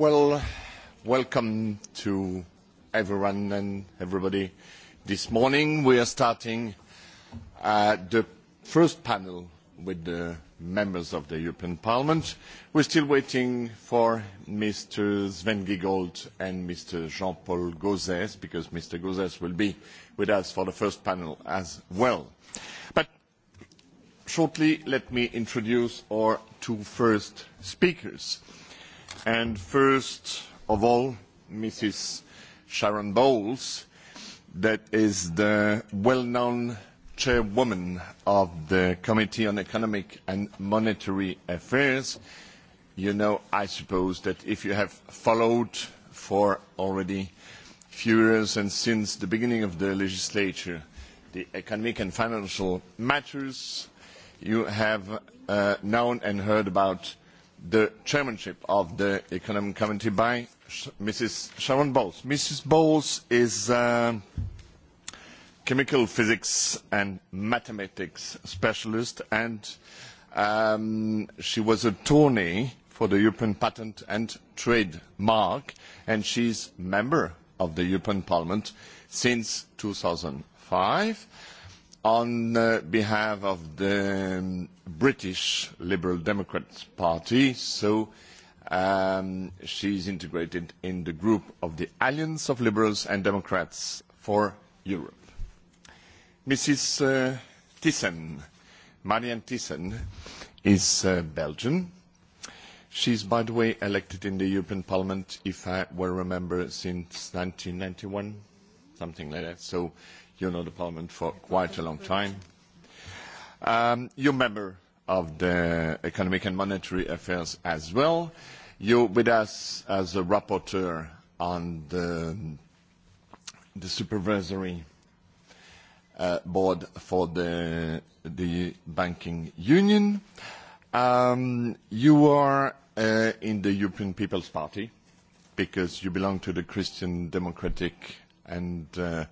Well, welcome to everyone and everybody this morning. We are starting uh, the first panel with the members of the European Parliament. We're still waiting for Mr. Sven Giegold and Mr. Jean-Paul Gauzès, because Mr. Gauzès will be with us for the first panel as well. Shortly, let me introduce our two first speakers and first of all mrs sharon bowles who is the well known chairwoman of the committee on economic and monetary affairs you know i suppose that if you have followed for already a few years and since the beginning of the legislature the economic and financial matters you have uh, known and heard about the chairmanship of the Economic Committee by Mrs. Sharon Bowles. Mrs. Bowles is a um, chemical physics and mathematics specialist and um, she was a tourney for the European Patent and Trademark and she's member of the European Parliament since 2005 on uh, behalf of the um, British Liberal Democrats Party, so um, she's integrated in the group of the Alliance of Liberals and Democrats for Europe. Mrs. Uh, Thyssen, Marianne Thyssen, is uh, Belgian. She's, by the way, elected in the European Parliament, if I well remember, since 1991, something like that. So you know the parliament for quite a long time. Um, you're a member of the Economic and Monetary Affairs as well. You're with us as a rapporteur on the, the supervisory uh, board for the, the banking union. Um, you are uh, in the European People's Party because you belong to the Christian Democratic and uh,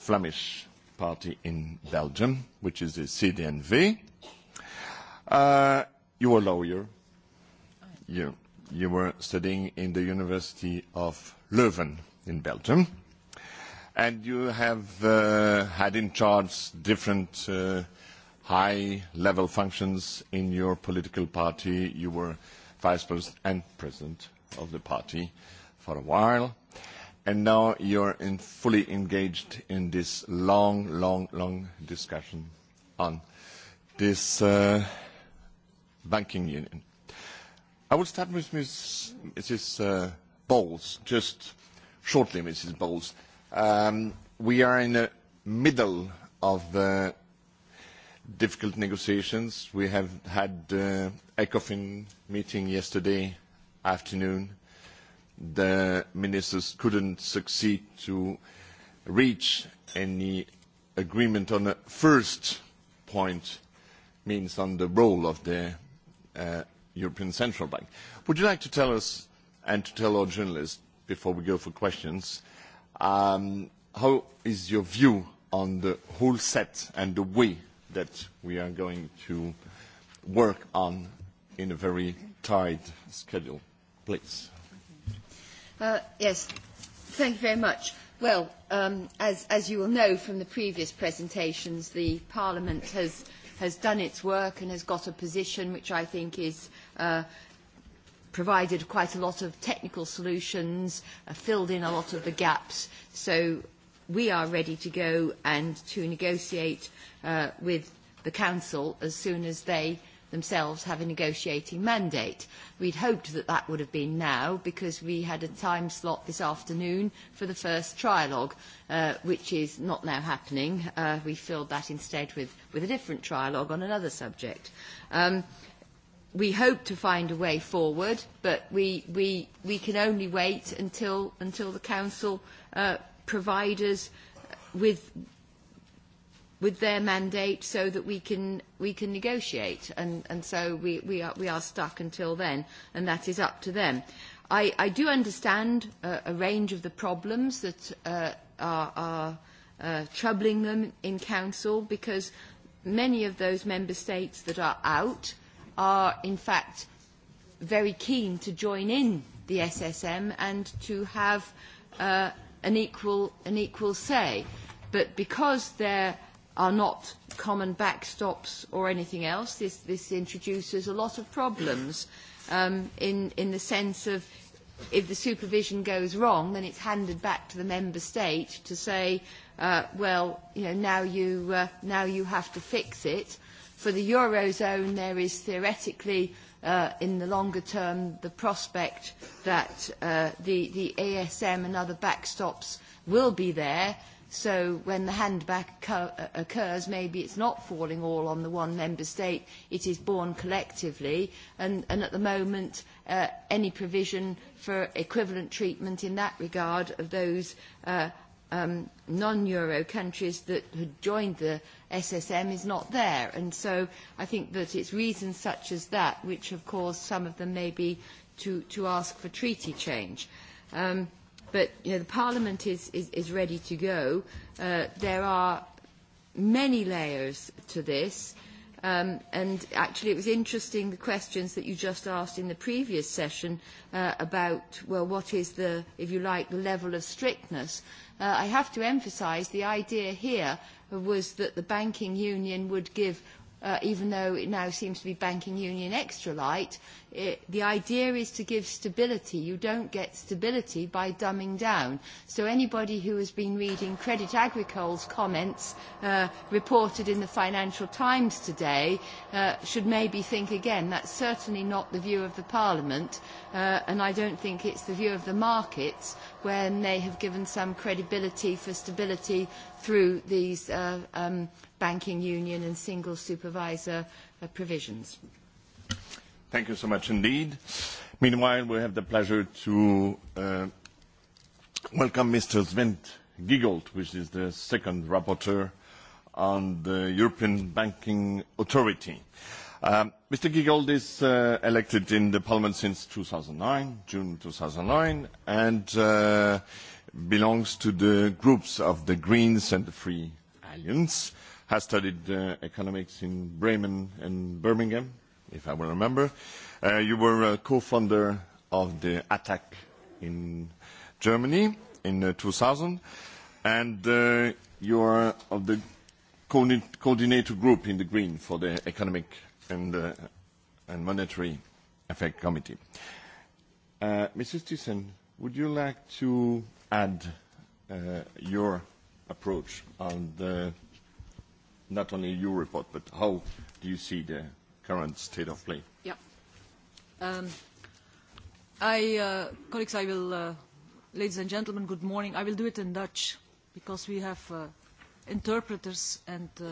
Flemish party in Belgium, which is the CDNV. Uh, you were a lawyer. You, you were studying in the University of Leuven in Belgium. And you have uh, had in charge different uh, high-level functions in your political party. You were vice president and president of the party for a while. Uh, and now you're in fully engaged in this long, long, long discussion on this uh, banking union. I will start with Ms. Mrs. Uh, Bowles, just shortly, Mrs. Bowles. Um, we are in the middle of the uh, difficult negotiations. We have had the uh, ECOFIN meeting yesterday afternoon the ministers couldn't succeed to reach any agreement on the first point, means on the role of the uh, European Central Bank. Would you like to tell us and to tell our journalists before we go for questions, um, how is your view on the whole set and the way that we are going to work on in a very tight schedule, please? Uh, yes. Thank you very much. Well, um, as, as you will know from the previous presentations, the Parliament has, has done its work and has got a position which I think is uh, provided quite a lot of technical solutions, uh, filled in a lot of the gaps. So we are ready to go and to negotiate uh, with the Council as soon as they uh, themselves have a negotiating mandate. We'd hoped that that would have been now because we had a time slot this afternoon for the first trialogue, uh, which is not now happening. Uh, we filled that instead with, with a different trialogue on another subject. Um, we hope to find a way forward, but we, we, we can only wait until, until the Council uh, provide us with with their mandate so that we can we can negotiate and and so we we are we are stuck until then and that is up to them i i do understand uh, a range of the problems that uh, are are uh, troubling them in council because many of those member states that are out are in fact very keen to join in the ssm and to have uh, an equal an equal say but because they're are not common backstops or anything else. This, this introduces a lot of problems um, in, in the sense of if the supervision goes wrong, then it's handed back to the member state to say, uh, well, you know, now, you, uh, now you have to fix it. For the Eurozone, there is theoretically, uh, in the longer term, the prospect that uh, the, the ASM and other backstops will be there. So when the handback occur, uh, occurs, maybe it's not falling all on the one member state, it is born collectively. And, and at the moment, uh, any provision for equivalent treatment in that regard of those uh, um, non-Euro countries that had joined the SSM is not there. And so I think that it's reasons such as that which have caused some of them maybe to, to ask for treaty change. Um, but you know, the Parliament is, is, is ready to go. Uh, there are many layers to this. Um, and actually, it was interesting the questions that you just asked in the previous session uh, about, well, what is the, if you like, the level of strictness. Uh, I have to emphasize the idea here was that the banking union would give uh, even though it now seems to be banking union extra light. It, eh, the idea is to give stability. You don't get stability by dumbing down. So anybody who has been reading Credit Agricole's comments uh, reported in the Financial Times today uh, should maybe think again. That's certainly not the view of the Parliament, uh, and I don't think it's the view of the markets when they have given some credibility for stability through these uh, um, banking union and single supervisor uh, provisions. Thank you so much indeed. Meanwhile, we have the pleasure to uh, welcome Mr. Sven Giegold, which is the second rapporteur on the European Banking Authority. Uh, Mr. Um, Giegold is uh, elected in the parliament since 2009, June 2009, and uh, belongs to the groups of the Greens and the Free Alliance. Has studied uh, economics in Bremen and Birmingham, if I will remember. You were a co-founder of the ATTAC in Germany in 2000, and you are of the coordinator group in the Green for the economic and uh, and Monetary Effect Committee. Uh, Mrs. Thyssen, would you like to add uh, your approach on the not only your report, but how do you see the current state of play? Yeah. Um, I, uh, colleagues, I will, uh, ladies and gentlemen, good morning. I will do it in Dutch because we have uh, interpreters and uh,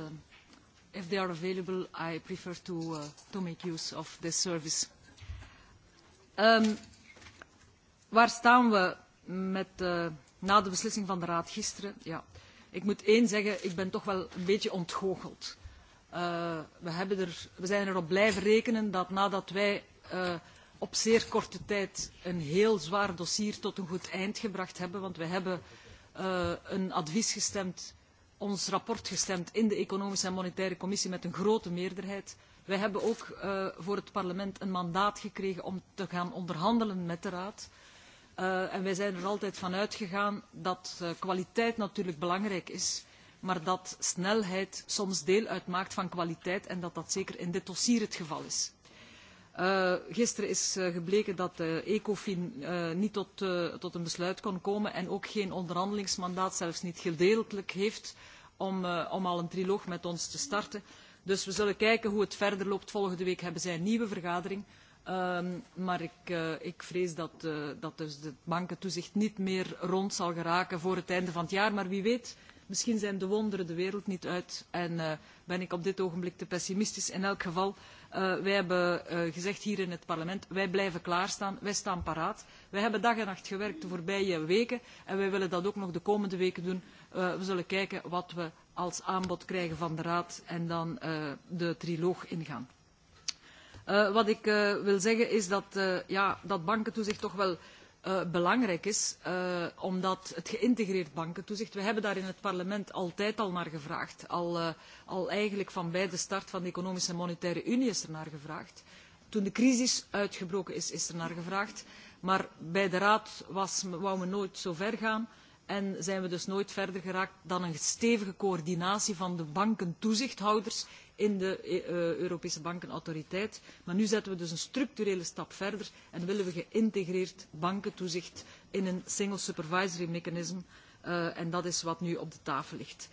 if they are available, I prefer to, uh, to make use of this service. Um, waar staan we met, uh, na de beslissing van de Raad gisteren? Ja. Ik moet één zeggen, ik ben toch wel een beetje ontgoocheld. Uh, we, hebben er, we zijn erop blijven rekenen dat nadat wij uh, op zeer korte tijd een heel zwaar dossier tot een goed eind gebracht hebben, want we hebben uh, een advies gestemd ons verslag gestemd in de economische en monetaire commissie met een grote meerderheid. we hebben ook eh, voor het parlement een mandaat gekregen om te gaan onderhandelen met de raad eh, en wij zijn er altijd van uitgegaan dat eh, kwaliteit natuurlijk belangrijk is maar dat snelheid soms deel uitmaakt van kwaliteit en dat dat zeker in dit dossier het geval is. Uh, gisteren is uh, gebleken dat de ECOFIN uh, niet tot, uh, tot een besluit kon komen en ook geen onderhandelingsmandaat, zelfs niet gedeeltelijk, heeft om, uh, om al een triloog met ons te starten. Dus we zullen kijken hoe het verder loopt. Volgende week hebben zij een nieuwe vergadering. Uh, maar ik, uh, ik vrees dat, uh, dat dus het bankentoezicht niet meer rond zal geraken voor het einde van het jaar. Maar wie weet, misschien zijn de wonderen de wereld niet uit en uh, ben ik op dit ogenblik te pessimistisch. In elk geval... Eh, wij hebben eh, gezegd hier in het parlement wij blijven klaarstaan wij staan paraat. wij hebben dag en nacht gewerkt de voorbije weken en wij willen dat ook nog de komende weken doen. Eh, we zullen kijken wat we als aanbod krijgen van de raad en dan de trialoog ingaan. wat ik wil zeggen is dat ja, bankentoezicht toch Eh, belangrijk is, uh, omdat het geïntegreerd bankentoezicht, we hebben daar in het parlement altijd al naar gevraagd, al, uh, al eigenlijk van bij de start van de Economische en Monetaire Unie is er naar gevraagd. Toen de crisis uitgebroken is, is er naar gevraagd, maar bij de Raad was, wou men nooit zo ver gaan en zijn we dus nooit verder geraakt dan een stevige coördinatie van de bankentoezichthouders in de eh, eh, europese bankenautoriteit. maar nu zetten we dus een structurele stap verder en willen we geïntegreerd bankentoezicht in een single supervisory mechanism eh, en dat is wat nu op de tafel ligt.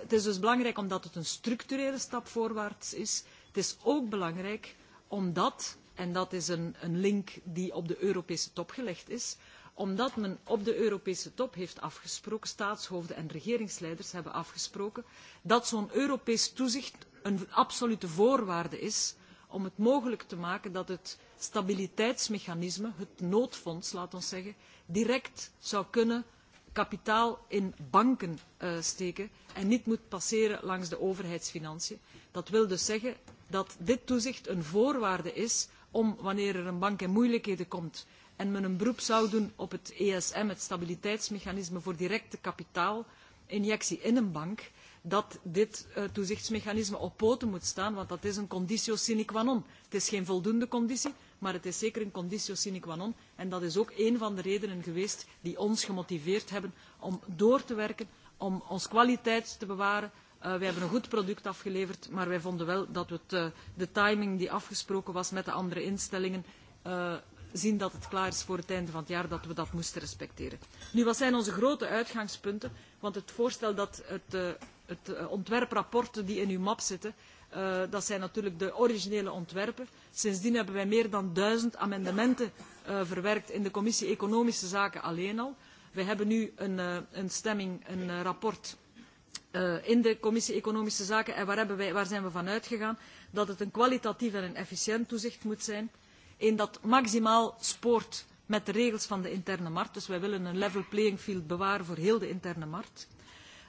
het is dus belangrijk omdat het een structurele stap voorwaarts is. het is ook belangrijk omdat en dat is een, een link die op de Europese top gelegd is, omdat men op de Europese top heeft afgesproken, staatshoofden en regeringsleiders hebben afgesproken, dat zo'n Europees toezicht een absolute voorwaarde is om het mogelijk te maken dat het stabiliteitsmechanisme het noodfonds laten we zeggen direct zou kunnen kapitaal in banken uh, steken en niet moet passeren langs de overheidsfinanciën. Dat wil dus zeggen dat dit toezicht een voorwaarde is om wanneer er een bank in moeilijkheden komt en men een beroep zou doen op het ESM, het stabiliteitsmechanisme voor directe kapitaalinjectie in een bank, dat dit eh, toezichtsmechanisme op poten moet staan, want dat is een conditio sine qua non. Het is geen voldoende conditie, maar het is zeker een conditio sine qua non. En dat is ook een van de redenen geweest die ons gemotiveerd hebben om door te werken, om ons kwaliteit te bewaren. Uh, eh, we hebben een goed product afgeleverd, maar wij vonden wel dat we het, eh, de timing die afgesproken was met de andere instellingen, uh, zien dat het klaar is voor het einde van het jaar, dat we dat moesten respecteren. Nu, wat zijn onze grote uitgangspunten? Want het voorstel dat het... Uh, het eh, ontwerpverslag dat in uw map zit eh, dat zijn natuurlijk de originele ontwerpen. sindsdien hebben wij meer dan duizend amendementen eh, verwerkt in de commissie economische zaken alleen al. wij hebben nu een stemming een verslag in de commissie economische zaken en waar zijn wij van uitgegaan? dat het een kwalitatief en efficiënt toezicht moet zijn een dat maximaal spoort met de regels van de interne markt. dus wij willen een level playing field bewaren voor heel de interne markt.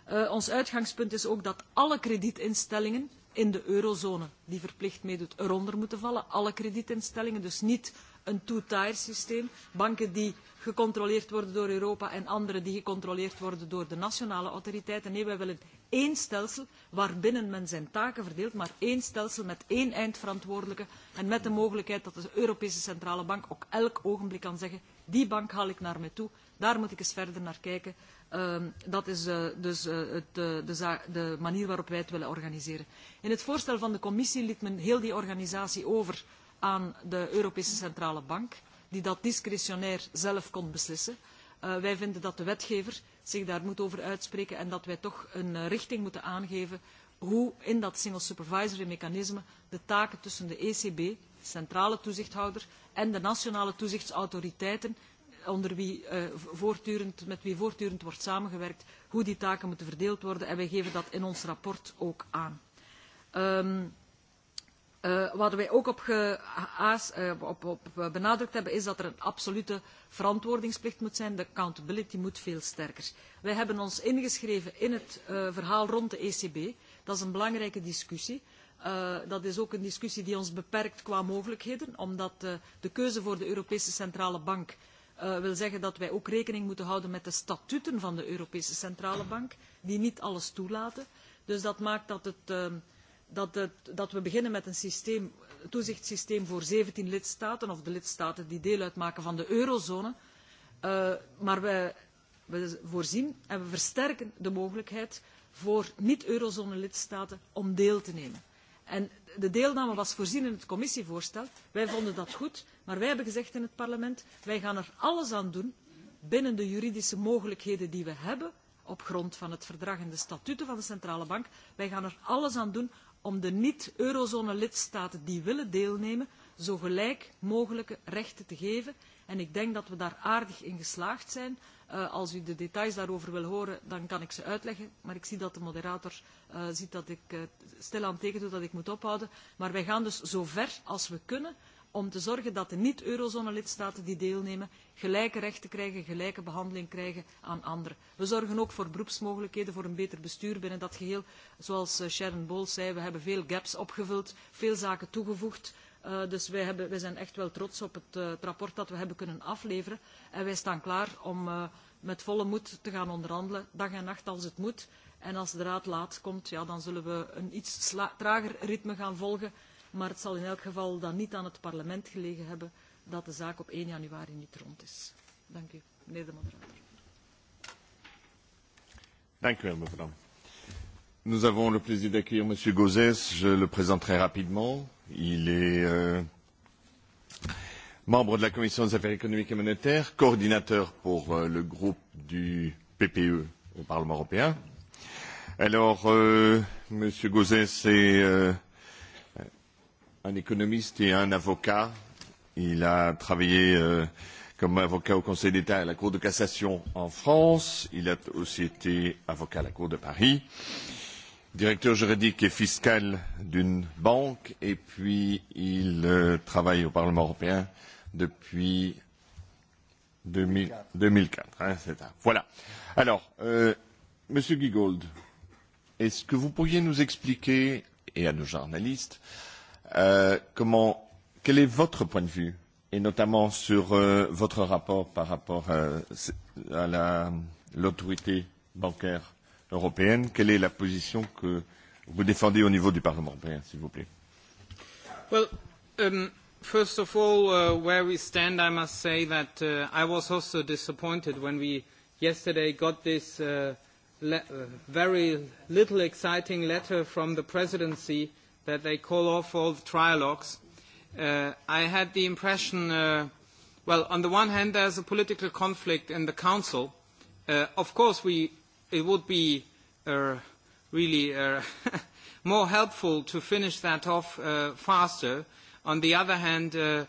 Eh, ons uitgangspunt is ook dat alle kredietinstellingen in de eurozone die verplicht meedoet eronder moeten vallen. Alle kredietinstellingen, dus niet een two-tier systeem. Banken die gecontroleerd worden door Europa en andere die gecontroleerd worden door de nationale autoriteiten. Nee, wij willen één stelsel waarbinnen men zijn taken verdeelt, maar één stelsel met één eindverantwoordelijke en met de mogelijkheid dat de Europese Centrale Bank ook elk ogenblik kan zeggen die bank haal ik naar mij toe, daar moet ik eens verder naar kijken. Uh, dat is uh, dus uh, het, eh, de, de, de manier waarop wij het willen organiseren. In het voorstel van de commissie liet men heel die organisatie over aan de Europese Centrale Bank, die dat discretionair zelf kon beslissen. Uh, wij vinden dat de wetgever zich daar moet over uitspreken en dat wij toch een uh, richting moeten aangeven hoe in dat single supervisory mechanisme de taken tussen de ECB, centrale toezichthouder, en de nationale toezichtsautoriteiten onder wie, uh, voortdurend, met wie voortdurend wordt samengewerkt, hoe die taken moeten verdeeld worden. En wij geven dat in ons rapport ook aan. Um, uh, wat wij ook op, ge, aas, uh, op, op benadrukt hebben, is dat er een absolute verantwoordingsplicht moet zijn. De accountability moet veel sterker. Wij hebben ons ingeschreven in het uh, verhaal rond de ECB. Dat is een belangrijke discussie. Uh, dat is ook een discussie die ons beperkt qua mogelijkheden, omdat uh, de keuze voor de Europese Centrale Bank uh, uh, wil zeggen dat wij ook rekening moeten houden met de statuten van de Europese Centrale Bank, die niet alles toelaten. Dus dat maakt dat, het, uh, dat, het, dat we beginnen met een systeem, toezichtssysteem voor 17 lidstaten, of de lidstaten die deel uitmaken van de eurozone. Uh, maar we, we voorzien en we versterken de mogelijkheid voor niet-eurozone lidstaten om deel te nemen. En de deelname was voorzien in het commissievoorstel. wij vonden dat goed maar wij hebben gezegd in het parlement wij gaan er alles aan doen binnen de juridische mogelijkheden die we hebben op grond van het verdrag en de statuten van de centrale bank wij gaan er alles aan doen om de niet eurozone lidstaten die willen deelnemen zo gelijk mogelijke rechten te geven. En ik denk dat we daar aardig in geslaagd zijn. Uh, als u de details daarover wil horen, dan kan ik ze uitleggen. Maar ik zie dat de moderator uh, ziet dat ik uh, stilaan tegen doe dat ik moet ophouden. Maar wij gaan dus zo ver als we kunnen om te zorgen dat de niet-eurozone-lidstaten die deelnemen gelijke rechten krijgen, gelijke behandeling krijgen aan anderen. We zorgen ook voor beroepsmogelijkheden, voor een beter bestuur binnen dat geheel. Zoals Sharon Bowles zei, we hebben veel gaps opgevuld, veel zaken toegevoegd. Uh, dus wij, hebben, wij zijn echt wel trots op het, uh, het rapport dat we hebben kunnen afleveren. En wij staan klaar om uh, met volle moed te gaan onderhandelen, dag en nacht als het moet. En als de raad laat komt, ja, dan zullen we een iets trager ritme gaan volgen. Maar het zal in elk geval dan niet aan het parlement gelegen hebben dat de zaak op 1 januari niet rond is. Dank u, meneer de moderator. Dank u wel, mevrouw. Nous avons le plaisir d'accueillir M. Gauzès. Je le présente très rapidement. Il est euh, membre de la Commission des affaires économiques et monétaires, coordinateur pour euh, le groupe du PPE au Parlement européen. Alors, euh, M. Gauzès est euh, un économiste et un avocat. Il a travaillé euh, comme avocat au Conseil d'État et à la Cour de cassation en France. Il a aussi été avocat à la Cour de Paris. Euh, directeur juridique et fiscal d'une banque et puis il euh, travaille au Parlement européen depuis 2000, 2004. Hein, un, voilà. Alors, euh, Monsieur Giegold, est-ce que vous pourriez nous expliquer, et à nos journalistes, euh, comment, quel est votre point de vue, et notamment sur euh, votre rapport par rapport euh, à l'autorité la, bancaire européenne. Quelle est la position que vous défendez au niveau du Parlement européen, s'il vous plaît well, um... First of all, uh, where we stand, I must say that uh, I was also disappointed when we yesterday got this uh, le- uh, very little exciting letter from the presidency that they call off all the trialogues. Uh, I had the impression, uh, well, on the one hand, there's a political conflict in the council. Uh, of course, we it would be uh, really uh, more helpful to finish that off uh, faster. On the other hand, uh,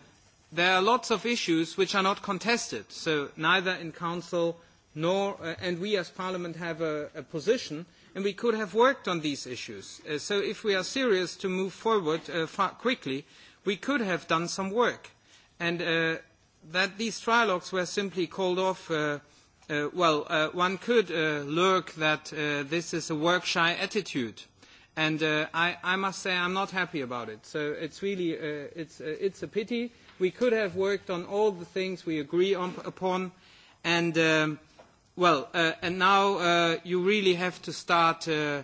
there are lots of issues which are not contested. So neither in Council nor, uh, and we as Parliament have a, a position, and we could have worked on these issues. Uh, so if we are serious to move forward uh, far quickly, we could have done some work. And uh, that these trialogues were simply called off uh, uh, well, uh, one could uh, look that uh, this is a work shy attitude, and uh, I, I must say I'm not happy about it. So it's really uh, it's uh, it's a pity. We could have worked on all the things we agree on, upon, and um, well, uh, and now uh, you really have to start. Uh,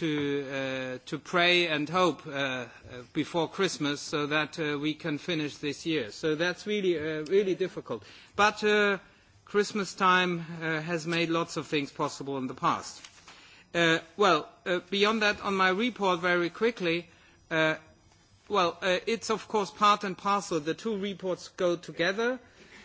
to, uh, to pray and hope uh, uh, before Christmas so that uh, we can finish this year. So that's really, uh, really difficult. But uh, Christmas time uh, has made lots of things possible in the past. Uh, well, uh, beyond that, on my report, very quickly, uh, well, uh, it's of course part and parcel. The two reports go together.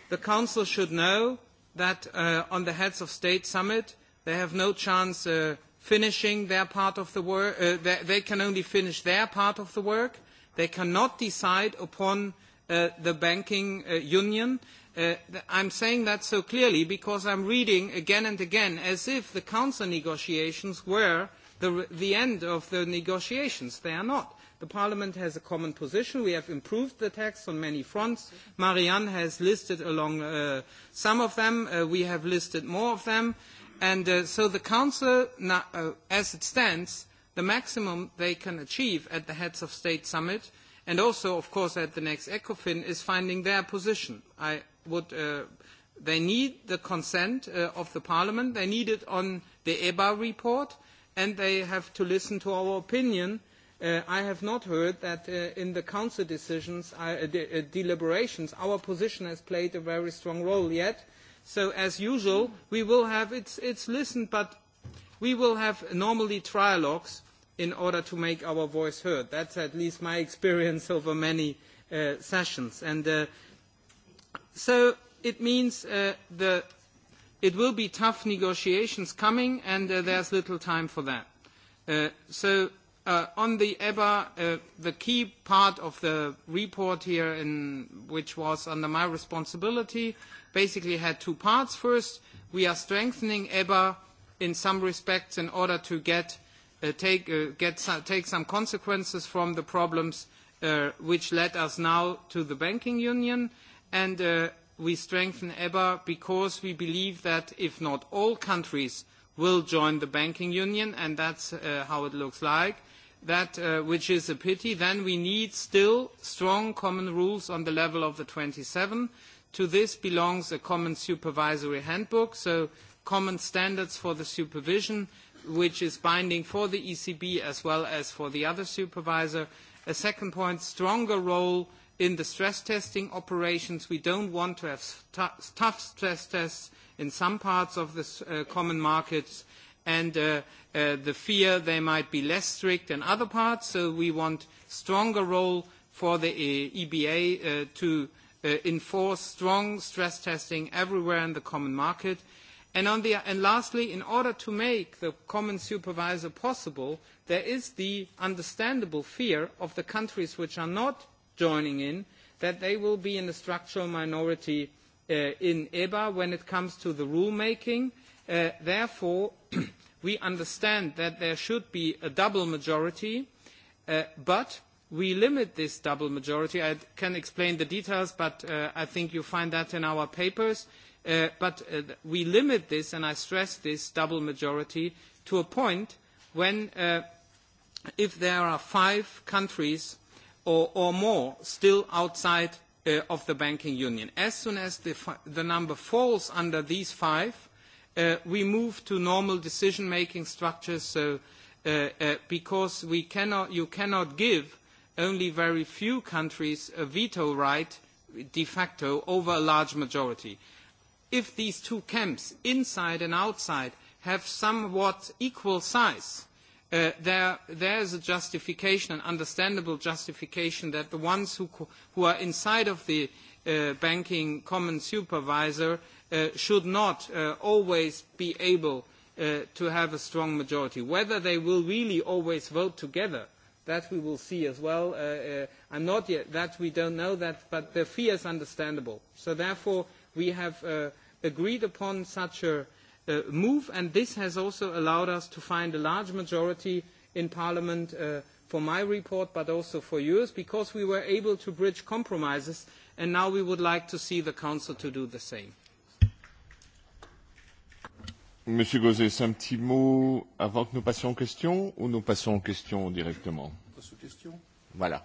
The Council should know that uh, on the Heads of State Summit, they have no chance uh, finishing their part of the work. Uh, they, they can only finish their part of the work. They cannot decide upon uh, the banking uh, union uh, I'm saying that so clearly because I'm reading again and again as if the council negotiations were the, the end of the negotiations. They are not. The Parliament has a common position. We have improved the text on many fronts. Marianne has listed along uh, some of them. Uh, we have listed more of them. And uh, so the Council, uh, as it stands, the maximum they can achieve at the Heads of State Summit and also, of course, at the next ECOFIN, is finding their position. I would, uh, they need the consent uh, of the Parliament, they need it on the EBA report, and they have to listen to our opinion. Uh, I have not heard that uh, in the Council decisions, uh, uh de- uh, deliberations, our position has played a very strong role yet. So, as usual, we will have, it's, it's listened, but we will have normally trialogues in order to make our voice heard. That's at least my experience over many uh, sessions. And uh, so it means uh, the, it will be tough negotiations coming, and uh, there's little time for that. Uh, so uh, on the EBA, uh, the key part of the report here, in, which was under my responsibility, basically had two parts. First, we are strengthening EBA in some respects in order to get uh, Uh, take, uh, get some, take some consequences from the problems uh, which led us now to the banking union. And uh, we strengthen EBA because we believe that if not all countries will join the banking union, and that's uh, how it looks like, that, uh, which is a pity, then we need still strong common rules on the level of the 27. To this belongs a common supervisory handbook, so common standards for the supervision, which is binding for the ECB as well as for the other supervisor. A second point, stronger role in the stress testing operations. We don't want to have tough stress tests in some parts of the uh, common markets and uh, uh, the fear they might be less strict in other parts. We want stronger role for the EBA to enforce strong stress testing everywhere in the common market. Lastly, in order to make the common supervisor possible, there is the understandable fear of the countries which are not joining in that they will be in a structural minority uh, in EBA when it comes to the rulemaking. Uh, therefore, we understand that there should be a double majority, uh, but we limit this double majority. I can explain the details, but uh, I think you find that in our papers. Uh, uh, but uh, we limit this, and I stress this double majority, to a point when uh, if there are five countries or, or more still outside uh, of the banking union, as soon as the, fi- the number falls under these five, uh, we move to normal decision-making structures so, uh, uh, because we cannot, you cannot give only very few countries a veto right de facto over a large majority. Uh, if these two camps, inside and outside, have somewhat equal size, uh, there is a justification, an understandable justification, that the ones who, who are inside of the uh, banking common supervisor uh, should not uh, always be able uh, to have a strong majority. Whether they will really always vote together, that we will see as well. Uh, uh, I'm not yet, that we don't know that, but the fear is understandable. So therefore, we have uh, agreed upon such a, a move, and this has also allowed us to find a large majority in Parliament uh, for my report, but also for yours, because we were able to bridge compromises, and now we would like to see the Council to do the same. Monsieur Gauzès, un petit mot avant que nous passions aux questions ou nous passons aux questions directement? Voilà.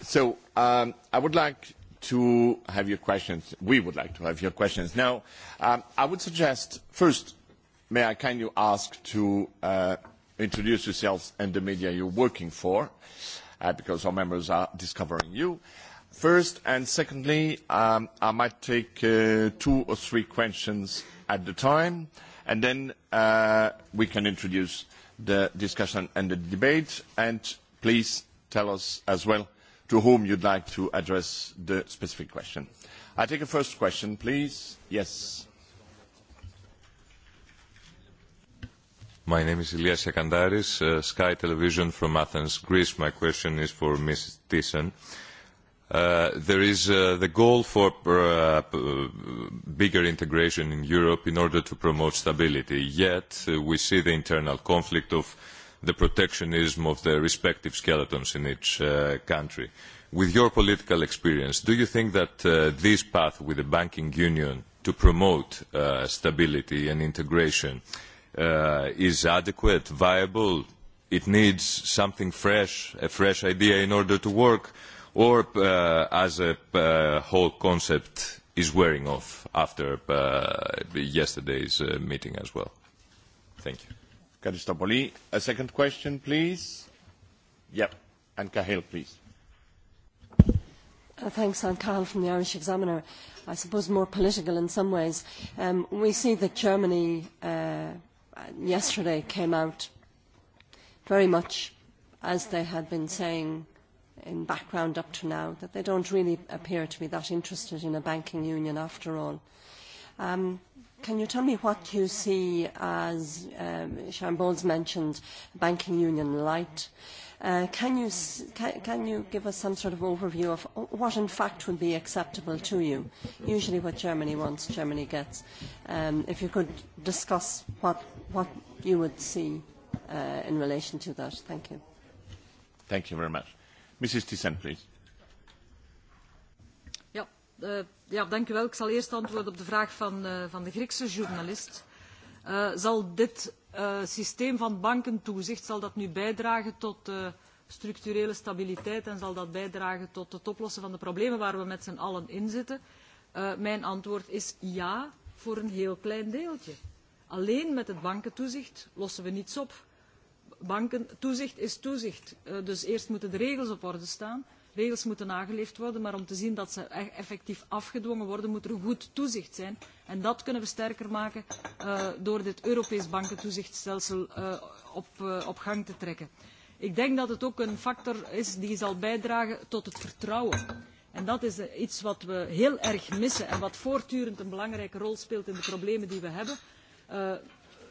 So, um, I would like to have your questions. We would like to have your questions. Now, um, I would suggest first, may I kindly ask to uh, introduce yourselves and the media you're working for, uh, because our members are discovering you. First, and secondly, um, I might take uh, two or three questions at the time, and then uh, we can introduce the discussion and the debate, and please tell us as well uh, to whom you'd like to address the specific question. I take a first question, please. Yes. My name is Ilias Sekandaris, uh, Sky Television from Athens, Greece. My question is for Ms. Thyssen. Uh, there is uh, the goal for uh, bigger integration in Europe in order to promote stability, yet uh, we see the internal conflict of uh, the protectionism of their respective skeletons in each uh, country. With your political experience, do you think that uh, this path with the banking union to promote uh, stability and integration uh, is adequate, viable? It needs something fresh, a fresh idea in order to work, or uh, as a uh, whole concept is wearing off after uh, yesterday's uh, meeting as well? Thank you. Christopoli. A second question, please. Yep, and Cahill, please. Uh, thanks. I'm Cahill from the Irish Examiner. I suppose more political in some ways. Um, we see that Germany uh, yesterday came out very much as they had been saying in background up to now, that they don't really appear to be that interested in a banking union after all. Um, Can you tell me what you see as um, Sharon Bowles mentioned banking union light? Uh, can, you, can, can you give us some sort of overview of what in fact would be acceptable to you? Usually what Germany wants, Germany gets. Um, if you could discuss what, what you would see uh, in relation to that. Thank you. Thank you very much. Mrs. Tissen, please. Yeah, uh, Ja, dank u wel. Ik zal eerst antwoorden op de vraag van, uh, van de Griekse journalist. Uh, zal dit uh, systeem van bankentoezicht zal dat nu bijdragen tot uh, structurele stabiliteit en zal dat bijdragen tot het oplossen van de problemen waar we met z'n allen in zitten? Uh, mijn antwoord is ja, voor een heel klein deeltje. Alleen met het bankentoezicht lossen we niets op. Bankentoezicht is toezicht. Uh, dus eerst moeten de regels op orde staan regels moeten nageleefd worden, maar om te zien dat ze e- effectief afgedwongen worden, moet er goed toezicht zijn. En dat kunnen we sterker maken uh, door dit Europees bankentoezichtstelsel uh, op, uh, op gang te trekken. Ik denk dat het ook een factor is die zal bijdragen tot het vertrouwen. En dat is iets wat we heel erg missen en wat voortdurend een belangrijke rol speelt in de problemen die we hebben. Uh,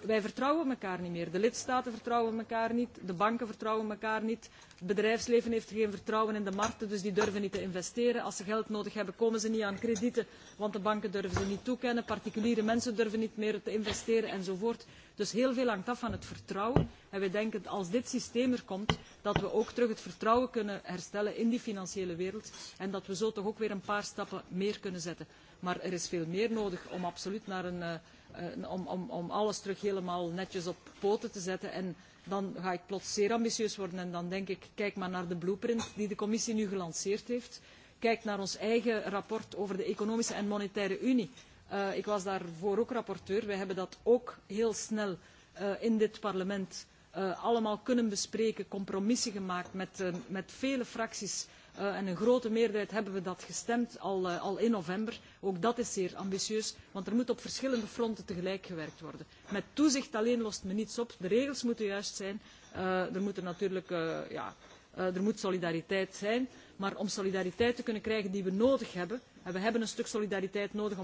wij vertrouwen elkaar niet meer. De lidstaten vertrouwen elkaar niet, de banken vertrouwen elkaar niet, het bedrijfsleven heeft geen vertrouwen in de markten, dus die durven niet te investeren. Als ze geld nodig hebben, komen ze niet aan kredieten, want de banken durven ze niet toekennen, particuliere mensen durven niet meer te investeren enzovoort. Dus heel veel hangt af van het vertrouwen. En wij denken als dit systeem er komt, dat we ook terug het vertrouwen kunnen herstellen in die financiële wereld en dat we zo toch ook weer een paar stappen meer kunnen zetten. Maar er is veel meer nodig om absoluut naar een... Uh, uh, om, om, om alles terug helemaal netjes op poten te zetten. En dan ga ik plots zeer ambitieus worden en dan denk ik, kijk maar naar de blueprint die de commissie nu gelanceerd heeft. Kijk naar ons eigen rapport over de economische en monetaire unie. Uh, ik was daarvoor ook rapporteur. Wij hebben dat ook heel snel uh, in dit parlement uh, allemaal kunnen bespreken, compromissen gemaakt met, uh, met vele fracties uh, Eh, en een grote meerderheid hebben we dat gestemd eh, al in november. ook dat is zeer ambitieus want er moet op verschillende fronten tegelijk gewerkt worden. met toezicht alleen lost men niets op. de regels moeten juist zijn. Eh, er moet natuurlijk ja, er moet solidariteit zijn. maar om solidariteit te kunnen krijgen die we nodig hebben en we hebben een stuk solidariteit nodig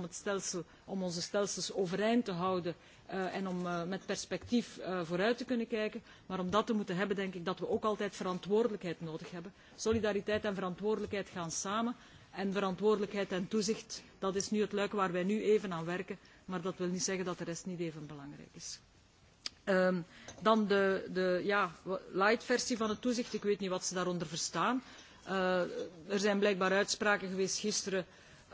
om onze stelsels overeind te houden uh, en om uh, met perspectief uh, vooruit te kunnen kijken. Maar om dat te moeten hebben, denk ik dat we ook altijd verantwoordelijkheid nodig hebben. Solidariteit en verantwoordelijkheid gaan samen. En verantwoordelijkheid en toezicht, dat is nu het luik waar wij nu even aan werken. Maar dat wil niet zeggen dat de rest niet even belangrijk is. Um, dan de, de ja, light versie van het toezicht. Ik weet niet wat ze daaronder verstaan. Uh, er zijn blijkbaar uitspraken geweest gisteren.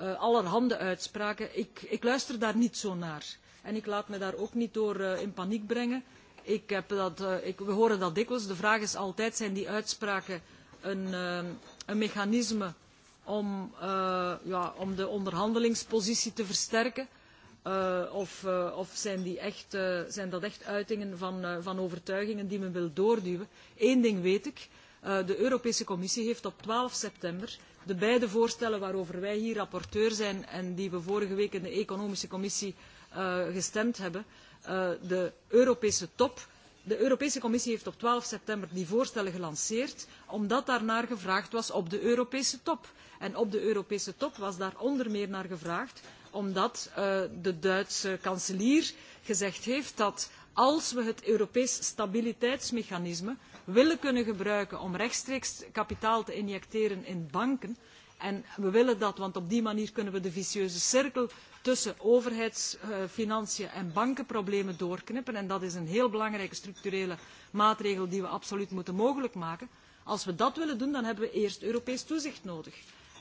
Uh, allerhande uitspraken. Ik, ik luister daar niet zo naar. Uh, En ik laat me daar ook niet door uh, in paniek brengen. Ik heb dat, uh, ik, we horen dat dikwijls. De vraag is altijd, zijn die uitspraken een, uh, een mechanisme om, uh, ja, om de onderhandelingspositie te versterken? Uh, of uh, of zijn, die echt, uh, zijn dat echt uitingen van, uh, van overtuigingen die men wil doorduwen? Eén ding weet ik. Uh, de Europese Commissie heeft op 12 september de beide voorstellen waarover wij hier rapporteur zijn en die we vorige week in de Economische Commissie uh, Eh, gestemd hebben eh, de europese top. De Europese Commissie heeft op 12 september die voorstellen gelanceerd omdat daarnaar gevraagd was op de Europese top. En op de Europese top was daar onder meer naar gevraagd omdat uh, de Duitse kanselier gezegd heeft dat als we het Europees stabiliteitsmechanisme willen kunnen gebruiken om rechtstreeks kapitaal te injecteren in banken, en we willen dat want op die manier kunnen we de vicieuze cirkel tussen overheidsfinanciën en bankenproblemen doorknippen en dat is een heel belangrijke structurele maatregel die we absoluut moeten mogelijk maken. als we dat willen doen dan hebben we eerst europees toezicht nodig.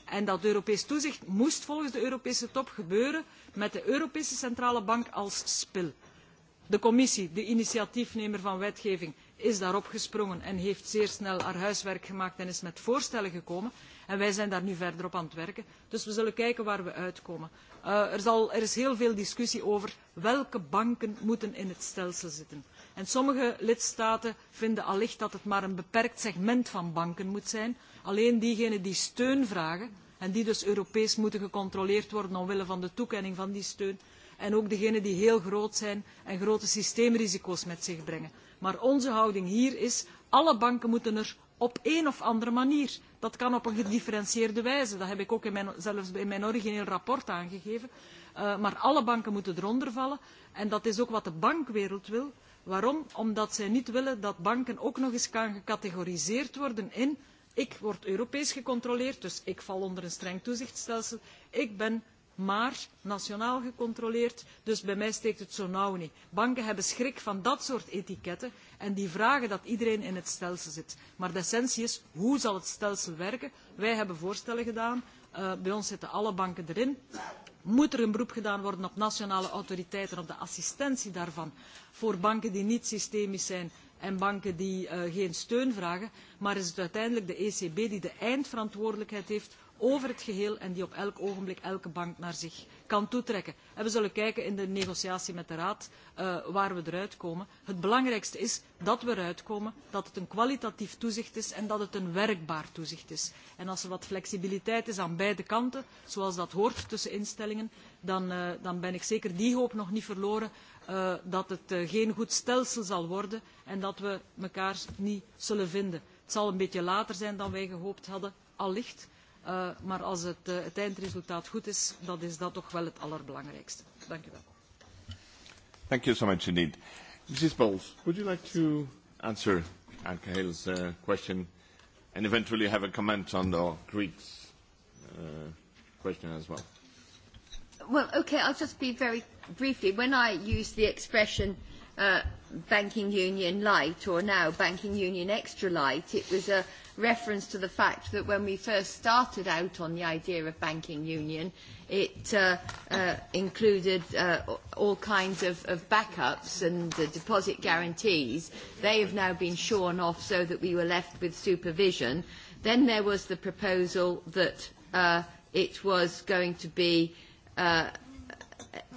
En dat Europees toezicht moest volgens de Europese top gebeuren met de Europese Centrale Bank als spil. De commissie, de initiatiefnemer van wetgeving, is daarop gesprongen en heeft zeer snel haar huiswerk gemaakt en is met voorstellen gekomen en wij zijn daar nu verder op aan het werken. dus we zullen kijken waar we uitkomen. Eh, er, er is heel veel discussie over welke banken moeten in het stelsel zitten. en sommige lidstaten vinden allicht dat het maar een beperkt segment van banken moet zijn alleen diegenen die steun vragen en die dus europees moeten gecontroleerd worden omwille van de toekenning van die steun en ook degenen die heel groot zijn en grote systeemrisico's met zich brengen maar onze houding hier is alle banken moeten er op een of andere manier dat kan op een gedifferentieerde wijze dat heb ik ook zelfs in mijn origineel rapport aangegeven eh, maar alle banken moeten eronder vallen en dat is ook wat de bankwereld wil. waarom? omdat zij niet willen dat banken ook nog eens gecategoriseerd worden in ik word europees gecontroleerd dus ik val onder een streng toezichtstelsel ik maar nationaal gecontroleerd dus bij mij steekt het zo nauw niet. banken hebben schrik van dat soort etiketten en die vragen dat iedereen in het stelsel zit. maar de essentie is hoe zal het stelsel werken? wij hebben voorstellen gedaan eh, bij ons zitten alle banken erin. Moet er een beroep gedaan worden op nationale autoriteiten, op de assistentie daarvan voor banken die niet systemisch zijn en banken die uh, geen steun vragen? Maar is het uiteindelijk de ECB die de eindverantwoordelijkheid heeft over het geheel en die op elk ogenblik elke bank naar zich kan toetrekken. En we zullen kijken in de negotiatie met de Raad uh, waar we eruit komen. Het belangrijkste is dat we eruit komen, dat het een kwalitatief toezicht is en dat het een werkbaar toezicht is. En als er wat flexibiliteit is aan beide kanten, zoals dat hoort tussen instellingen, dan, uh, dan ben ik zeker die hoop nog niet verloren uh, dat het uh, geen goed stelsel zal worden en dat we elkaar niet zullen vinden. Het zal een beetje later zijn dan wij gehoopt hadden, allicht. Eh, maar als eh, het eindresultaat goed is dan is dat toch wel het allerbelangrijkste. Dank u wel. Thank you so much indeed. Mrs. Bowles, would you like to answer Anke Hale's uh, eh, question and eventually have a comment on the Greeks uh, question as well? Well, okay, I'll just be very briefly. When I use the expression uh, banking union light or now banking union extra light, it was a uh, reference to the fact that when we first started out on the idea of banking union, it uh, uh, included uh, all kinds of, of backups and uh, deposit guarantees. They have now been shorn off so that we were left with supervision. Then there was the proposal that uh, it was going to be uh,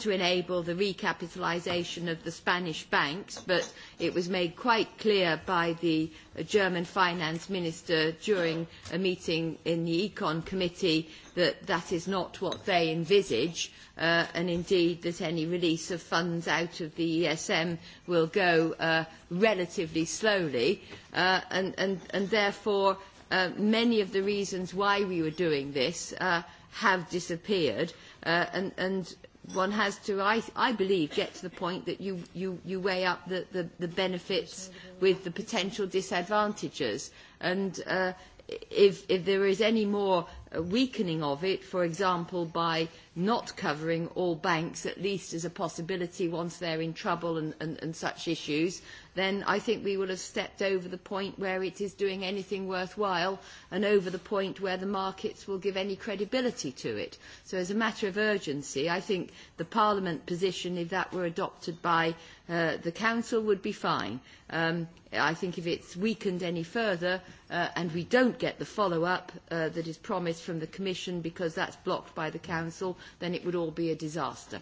to enable the recapitalization of the Spanish banks, but it was made quite clear by the German finance minister during a meeting in the Econ committee that that is not what they envisage, uh, and indeed that any release of funds out of the ESM will go uh, relatively slowly, uh, and, and, and therefore uh, many of the reasons why we were doing this uh, have disappeared, uh, and, and one has to, I, I believe, get to the point that you, you, you weigh up the, the, the benefits with the potential disadvantages. And uh, if, if there is any more weakening of it, for example, by uh, not covering all banks, at least as a possibility once they're in trouble and, and, and such issues, then I think we will have stepped over the point where it is doing anything worthwhile and over the point where the markets will give any credibility to it. So as a matter of urgency, I think the Parliament position, if that were adopted by uh, the Council, would be fine. Um, I think if it's weakened any further uh, and we don't get the follow-up uh, that is promised from the Commission because that's blocked by the Council, then it would all be a disaster.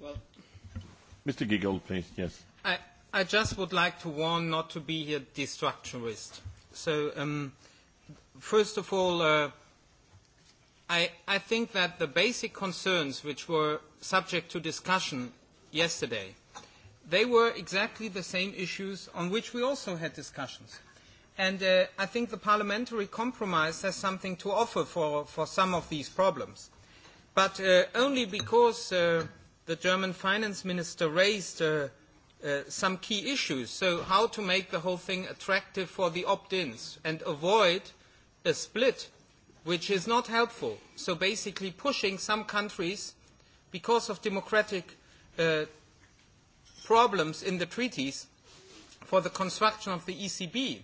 Well, Mr. Giggle, please, yes. I, I just would like to warn not to be a destructurist. So, um, first of all, uh, I, I think that the basic concerns which were subject to discussion yesterday, they were exactly the same issues on which we also had discussions. And uh, I think the parliamentary compromise has something to offer for, for some of these problems. But uh, only because uh, the German finance minister raised uh, uh, some key issues. So how to make the whole thing attractive for the opt-ins and avoid a split which is not helpful. So basically pushing some countries because of democratic uh, problems in the treaties for the construction of the ECB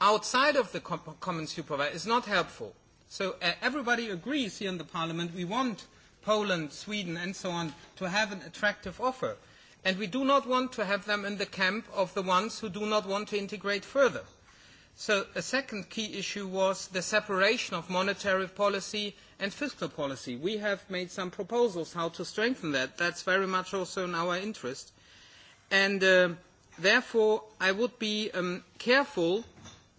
outside of the com common supervisor is not helpful. So uh, everybody agrees here in the parliament we want Poland, Sweden, and so on to have an attractive offer. And we do not want to have them in the camp of the ones who do not want to integrate further. So a second key issue was the separation of monetary policy and fiscal policy. We have made some proposals how to strengthen that. That's very much also in our interest. And uh, therefore, I would be um, careful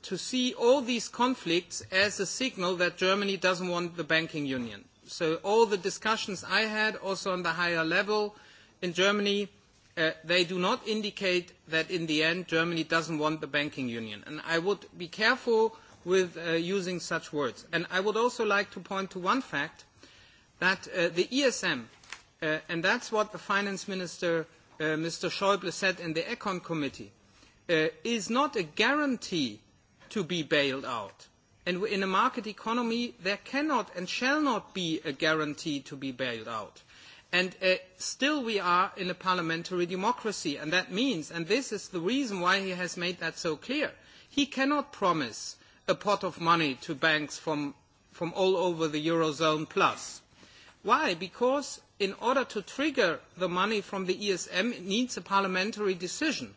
to see all these conflicts as a signal that Germany doesn't want the banking union. So all the discussions I had, also on the higher level in Germany, uh, they do not indicate that in the end Germany doesn't want the banking union. And I would be careful with uh, using such words. And I would also like to point to one fact, that uh, the ESM, uh, and that's what the finance minister, uh, Mr. Schäuble, said in the Econ Committee, uh, is not a guarantee uh, to be bailed out. And in a market economy, there cannot and shall not be a guarantee to be bailed out. And uh, still we are in a parliamentary democracy, and that means, and this is the reason why he has made that so clear, he cannot promise a pot of money to banks from, from all over the Eurozone plus. Why? Because in order to trigger the money from the ESM, it needs a parliamentary decision.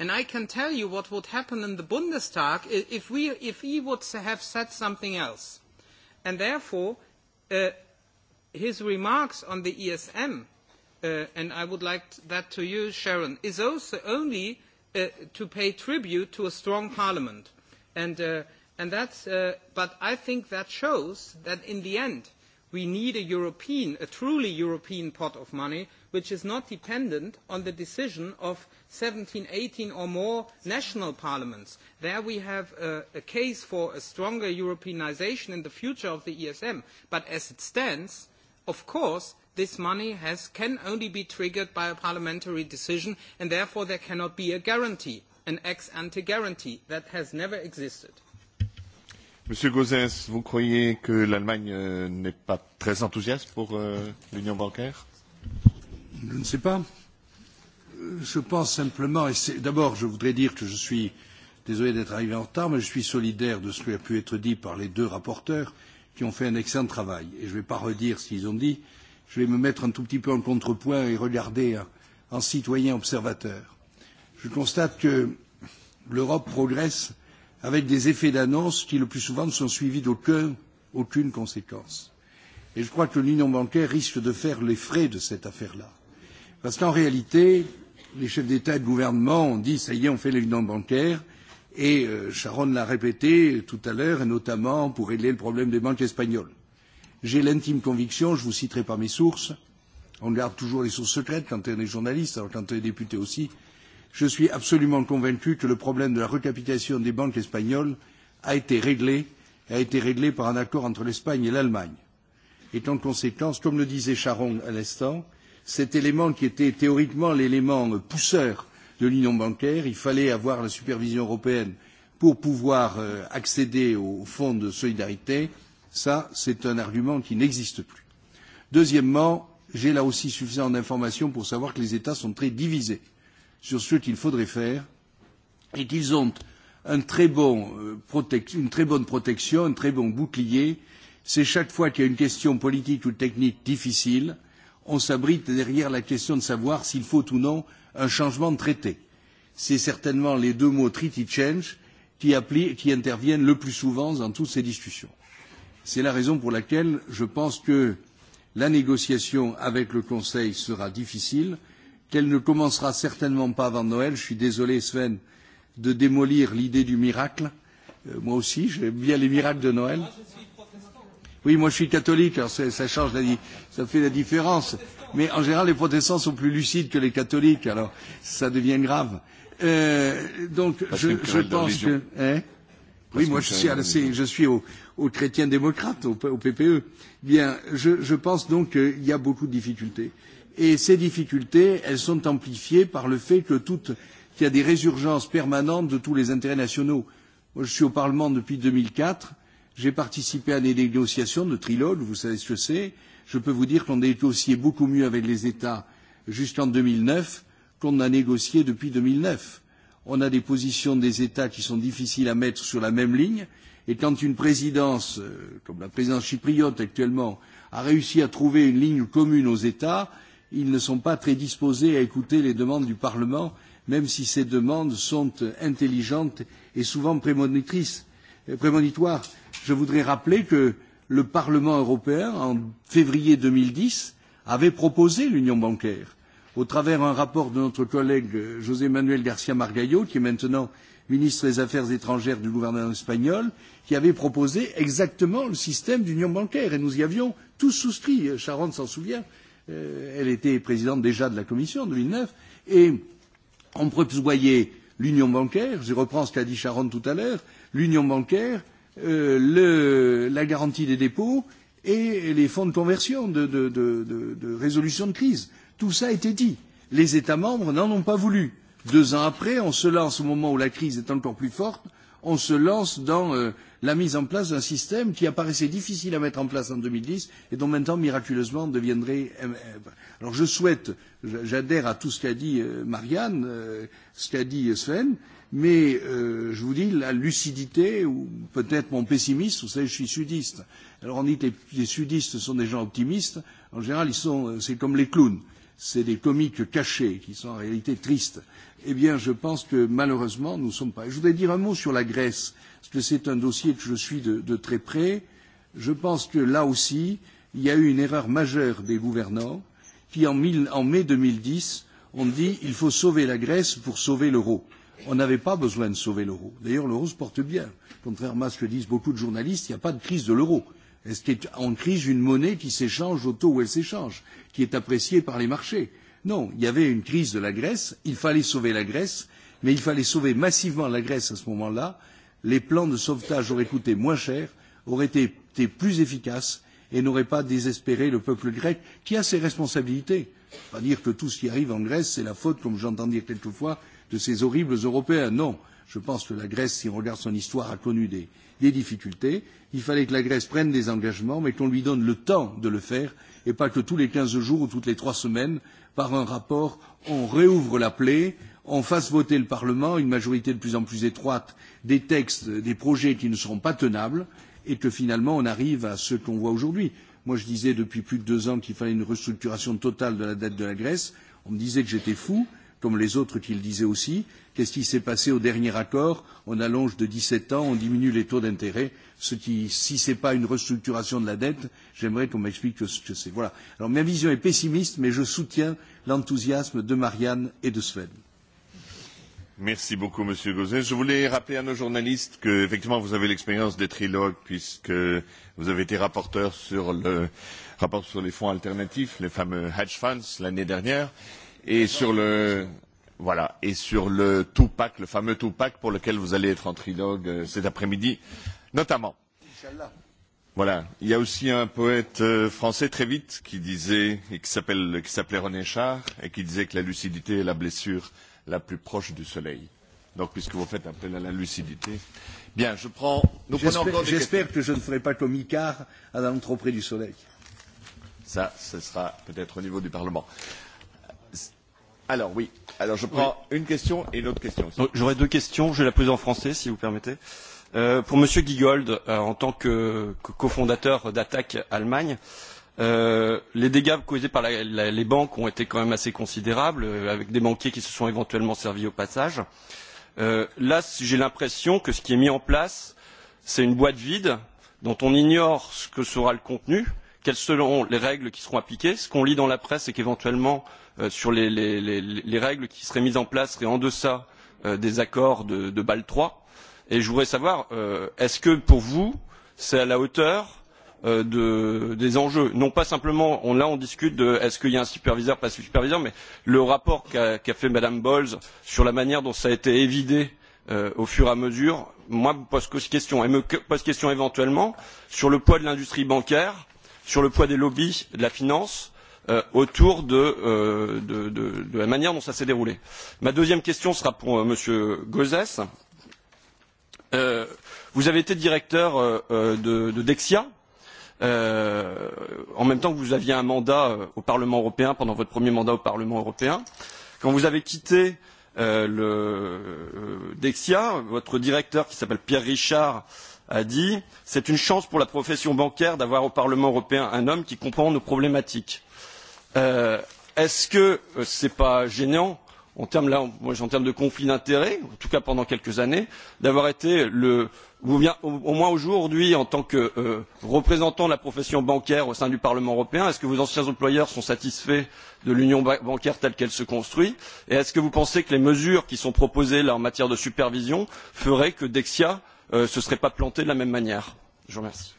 And I can tell you what would happen in the Bundestag if, we, if he would have said something else. And therefore, uh, his remarks on the ESM, uh, and I would like that to you, Sharon, is also only uh, to pay tribute to a strong parliament. And, uh, and that's, uh, but I think that shows that in the end, we need a European, a truly European pot of money, which is not dependent on the decision of 17, 18 or more national parliaments. There we have a, a case for a stronger Europeanization in the future of the ESM. But as it stands, of course, this money has, can only be triggered by a parliamentary decision and therefore there cannot be a guarantee, an ex-ante guarantee that has never existed. Monsieur Gauzès, vous croyez que l'Allemagne euh, n'est pas très enthousiaste pour euh, l'union bancaire je ne sais pas. Je pense simplement, et c'est, d'abord je voudrais dire que je suis désolé d'être arrivé en retard, mais je suis solidaire de ce qui a pu être dit par les deux rapporteurs qui ont fait un excellent travail. Et je ne vais pas redire ce qu'ils ont dit, je vais me mettre un tout petit peu en contrepoint et regarder en, en citoyen observateur. Je constate que l'Europe progresse avec des effets d'annonce qui le plus souvent ne sont suivis d'aucun, aucune conséquence. Et je crois que l'union bancaire risque de faire les frais de cette affaire-là parce qu'en réalité les chefs d'état et de gouvernement ont dit ça y est on fait l'union bancaire et euh, Sharon l'a répété tout à l'heure et notamment pour régler le problème des banques espagnoles. J'ai l'intime conviction, je vous citerai par mes sources, on garde toujours les sources secrètes quand on est journaliste, alors quand on est député aussi, je suis absolument convaincu que le problème de la recapitation des banques espagnoles a été réglé, a été réglé par un accord entre l'Espagne et l'Allemagne. Et qu'en conséquence, comme le disait Charon à l'instant, cet élément qui était théoriquement l'élément euh, pousseur de l'union bancaire il fallait avoir la supervision européenne pour pouvoir euh, accéder au fonds de solidarité ça c'est un argument qui n'existe plus. deuxièmement j'ai là aussi suffisamment d'informations pour savoir que les états sont très divisés sur ce qu'il faudrait faire et qu'ils ont un très bon, euh, une très bonne protection un très bon bouclier c'est chaque fois qu'il y a une question politique ou technique difficile on s'abrite derrière la question de savoir s'il faut ou non un changement de traité. C'est certainement les deux mots treaty change qui, qui interviennent le plus souvent dans toutes ces discussions. C'est la raison pour laquelle je pense que la négociation avec le Conseil sera difficile, qu'elle ne commencera certainement pas avant Noël. Je suis désolé, Sven, de démolir l'idée du miracle. Euh, moi aussi, j'aime bien les miracles de Noël. Moi, je suis Oui, moi je suis catholique, alors ça change la, ça fait la différence. Mais en général, les protestants sont plus lucides que les catholiques, alors ça devient grave. Euh, donc je, que je pense que. Hein oui, moi je suis, assez, je suis au, au chrétien démocrate, au, au PPE. Bien, je, je pense donc qu'il y a beaucoup de difficultés. Et ces difficultés, elles sont amplifiées par le fait qu'il qu y a des résurgences permanentes de tous les intérêts nationaux. Moi, je suis au Parlement depuis 2004. J'ai participé à des négociations de trilogue, vous savez ce que c'est. Je peux vous dire qu'on négociait beaucoup mieux avec les États jusqu'en 2009 qu'on a négocié depuis 2009. On a des positions des États qui sont difficiles à mettre sur la même ligne. Et quand une présidence, euh, comme la présidence chypriote actuellement, a réussi à trouver une ligne commune aux États, ils ne sont pas très disposés à écouter les demandes du Parlement, même si ces demandes sont intelligentes et souvent prémonitrices. Euh, prémonitoire, je voudrais rappeler que le Parlement européen, en février 2010, avait proposé l'union bancaire au travers d'un rapport de notre collègue euh, José Manuel García Margallo, qui est maintenant ministre des Affaires étrangères du gouvernement espagnol, qui avait proposé exactement le système d'union bancaire. Et nous y avions tous souscrit. Charente euh, s'en souvient. Euh, elle était présidente déjà de la Commission en 2009. Et on prévoyait l'union bancaire. Je reprends ce qu'a dit Charente tout à l'heure l'union bancaire, euh, le, la garantie des dépôts et les fonds de conversion de, de, de, de, de résolution de crise. Tout ça a été dit. Les États membres n'en ont pas voulu. Deux ans après, on se lance au moment où la crise est encore plus forte, on se lance dans euh, la mise en place d'un système qui apparaissait difficile à mettre en place en 2010 et dont maintenant, miraculeusement, deviendrait. Alors je souhaite, j'a, j'adhère à tout ce qu'a dit euh, Marianne, euh, ce qu'a dit Sven, euh, Mais euh, je vous dis, la lucidité, ou peut-être mon pessimisme, vous savez, je suis sudiste. Alors on dit que les, les sudistes sont des gens optimistes. En général, ils sont, euh, c'est comme les clowns. C'est des comiques cachés qui sont en réalité tristes. Eh bien, je pense que malheureusement, nous ne sommes pas. Je voudrais dire un mot sur la Grèce, parce que c'est un dossier que je suis de, de très près. Je pense que là aussi, il y a eu une erreur majeure des gouvernants qui, en, mille, en mai 2010, ont dit il faut sauver la Grèce pour sauver l'euro on n'avait pas besoin de sauver l'euro. D'ailleurs, l'euro se porte bien. Contrairement à ce que disent beaucoup de journalistes, il n'y a pas de crise de l'euro. Est-ce qu'est en crise une monnaie qui s'échange au taux où elle s'échange, qui est appréciée par les marchés Non, il y avait une crise de la Grèce, il fallait sauver la Grèce, mais il fallait sauver massivement la Grèce à ce moment-là. Les plans de sauvetage auraient coûté moins cher, auraient été plus efficaces et n'auraient pas désespéré le peuple grec qui a ses responsabilités. Pas dire que tout ce qui arrive en Grèce, c'est la faute, comme j'entends dire quelquefois, de ces horribles Européens. Non, je pense que la Grèce, si on regarde son histoire, a connu des, des difficultés. Il fallait que la Grèce prenne des engagements, mais qu'on lui donne le temps de le faire, et pas que tous les quinze jours ou toutes les trois semaines, par un rapport, on réouvre la plaie, on fasse voter le Parlement, une majorité de plus en plus étroite, des textes, des projets qui ne seront pas tenables, et que finalement on arrive à ce qu'on voit aujourd'hui. Moi je disais depuis plus de deux ans qu'il fallait une restructuration totale de la dette de la Grèce, on me disait que j'étais fou, comme les autres qui le disaient aussi. Qu'est-ce qui s'est passé au dernier accord On allonge de 17 ans, on diminue les taux d'intérêt. Ce qui, si ce n'est pas une restructuration de la dette, j'aimerais qu'on m'explique ce que c'est. Voilà. Alors ma vision est pessimiste, mais je soutiens l'enthousiasme de Marianne et de Sven. Merci beaucoup, Monsieur Gauzet. Je voulais rappeler à nos journalistes que, effectivement, vous avez l'expérience des trilogues, puisque vous avez été rapporteur sur le rapport sur les fonds alternatifs, les fameux hedge funds, l'année dernière et sur le voilà et sur le Tupac, le fameux Tupac pour lequel vous allez être en trilogue euh, cet après-midi, notamment. Voilà, il y a aussi un poète euh, français très vite qui disait et qui s'appelle qui s'appelait René Char et qui disait que la lucidité est la blessure la plus proche du soleil. Donc, puisque vous faites appel à la lucidité. Bien, je prends. Nous prenons encore des J'espère que je ne ferai pas comme Icar à l'entreprise du soleil. Ça, ce sera peut-être au niveau du Parlement. Alors oui. Alors je prends oui. une question et une autre question. Euh, j'aurais deux questions. Je vais la poser en français, si vous permettez. Euh, pour Monsieur Gigold, euh, en tant que cofondateur d'Attaque Allemagne, euh, les dégâts causés par la, la, les banques ont été quand même assez considérables, euh, avec des banquiers qui se sont éventuellement servis au passage. Euh, là, j'ai l'impression que ce qui est mis en place, c'est une boîte vide dont on ignore ce que sera le contenu, quelles seront les règles qui seront appliquées. Ce qu'on lit dans la presse, c'est qu'éventuellement, euh, sur les, les, les, les règles qui seraient mises en place, seraient en deçà euh, des accords de, de Bâle III. Et je voudrais savoir, euh, est-ce que pour vous, c'est à la hauteur euh, de, des enjeux Non pas simplement, on, là on discute de est-ce qu'il y a un superviseur, pas un superviseur, mais le rapport qu'a qu fait Madame Bowles sur la manière dont ça a été évidé euh, au fur et à mesure, moi, me pose question. Et me pose question éventuellement sur le poids de l'industrie bancaire sur le poids des lobbies de la finance euh, autour de, euh, de, de, de la manière dont ça s'est déroulé. Ma deuxième question sera pour euh, M. Gauzès. Vous avez été directeur de, de Dexia. Euh, en même temps que vous aviez un mandat euh, au Parlement européen, pendant votre premier mandat au Parlement européen, quand vous avez quitté euh, le euh, Dexia, votre directeur qui s'appelle Pierre Richard euh, a dit c'est une chance pour la profession bancaire d'avoir au parlement européen un homme qui comprend nos problématiques. Euh, est ce que euh, ce n'est pas gênant en termes, là, moi, en termes de conflit d'intérêts en tout cas pendant quelques années d'avoir été le ou bien au, au moins aujourd'hui en tant que euh, représentant de la profession bancaire au sein du parlement européen est ce que vos anciens employeurs sont satisfaits de l'union ba bancaire telle qu'elle se construit et est ce que vous pensez que les mesures qui sont proposées là, en matière de supervision feraient que dexia euh, se euh, seraient pas plantés de la même manière. Je vous remercie.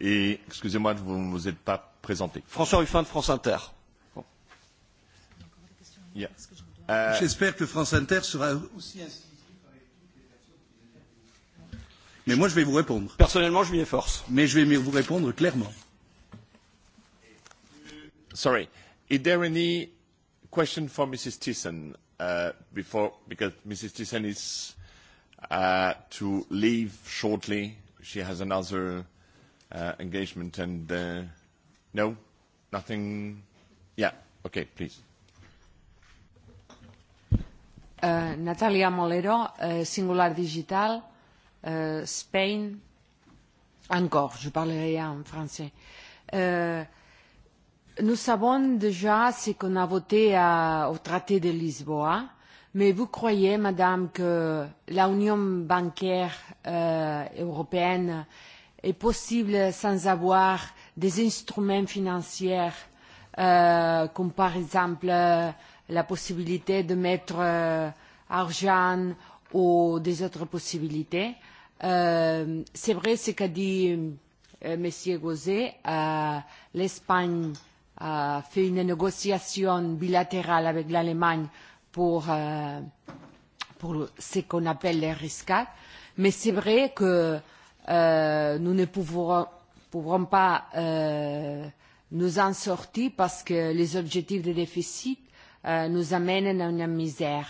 Et excusez moi, vous ne vous êtes pas présenté. François Ruffin de France Inter. Bon. Yeah. Euh... J'espère que France Inter sera aussi avec toutes les Mais moi, je vais vous répondre. Personnellement, je m'y efforce. Mais je vais vous répondre clairement. Sorry. Is there any question for Mrs. Thyssen uh, before, because Mrs. Thyssen is uh, to leave shortly. She has another uh, engagement and uh, no, nothing. Yeah, okay, please. Uh, Natalia Molero, uh, Singular Digital, uh, Spain. Encore, je parlerai en français. Uh, nous savons déjà ce qu'on a voté uh, au traité de Lisboa. Uh, Mais vous croyez, madame, que la union bancaire euh, européenne est possible sans avoir des instruments financiers, euh, comme par exemple euh, la possibilité de mettre euh, argent ou des autres possibilités euh, C'est vrai ce qu'a dit euh, M. Gauzet, euh, l'Espagne a fait une négociation bilatérale avec l'Allemagne pour, euh, pour ce qu'on appelle les rescats. Mais c'est vrai que euh, nous ne pouvons, pouvons pas euh, nous en sortir parce que les objectifs de déficit euh, nous amènent à une misère.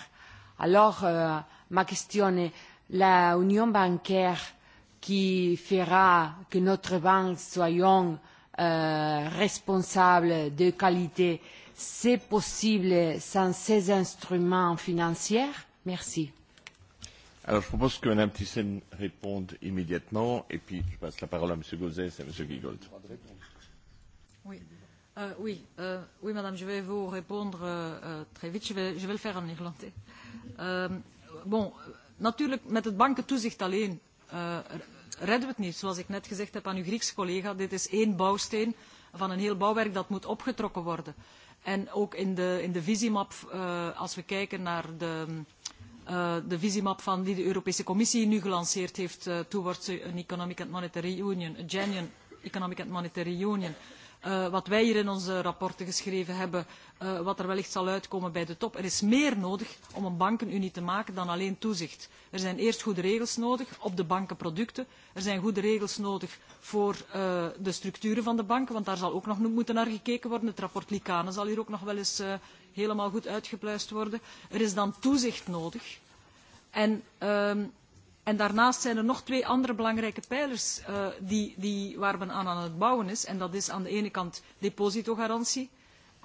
Alors, euh, ma question est, la union bancaire qui fera que notre banque soit euh, responsable de qualité euh, c'est possible sans ces instruments financiers Merci. Alors, je propose que Mme Thyssen réponde immédiatement et puis je passe la parole à M. Gauzès et à M. Guigold. Oui. Euh, oui, euh, oui, madame, je vais vous répondre euh, euh, très vite. Je vais, je vais le faire en irlandais. Euh, bon, natuurlijk, met het bankentoezicht alleen euh, redden we het niet. Zoals ik net gezegd heb aan uw Griekse collega, dit is één bouwsteen van een heel bouwwerk dat moet opgetrokken worden. En ook in de, in de visiemap, uh, als we kijken naar de, uh, de visiemap van die de Europese Commissie nu gelanceerd heeft, uh, towards an economic and monetary union, a genuine economic and monetary union uh, wat wij hier in onze rapporten geschreven hebben, uh, wat er wellicht zal uitkomen bij de top. Er is meer nodig om een bankenunie te maken dan alleen toezicht. Er zijn eerst goede regels nodig op de bankenproducten. Er zijn goede regels nodig voor uh, de structuren van de banken, want daar zal ook nog moeten naar gekeken worden. Het rapport Likane zal hier ook nog wel eens uh, helemaal goed uitgepluist worden. Er is dan toezicht nodig. En... Uh, En daarnaast zijn er nog twee andere belangrijke pijlers uh, die, die waar men aan aan het bouwen is. En dat is aan de ene kant depositogarantie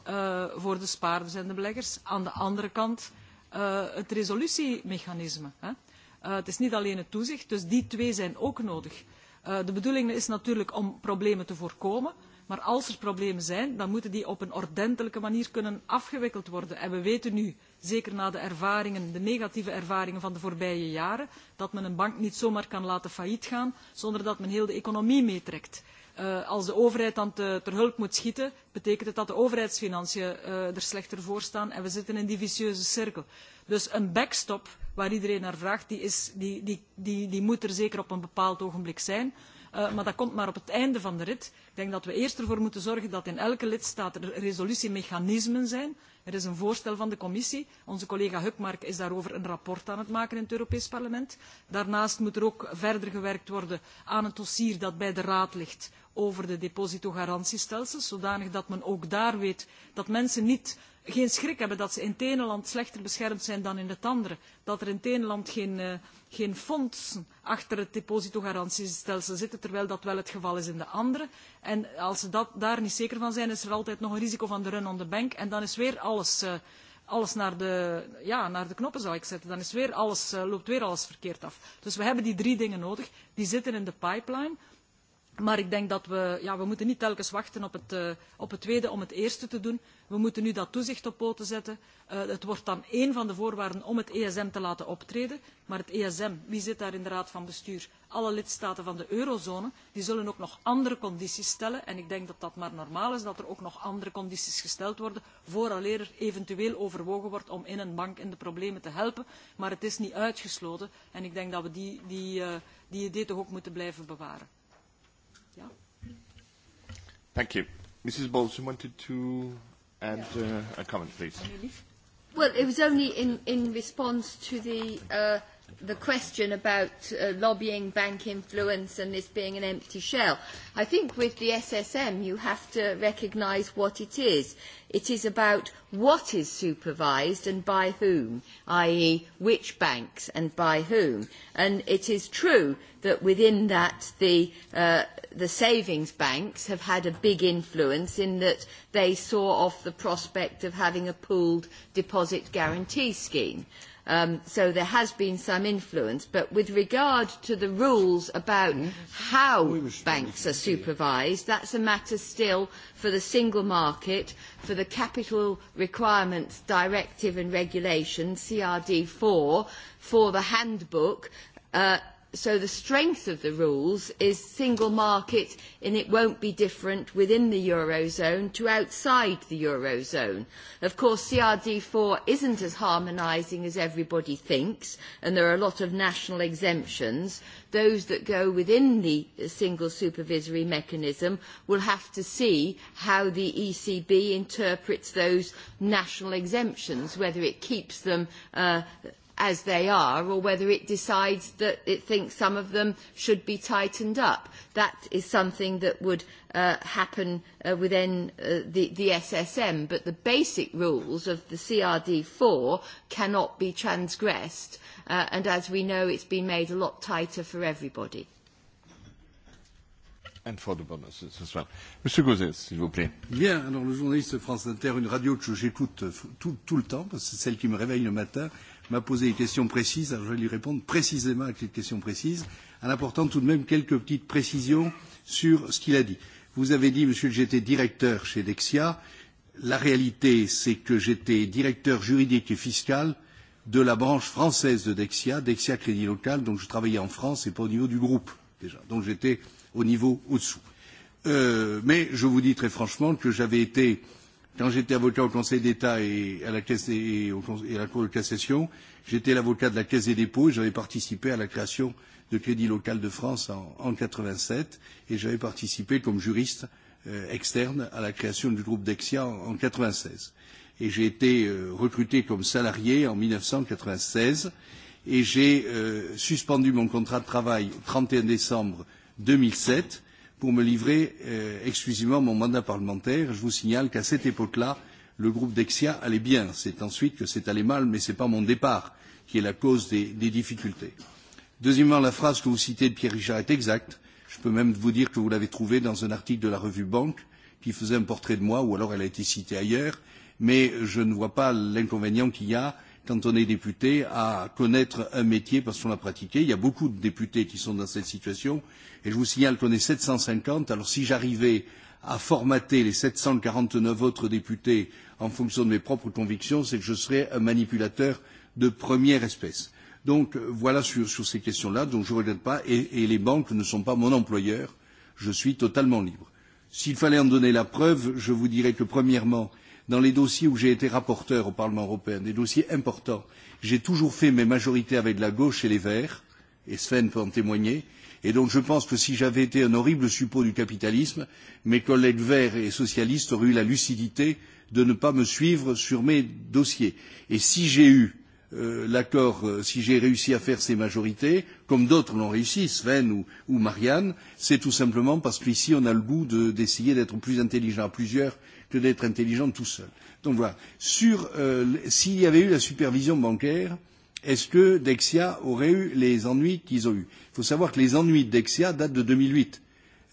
uh, voor de spaarders en de beleggers. Aan de andere kant uh, het resolutiemechanisme. Hè. Uh, het is niet alleen het toezicht, dus die twee zijn ook nodig. Uh, de bedoeling is natuurlijk om problemen te voorkomen. Maar als er problemen zijn, dan moeten die op een ordentelijke manier kunnen afgewikkeld worden. En we weten nu zeker na de, ervaringen, de negatieve ervaringen van de voorbije jaren, dat men een bank niet zomaar kan laten failliet gaan zonder dat men heel de economie meetrekt. Uh, als de overheid dan te, ter hulp moet schieten, betekent het dat de overheidsfinanciën uh, er slechter voor staan en we zitten in die vicieuze cirkel. Dus een backstop waar iedereen naar vraagt, die, is, die, die, die, die moet er zeker op een bepaald ogenblik zijn. Eh, maar dat komt maar op het einde van de rit. Ik denk dat we eerst ervoor moeten zorgen dat er in elke lidstaat er resolutiemechanismen zijn. Er is een voorstel van de commissie. Onze collega Hökmark is daarover een rapport aan het maken in het Europees Parlement. Daarnaast moet er ook verder gewerkt worden aan het dossier dat bij de Raad ligt over de depositogarantiestelsels, zodanig dat men ook daar weet dat mensen niet geen schrik hebben dat ze in het ene land slechter beschermd zijn dan in het andere. Dat er in het ene land geen, uh, geen fondsen achter het depositogarantiestelsel zitten, terwijl dat wel het geval is in de andere. En als ze dat, daar niet zeker van zijn, is er altijd nog een risico van de run on the bank. En dan is weer alles, uh, alles naar, de, ja, naar de knoppen, zou ik zeggen. Dan is weer alles, uh, loopt weer alles verkeerd af. Dus we hebben die drie dingen nodig. Die zitten in de pipeline. Maar ik denk dat we, ja, we moeten niet telkens wachten op het, uh, op het tweede om het eerste te doen. We moeten nu dat toezicht op poten zetten. Uh, het wordt dan één van de voorwaarden om het ESM te laten optreden. Maar het ESM, wie zit daar in de Raad van Bestuur? Alle lidstaten van de eurozone, die zullen ook nog andere condities stellen. En ik denk dat dat maar normaal is, dat er ook nog andere condities gesteld worden, vooraleer er eventueel overwogen wordt om in een bank in de problemen te helpen. Maar het is niet uitgesloten. En ik denk dat we die, die, uh, die idee toch ook moeten blijven bewaren. Yeah. Ja. Thank you. Mrs. Bolson wanted to add yeah. uh, a comment, please. Well, it was only in, in response to the uh, the question about uh, lobbying, bank influence, and this being an empty shell. I think with the SSM, you have to recognise what it is. It is about what is supervised and by whom, i.e., which banks and by whom. And it is true that within that, the, uh, the savings banks have had a big influence in that they saw off the prospect of having a pooled deposit guarantee scheme. Um, so there has been some influence. But with regard to the rules about mm-hmm. how banks are supervised, that's a matter still for the single market, for the Capital Requirements Directive and Regulation, CRD4, for the handbook. Uh, so the strength of the rules is single market and it won't be different within the eurozone to outside the eurozone of course crd4 isn't as harmonizing as everybody thinks and there are a lot of national exemptions those that go within the single supervisory mechanism will have to see how the ECB interprets those national exemptions, whether it keeps them uh, as they are or whether it decides that it thinks some of them should be tightened up. That is something that would uh, happen uh, within uh, the, the SSM, but the basic rules of the CRD4 cannot be transgressed, uh, and as we know, it's been made a lot tighter for everybody. And for the bonuses as well. Monsieur Gauzès, s'il vous plaît. Bien, alors le journaliste France Inter, une radio que j'écoute tout, tout le temps, parce que c'est celle qui me réveille le matin, euh, m'a posé des questions précises, alors je vais lui répondre précisément à cette question précise, en apportant tout de même quelques petites précisions sur ce qu'il a dit. Vous avez dit, monsieur, que j'étais directeur chez Dexia. La réalité, c'est que j'étais directeur juridique et fiscal de la branche française de Dexia, Dexia Crédit Local, donc je travaillais en France et pas au niveau du groupe, déjà. Donc j'étais au niveau au-dessous. Euh, mais je vous dis très franchement que j'avais été euh, quand j'étais avocat au Conseil d'État et à la Caisse et, au, et à la Cour de cassation, j'étais l'avocat de la Caisse des dépôts et j'avais participé à la création de Crédit Local de France en, en 87 et j'avais participé comme juriste euh, externe à la création du groupe Dexia en, en 96. Et j'ai été euh, recruté comme salarié en 1996 et j'ai euh, suspendu mon contrat de travail au 31 décembre 2007 pour me livrer euh, exclusivement mon mandat parlementaire. Je vous signale qu'à cette époque là, le groupe Dexia allait bien. C'est ensuite que c'est allé mal, mais ce n'est pas mon départ qui est la cause des, des difficultés. Deuxièmement, la phrase que vous citez de Pierre Richard est exacte. Je peux même vous dire que vous l'avez trouvée dans un article de la revue Banque qui faisait un portrait de moi, ou alors elle a été citée ailleurs, mais je ne vois pas l'inconvénient qu'il y a euh, quand on est député à connaître un métier parce qu'on l'a pratiqué. Il y a beaucoup de députés qui sont dans cette situation et je vous signale qu'on est 750. Alors si j'arrivais à formater les 749 autres députés en fonction de mes propres convictions, c'est que je serais un manipulateur de première espèce. Donc voilà sur, sur ces questions-là, donc je ne regrette pas et, et les banques ne sont pas mon employeur, je suis totalement libre. S'il fallait en donner la preuve, je vous dirais que premièrement, dans les dossiers où j'ai été rapporteur au Parlement européen, des dossiers importants, j'ai toujours fait mes majorités avec la gauche et les verts, et Sven peut en témoigner, et donc je pense que si j'avais été un horrible suppôt du capitalisme, mes collègues verts et socialistes auraient eu la lucidité de ne pas me suivre sur mes dossiers. Et si j'ai eu euh, l'accord, euh, si j'ai réussi à faire ces majorités, comme d'autres l'ont réussi, Sven ou, ou Marianne, c'est tout simplement parce qu'ici on a le goût d'essayer de, d'être plus intelligent à plusieurs que d'être intelligent tout seul. Donc voilà. Sur euh, s'il y avait eu la supervision bancaire, est-ce que Dexia aurait eu les ennuis qu'ils ont eus Il faut savoir que les ennuis de Dexia datent de 2008,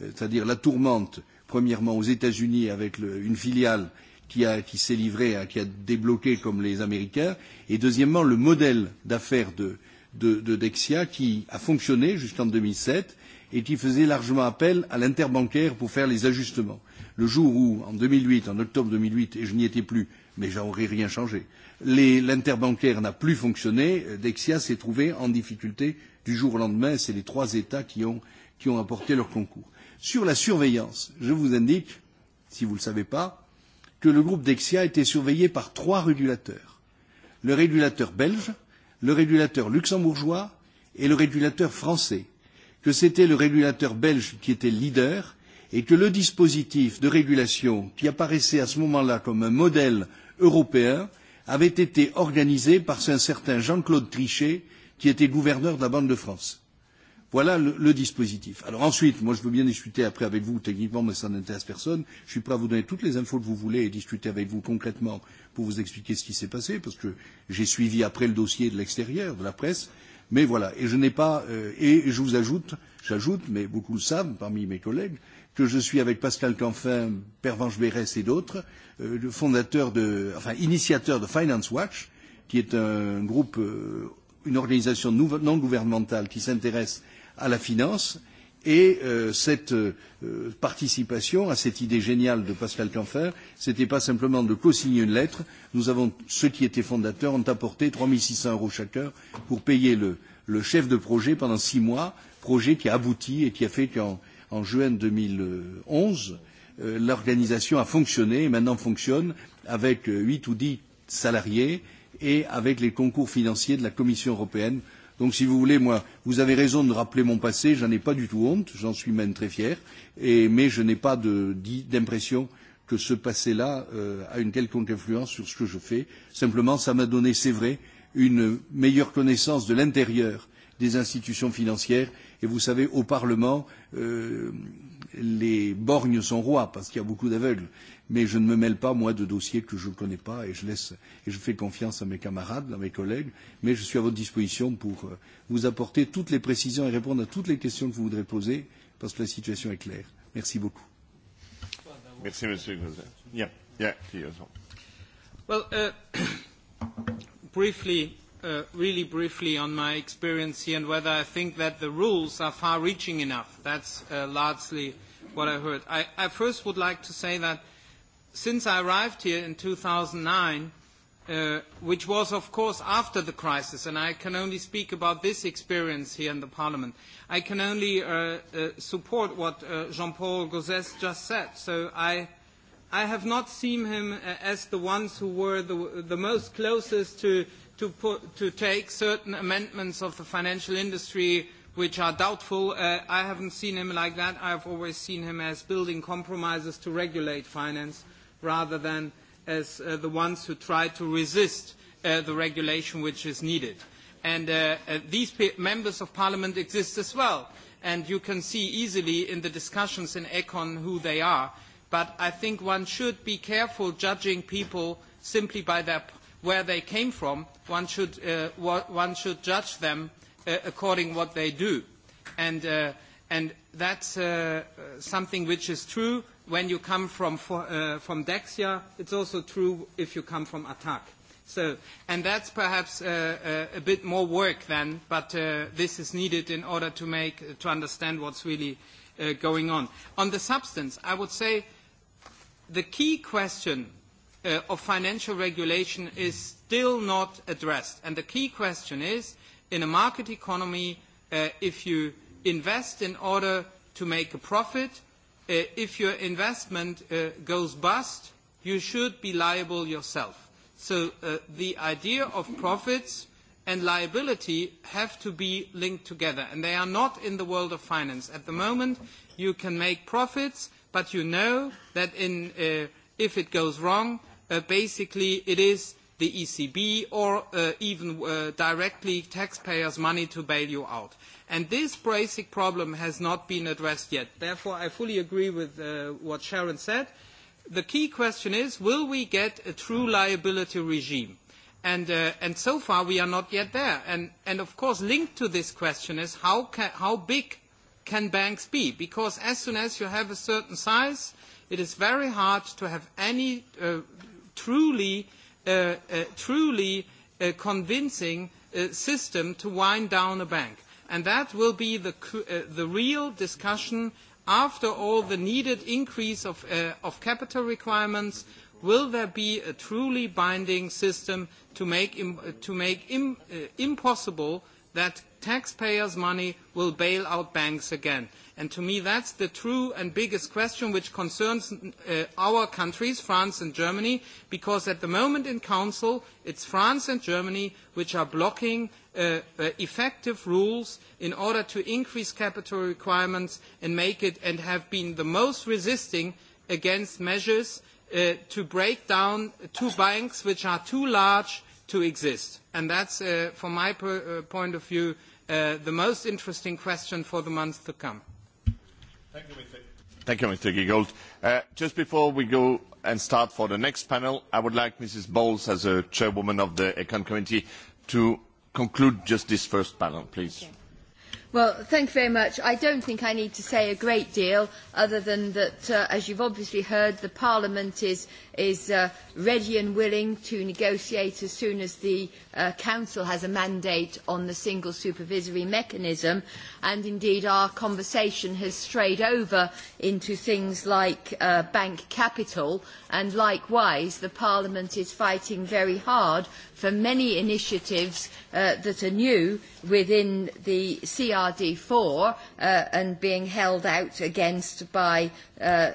euh, c'est-à-dire la tourmente premièrement aux États-Unis avec le, une filiale qui, qui s'est livrée, hein, qui a débloqué comme les Américains, et deuxièmement le modèle d'affaires de, de, de Dexia qui a fonctionné jusqu'en 2007 et qui faisait largement appel à l'interbancaire pour faire les ajustements. Le jour où, en 2008, en octobre 2008, et je n'y étais plus, mais j'aurais rien changé, l'interbancaire n'a plus fonctionné, euh, Dexia s'est trouvé en difficulté du jour au lendemain. C'est les trois États qui ont, qui ont apporté leur concours. Sur la surveillance, je vous indique, si vous ne le savez pas, que le groupe Dexia était surveillé par trois régulateurs. Le régulateur belge, le régulateur luxembourgeois et le régulateur français que c'était le régulateur belge qui était leader et que le dispositif de régulation qui apparaissait à ce moment-là comme un modèle européen avait été organisé par un certain Jean-Claude Trichet qui était gouverneur de la Banque de France. Voilà le, le dispositif. Alors ensuite, moi je veux bien discuter après avec vous techniquement, mais ça n'intéresse personne. Je suis prêt à vous donner toutes les infos que vous voulez et discuter avec vous concrètement pour vous expliquer ce qui s'est passé, parce que j'ai suivi après le dossier de l'extérieur, de la presse, Mais voilà, et je n'ai pas, euh, et je vous ajoute, j'ajoute, mais beaucoup le savent parmi mes collègues, que je suis avec Pascal Canfin, Pervenche Bérès et d'autres, euh, fondateur de, enfin initiateur de Finance Watch, qui est un groupe, euh, une organisation non gouvernementale qui s'intéresse à la finance, euh, Et euh, cette euh, participation à cette idée géniale de Pascal Canfer, ce n'était pas simplement de co-signer une lettre. Nous avons, ceux qui étaient fondateurs ont apporté 3 600 euros chacun pour payer le, le chef de projet pendant six mois, projet qui a abouti et qui a fait qu'en en juin 2011, euh, l'organisation a fonctionné et maintenant fonctionne avec huit ou dix salariés et avec les concours financiers de la Commission européenne Donc, si vous voulez, moi, vous avez raison de rappeler mon passé, j'en ai pas du tout honte, j'en suis même très fier, et, mais je n'ai pas d'impression que ce passé-là euh, a une quelconque influence sur ce que je fais. Simplement, ça m'a donné, c'est vrai, une meilleure connaissance de l'intérieur des institutions financières. Et vous savez, au Parlement, euh, les borgnes sont rois parce qu'il y a beaucoup d'aveugles. Mais je ne me mêle pas, moi, de dossiers que je ne connais pas et je, laisse, et je fais confiance à mes camarades, à mes collègues. Mais je suis à votre disposition pour euh, vous apporter toutes les précisions et répondre à toutes les questions que vous voudrez poser parce que la situation est claire. Merci beaucoup. Merci, Monsieur Yeah, yeah, Well, uh, briefly, uh, really briefly on my experience here and whether I think that the rules are far reaching enough. That's uh, largely what I heard. I, I first would like to say that since I arrived here in 2009, uh, which was of course after the crisis, and I can only speak about this experience here in the Parliament, I can only uh, uh, support what uh, Jean Paul Gauzès just said. So I. I have not seen him uh, as the ones who were the, the most closest to to, put, to take certain amendments of the financial industry which are doubtful. Uh, I haven't seen him like that. I've always seen him as building compromises to regulate finance rather than as uh, the ones who try to resist uh, the regulation which is needed. And uh, uh, these p- members of parliament exist as well. And you can see easily in the discussions in Econ who they are. But I think one should be careful judging people simply by their p- where they came from, one should, uh, one should judge them uh, according what they do. And, uh, and that's uh, something which is true when you come from, uh, from Dexia. It's also true if you come from Attac. So, and that's perhaps uh, uh a bit more work then, but uh, this is needed in order to, make, to understand what's really uh, going on. On the substance, I would say the key question uh, of financial regulation is still not addressed. And the key question is, in a market economy, uh, if you invest in order to make a profit, uh, if your investment uh, goes bust, you should be liable yourself. So uh, the idea of profits and liability have to be linked together, and they are not in the world of finance. At the moment, you can make profits, but you know that in, uh, if it goes wrong, Uh, basically it is the ECB or uh, even uh, directly taxpayers' money to bail you out. And this basic problem has not been addressed yet. Therefore, I fully agree with uh, what Sharon said. The key question is, will we get a true liability regime? And, uh, and so far, we are not yet there. And, and of course, linked to this question is, how, ca- how big can banks be? Because as soon as you have a certain size, it is very hard to have any uh, truly, uh, uh, truly uh, convincing uh, system to wind down a bank. And that will be the, uh, the real discussion after all the needed increase of, uh, of capital requirements. Will there be a truly binding system to make, Im- uh, to make Im- uh, impossible that taxpayers' money will bail out banks again. And to me, that's the true and biggest question which concerns uh, our countries, France and Germany, because at the moment in Council, it's France and Germany which are blocking uh, uh, effective rules in order to increase capital requirements and make it and have been the most resisting against measures uh, to break down two banks which are too large uh, to exist. And that's, uh, from my per, uh, point of view, uh, the most interesting question for the months to come. Thank you, Mr. Thank you, Mr. Giggold. Uh, just before we go and start for the next panel, I would like Mrs. Bowles, as a chairwoman of the Econ Committee, to conclude just this first panel, please. Okay. Well, thank you very much. I don't think I need to say a great deal other than that, uh, as you've obviously heard, the Parliament is, is uh, ready and willing to negotiate as soon as the uh, Council has a mandate on the single supervisory mechanism. And indeed, our conversation has strayed over into things like uh, bank capital. And likewise, the Parliament is fighting very hard for many initiatives uh, that are new within the CRD4 uh, and being held out against by uh,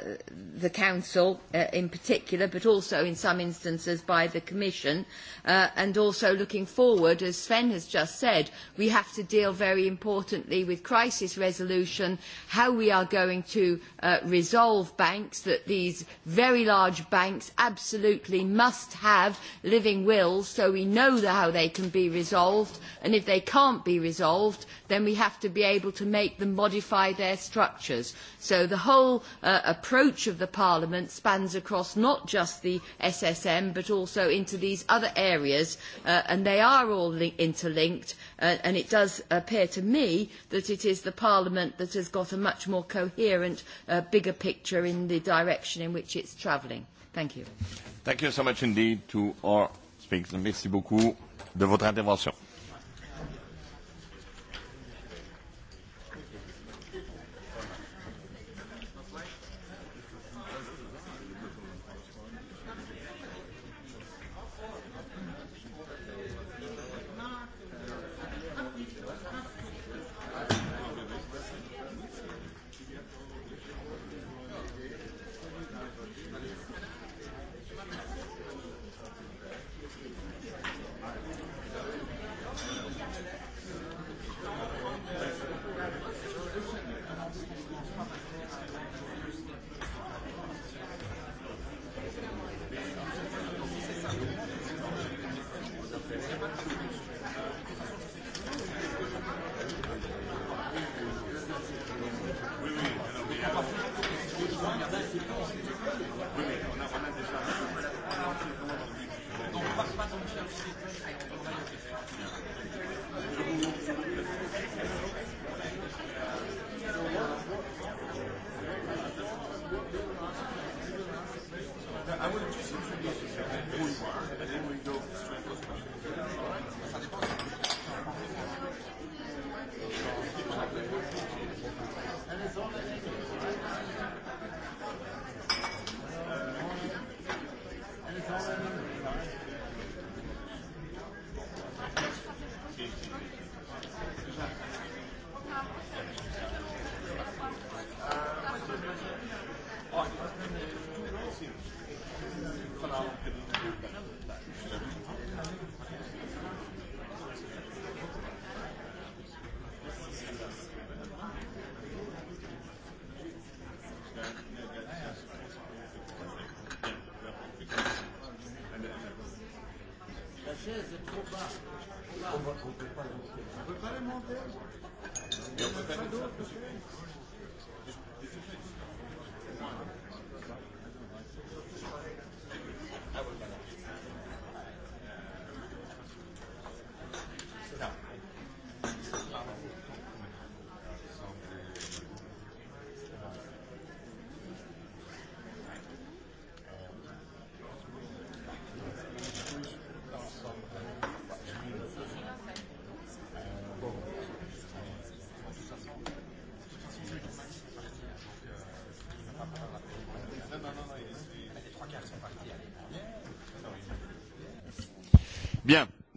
the council uh, in particular, but also in some instances by the commission. Uh, and also looking forward, as Sven has just said, we have to deal very importantly with crisis resolution, how we are going to uh, resolve banks, that these very large banks absolutely must have living wills so we know the, how they can be resolved. And if they can't be resolved, then we have to be able to make them modify their structures. So the whole uh, approach of the Parliament spans across not just the SSM but also into these other areas uh, and they are all link- interlinked uh, and it does appear to me that it is the Parliament that has got a much more coherent, uh, bigger picture in the direction in which it's travelling. Thank you. Thank you so much indeed to our speakers. Merci beaucoup de votre intervention.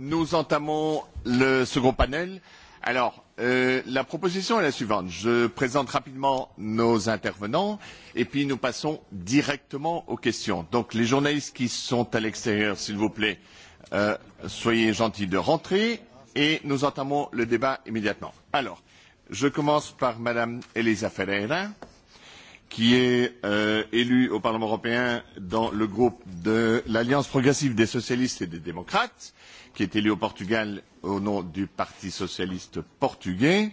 nous entamons le second panel. Alors, euh, la proposition est la suivante. Je présente rapidement nos intervenants et puis nous passons directement aux questions. Donc, les journalistes qui sont à l'extérieur, s'il vous plaît, euh, soyez gentils de rentrer et nous entamons le débat immédiatement. Alors, je commence par Madame Elisa Ferreira. Merci qui est euh, élu au Parlement européen dans le groupe de l'Alliance progressive des socialistes et des démocrates, qui est élu au Portugal au nom du Parti socialiste portugais,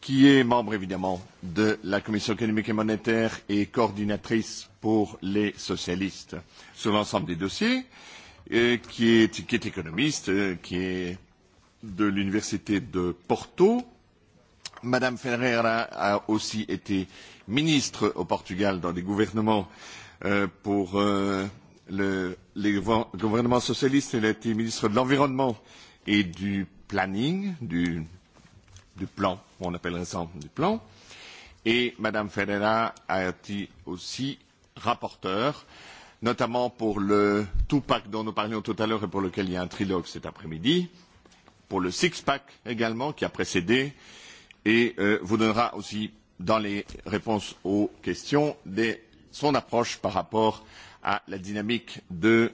qui est membre évidemment de la Commission économique et monétaire et coordinatrice pour les socialistes sur l'ensemble des dossiers, et euh, qui, est, qui est économiste, euh, qui est de l'Université de Porto. Madame Ferreira a aussi été ministre au Portugal dans les gouvernements euh, pour euh, le les gouvernements socialistes. Elle a été ministre de l'Environnement et du Planning, du, du plan, on appellerait ça du plan. Et Madame Ferreira a été aussi rapporteure, notamment pour le Tupac dont nous parlions tout à l'heure et pour lequel il y a un trilogue cet après-midi, pour le Six-Pack également qui a précédé et euh, vous donnera aussi dans les réponses aux questions des, son approche par rapport à la dynamique de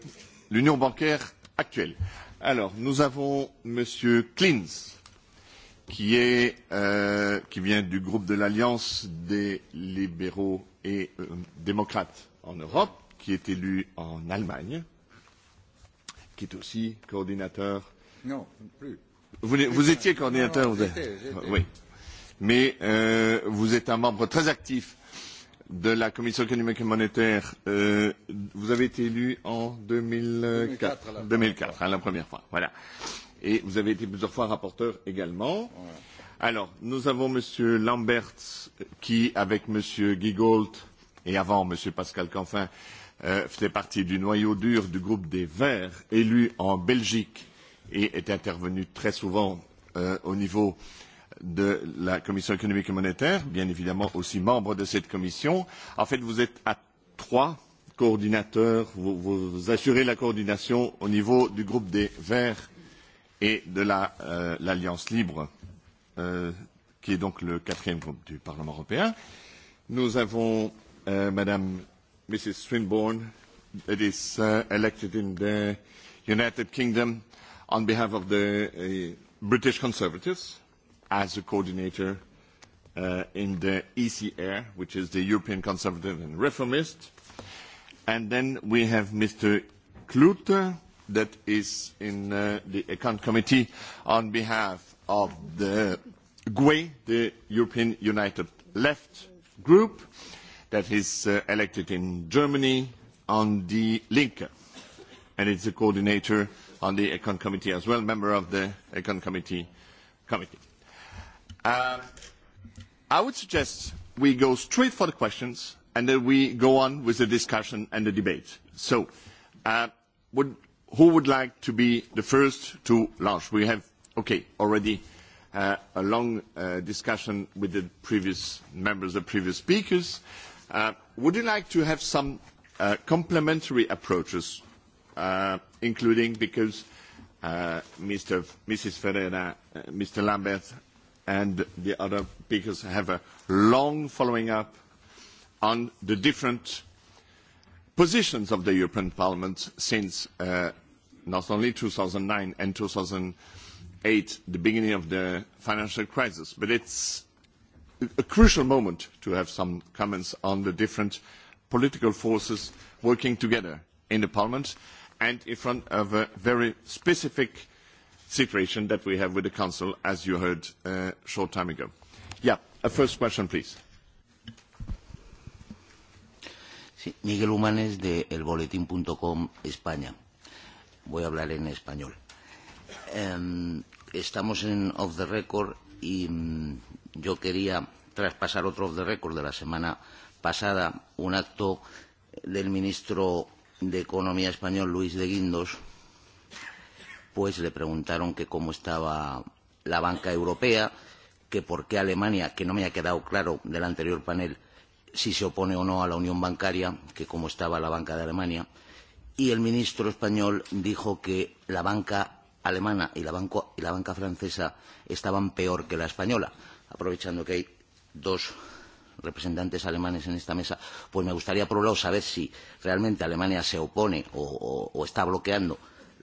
l'union bancaire actuelle. Alors, nous avons M. Klins, qui, est, euh, qui vient du groupe de l'Alliance des libéraux et euh, démocrates en Europe, qui est élu en Allemagne, qui est aussi coordinateur. Non, plus. Vous, vous étiez coordinateur non, non, vous avez... Oui mais euh, vous êtes un membre très actif de la commission économique et monétaire. Euh, vous avez été élu en 2004, 2004, à, la 2004 à la première fois. Voilà. Et vous avez été plusieurs fois rapporteur également. Voilà. Alors, nous avons M. Lambert qui, avec M. Gigold et avant M. Pascal Canfin, euh, faisait partie du noyau dur du groupe des Verts, élu en Belgique et est intervenu très souvent euh, au niveau euh, de la Commission économique et monétaire, bien évidemment aussi membre de cette commission. En fait, vous êtes à trois coordinateurs, vous, vous assurez la coordination au niveau du groupe des Verts et de l'Alliance la, euh, libre, euh, qui est donc le quatrième groupe du Parlement européen. Nous avons euh, Madame Mrs. Swinburne, that is uh, elected in the United Kingdom on behalf of the uh, British Conservatives as a coordinator uh, in the ECR, which is the European Conservative and Reformist. And then we have Mr. Klute, that is in uh, the Account Committee on behalf of the GUE, the European United Left Group, that is uh, elected in Germany on the Linke. And it's a coordinator on the Econ Committee as well, member of the Econ Committee. committee. Uh, I would suggest we go straight for the questions and then we go on with the discussion and the debate. So, uh, would, who would like to be the first to launch? We have, okay, already uh, a long uh, discussion with the previous members, the previous speakers. Uh, would you like to have some uh, complementary approaches, uh, including because uh, Mr. F- Mrs. Ferreira, uh, Mr. Lambert and the other speakers have a long following up on the different positions of the European Parliament since uh, not only 2009 and 2008, the beginning of the financial crisis, but it's a crucial moment to have some comments on the different political forces working together in the Parliament and in front of a very specific situation that we have with the council, as you heard a uh, short time ago. Yeah, a first question, please. Sí, Miguel Humanes de elboletín.com, España. Voy a hablar en español. Eh, estamos en off the record y mm, yo quería traspasar otro off the record de la semana pasada, un acto del ministro de Economía español, Luis de Guindos, pues le preguntaron que cómo estaba la banca europea, que por qué Alemania, que no me ha quedado claro del anterior panel, si se opone o no a la unión bancaria, que cómo estaba la banca de Alemania. Y el ministro español dijo que la banca alemana y la, banco, y la banca francesa estaban peor que la española. Aprovechando que hay dos representantes alemanes en esta mesa, pues me gustaría por un lado saber si realmente Alemania se opone o, o, o está bloqueando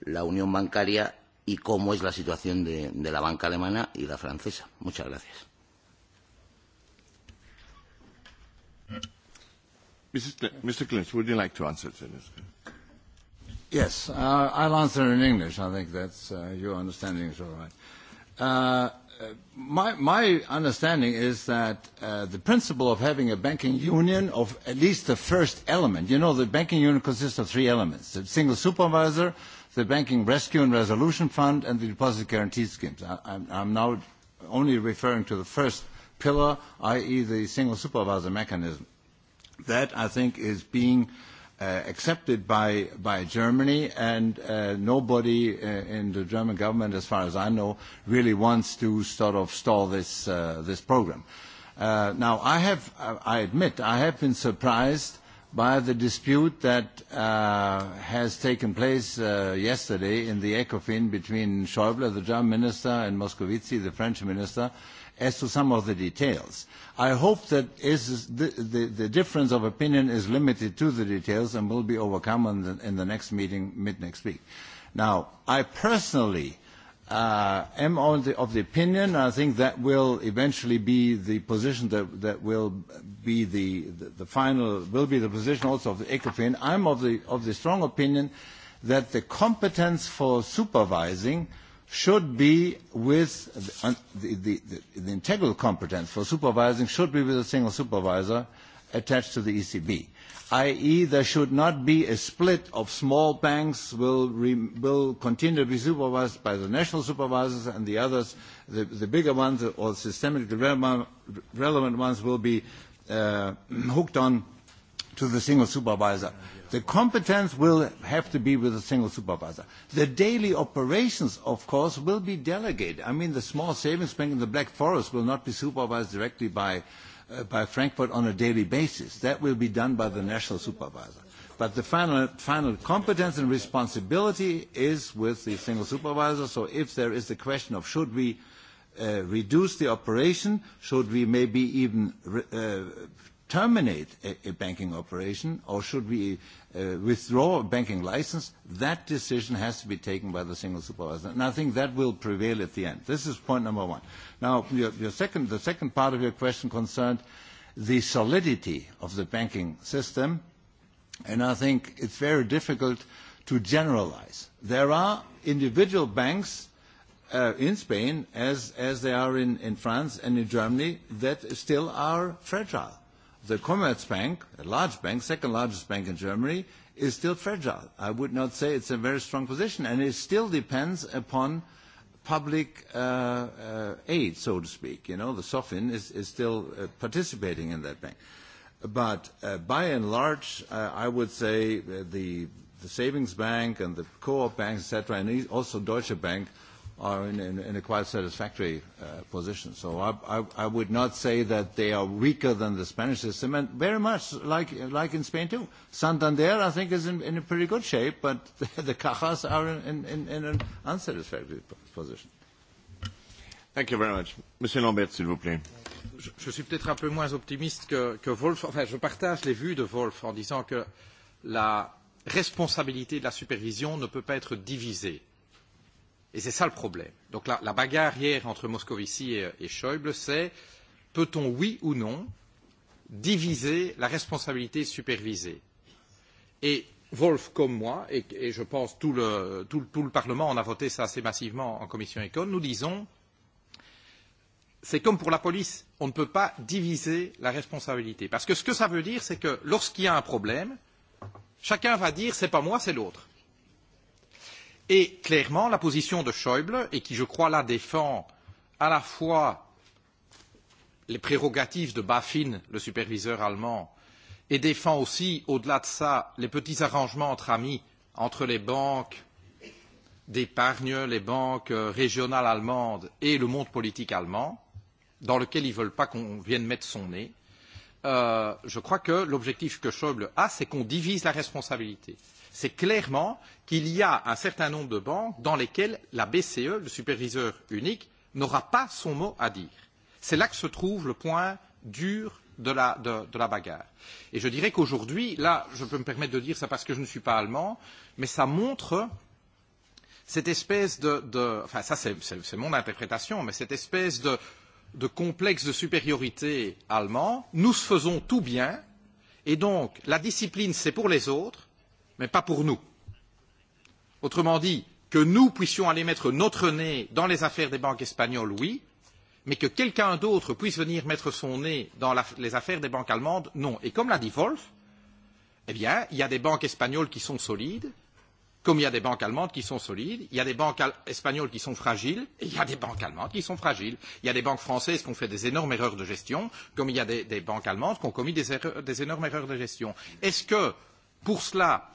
la unión bancaria y cómo es la situación de, de la banca alemana y la francesa. Muchas gracias. Mr. Clinch, would you like to answer to this? Yes, uh, I'll answer in English. I think that's uh, your understanding is all right. Uh, my, my understanding is that uh, the principle of having a banking union of at least the first element, you know, the banking union consists of three elements, the single supervisor, uh, the Banking Rescue and Resolution Fund and the Deposit Guarantee Schemes. I, I'm, I'm now only referring to the first pillar, i.e. the single supervisor mechanism. That, I think, is being uh, accepted by, by Germany, and uh, nobody uh, in the German government, as far as I know, really wants to sort of stall this, uh, this program. Uh, now, I, have, I admit, I have been surprised uh, by the dispute that uh, has taken place uh, yesterday in the ECOFIN between Schäuble, the German minister, and Moscovici, the French minister, as to some of the details. I hope that is the, the, the difference of opinion is limited to the details and will be overcome in the, in the next meeting, mid next week. Now, I personally uh, uh, am of the, of the opinion, I think that will eventually be the position that, that will be the, the, the final, will be the position also of the ECOFIN. I'm of the, of the strong opinion that the competence for supervising should be with, the, uh, the, the, the integral competence for supervising should be with a single supervisor attached to the ECB. Uh, i.e., there should not be a split of small banks will, re, will continue to be supervised by the national supervisors and the others, the, the bigger ones or systemic relevant ones will be uh, hooked on to the single supervisor. The competence will have to be with a single supervisor. The daily operations, of course, will be delegated. I mean, the small savings bank in the Black Forest will not be supervised directly by uh, Uh, by Frankfurt on a daily basis. That will be done by the national supervisor. But the final, final competence and responsibility is with the single supervisor. So if there is the question of should we uh, reduce the operation, should we maybe even re- uh, terminate a, a banking operation or should we uh, withdraw a banking license, that decision has to be taken by the single supervisor. And I think that will prevail at the end. This is point number one. Now, your, your second, the second part of your question concerned the solidity of the banking system. And I think it's very difficult to generalize. There are individual banks uh, in Spain, as, as they are in, in France and in Germany, that still are fragile the Commerzbank, a large bank, second largest bank in Germany, is still fragile. I would not say it's a very strong position, and it still depends upon public uh, uh, aid, so to speak. You know, the SOFIN is still uh, participating in that bank. But by and large, I would say the savings bank and the co-op bank, et cetera, and e-, also Deutsche Bank, are in, in, in a quite satisfactory uh, position. So I, I, I would not say that they are weaker than the Spanish system, and very much like, like in Spain too. Santander, I think, is in, in a pretty good shape, but the, the Cajas are in, in, in an unsatisfactory position. Thank you very much. Monsieur Lambert, s'il vous plaît. Je, je suis peut-être un peu moins optimiste que, que Wolf. Enfin, je partage les vues de Wolf en disant que la responsabilité de la supervision ne peut pas être divisée. Et c'est ça le problème. Donc la, la bagarre hier entre Moscovici et, et Schäuble, c'est peut-on, oui ou non, diviser la responsabilité supervisée Et Wolf, comme moi, et, et je pense tout le, tout, tout le Parlement, en a voté ça assez massivement en commission Econ, nous disons, c'est comme pour la police, on ne peut pas diviser la responsabilité. Parce que ce que ça veut dire, c'est que lorsqu'il y a un problème, chacun va dire, c'est pas moi, c'est l'autre. Et clairement, la position de Schäuble, et qui je crois là défend à la fois les prérogatives de Baffin, le superviseur allemand, et défend aussi, au-delà de ça, les petits arrangements entre amis, entre les banques d'épargne, les banques euh, régionales allemandes et le monde politique allemand, dans lequel ils ne veulent pas qu'on vienne mettre son nez, euh, je crois que l'objectif que Schäuble a, c'est qu'on divise la responsabilité c'est clairement qu'il y a un certain nombre de banques dans lesquelles la BCE, le superviseur unique, n'aura pas son mot à dire. C'est là que se trouve le point dur de la, de, de la bagarre. Et je dirais qu'aujourd'hui, là, je peux me permettre de dire ça parce que je ne suis pas allemand, mais ça montre cette espèce de... de enfin, ça, c'est, c'est, c'est mon interprétation, mais cette espèce de, de complexe de supériorité allemand. Nous faisons tout bien, et donc la discipline, c'est pour les autres, mais pas pour nous. Autrement dit, que nous puissions aller mettre notre nez dans les affaires des banques espagnoles, oui, mais que quelqu'un d'autre puisse venir mettre son nez dans la, les affaires des banques allemandes, non. Et comme l'a dit Wolf, eh bien, il y a des banques espagnoles qui sont solides, comme il y a des banques allemandes qui sont solides, il y a des banques espagnoles qui sont fragiles, et il y a des banques allemandes qui sont fragiles. Il y a des banques françaises qui ont fait des énormes erreurs de gestion, comme il y a des, des banques allemandes qui ont commis des, erreurs, des énormes erreurs de gestion. Est-ce que, pour cela,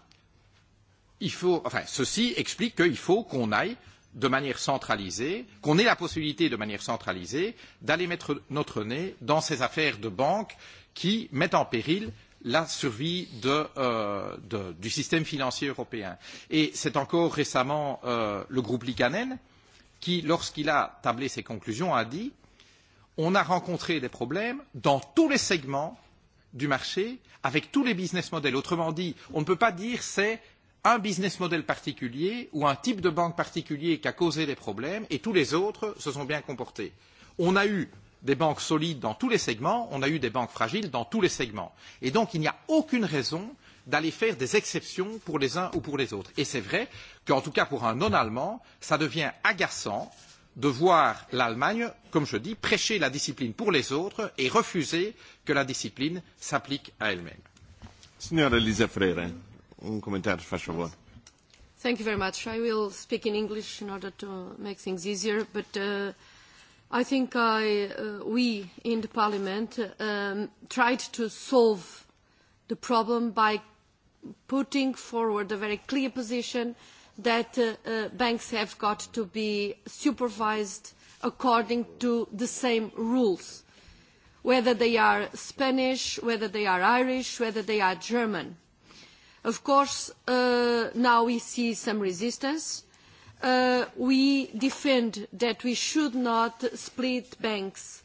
il faut, enfin, ceci explique qu'il faut qu'on aille de manière centralisée, qu'on ait la possibilité de manière centralisée d'aller mettre notre nez dans ces affaires de banques qui mettent en péril la survie de, euh, de, du système financier européen. Et c'est encore récemment euh, le groupe Likanen qui, lorsqu'il a tablé ses conclusions, a dit on a rencontré des problèmes dans tous les segments du marché, avec tous les business models. Autrement dit, on ne peut pas dire c'est un business model particulier ou un type de banque particulier qui a causé des problèmes et tous les autres se sont bien comportés. On a eu des banques solides dans tous les segments, on a eu des banques fragiles dans tous les segments. Et donc il n'y a aucune raison d'aller faire des exceptions pour les uns ou pour les autres. Et c'est vrai qu'en tout cas pour un non-allemand, ça devient agaçant de voir l'Allemagne, comme je dis, prêcher la discipline pour les autres et refuser que la discipline s'applique à elle-même. Signora Elisa Freire un um comentariu, faci favor. Thank you very much. I will speak in English in order to make things easier, but uh, I think I, uh, we in the Parliament um, tried to solve the problem by putting forward a very clear position that uh, uh, banks have got to be supervised according to the same rules, whether they are Spanish, whether they are Irish, whether they are German. Of course, uh, now we see some resistance. Uh, we defend that we should not split banks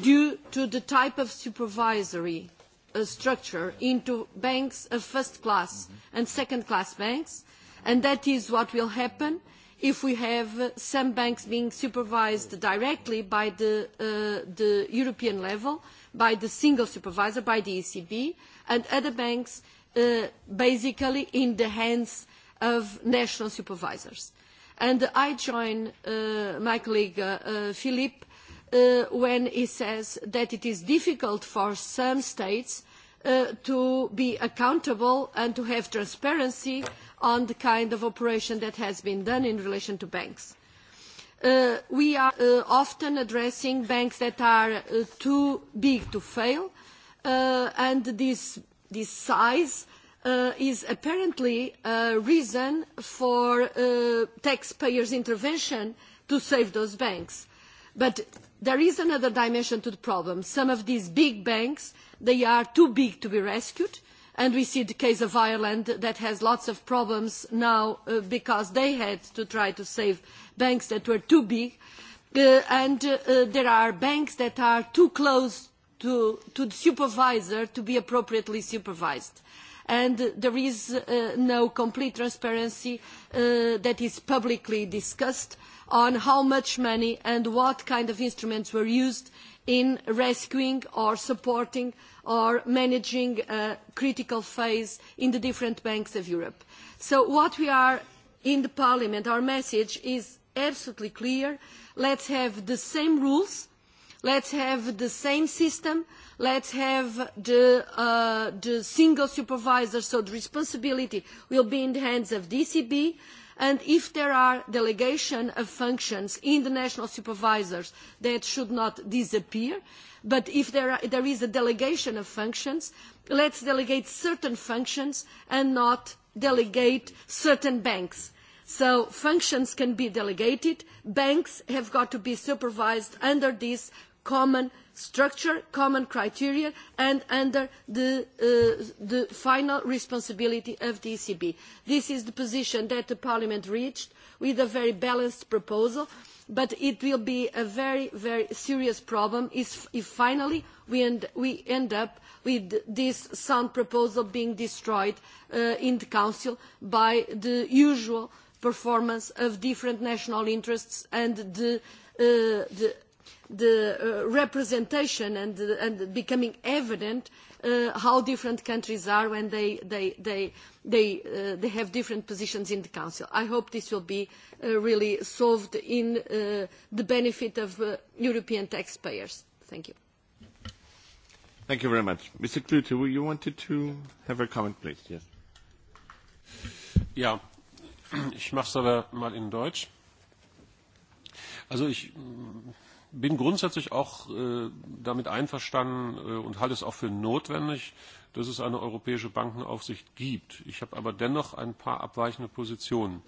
due to the type of supervisory uh, structure into banks of first class mm -hmm. and second class banks, and that is what will happen if we have uh, some banks being supervised directly by the, uh, the European level, by the single supervisor, by the ECB, and other banks Uh, basically in the hands of national supervisors. And I join uh, my colleague uh, Philippe uh, when he says that it is difficult for some states uh, to be accountable and to have transparency on the kind of operation that has been done in relation to banks. Uh, we are uh, often addressing banks that are uh, too big to fail, uh, and these this size uh, is apparently a reason for uh, taxpayers' intervention to save those banks. But there is another dimension to the problem. Some of these big banks, they are too big to be rescued. And we see the case of Ireland that has lots of problems now uh, because they had to try to save banks that were too big. Uh, and uh, uh, there are banks that are too close to, to the supervisor to be appropriately supervised. And there is uh, no complete transparency uh, that is publicly discussed on how much money and what kind of instruments were used in rescuing or supporting or managing a uh, critical phase in the different banks of Europe. So what we are in the Parliament, our message is absolutely clear. Let's have the same rules let's have the same system, let's have the, uh, the single supervisor, so the responsibility will be in the hands of DCB, and if there are delegation of functions in the national supervisors, that should not disappear, but if there, are, there is a delegation of functions, let's delegate certain functions and not delegate certain banks. So functions can be delegated, banks have got to be supervised under this common structure, common criteria, and under the, uh, the final responsibility of the ECB. This is the position that the Parliament reached with a very balanced proposal, but it will be a very, very serious problem if, if finally we end, we end up with this sound proposal being destroyed uh, in the Council by the usual performance of different national interests and the, uh, the the uh, representation and, and becoming evident uh, how different countries are when they, they, they, they, uh, they have different positions in the Council. I hope this will be uh, really solved in uh, the benefit of uh, European taxpayers. Thank you. Thank you very much. Mr. Klute, you wanted to have a comment, please. Yes. Ja, ich mache es aber mal in Deutsch. Also ich bin grundsätzlich auch äh, damit einverstanden äh, und halte es auch für notwendig, dass es eine europäische Bankenaufsicht gibt. Ich habe aber dennoch ein paar abweichende Positionen.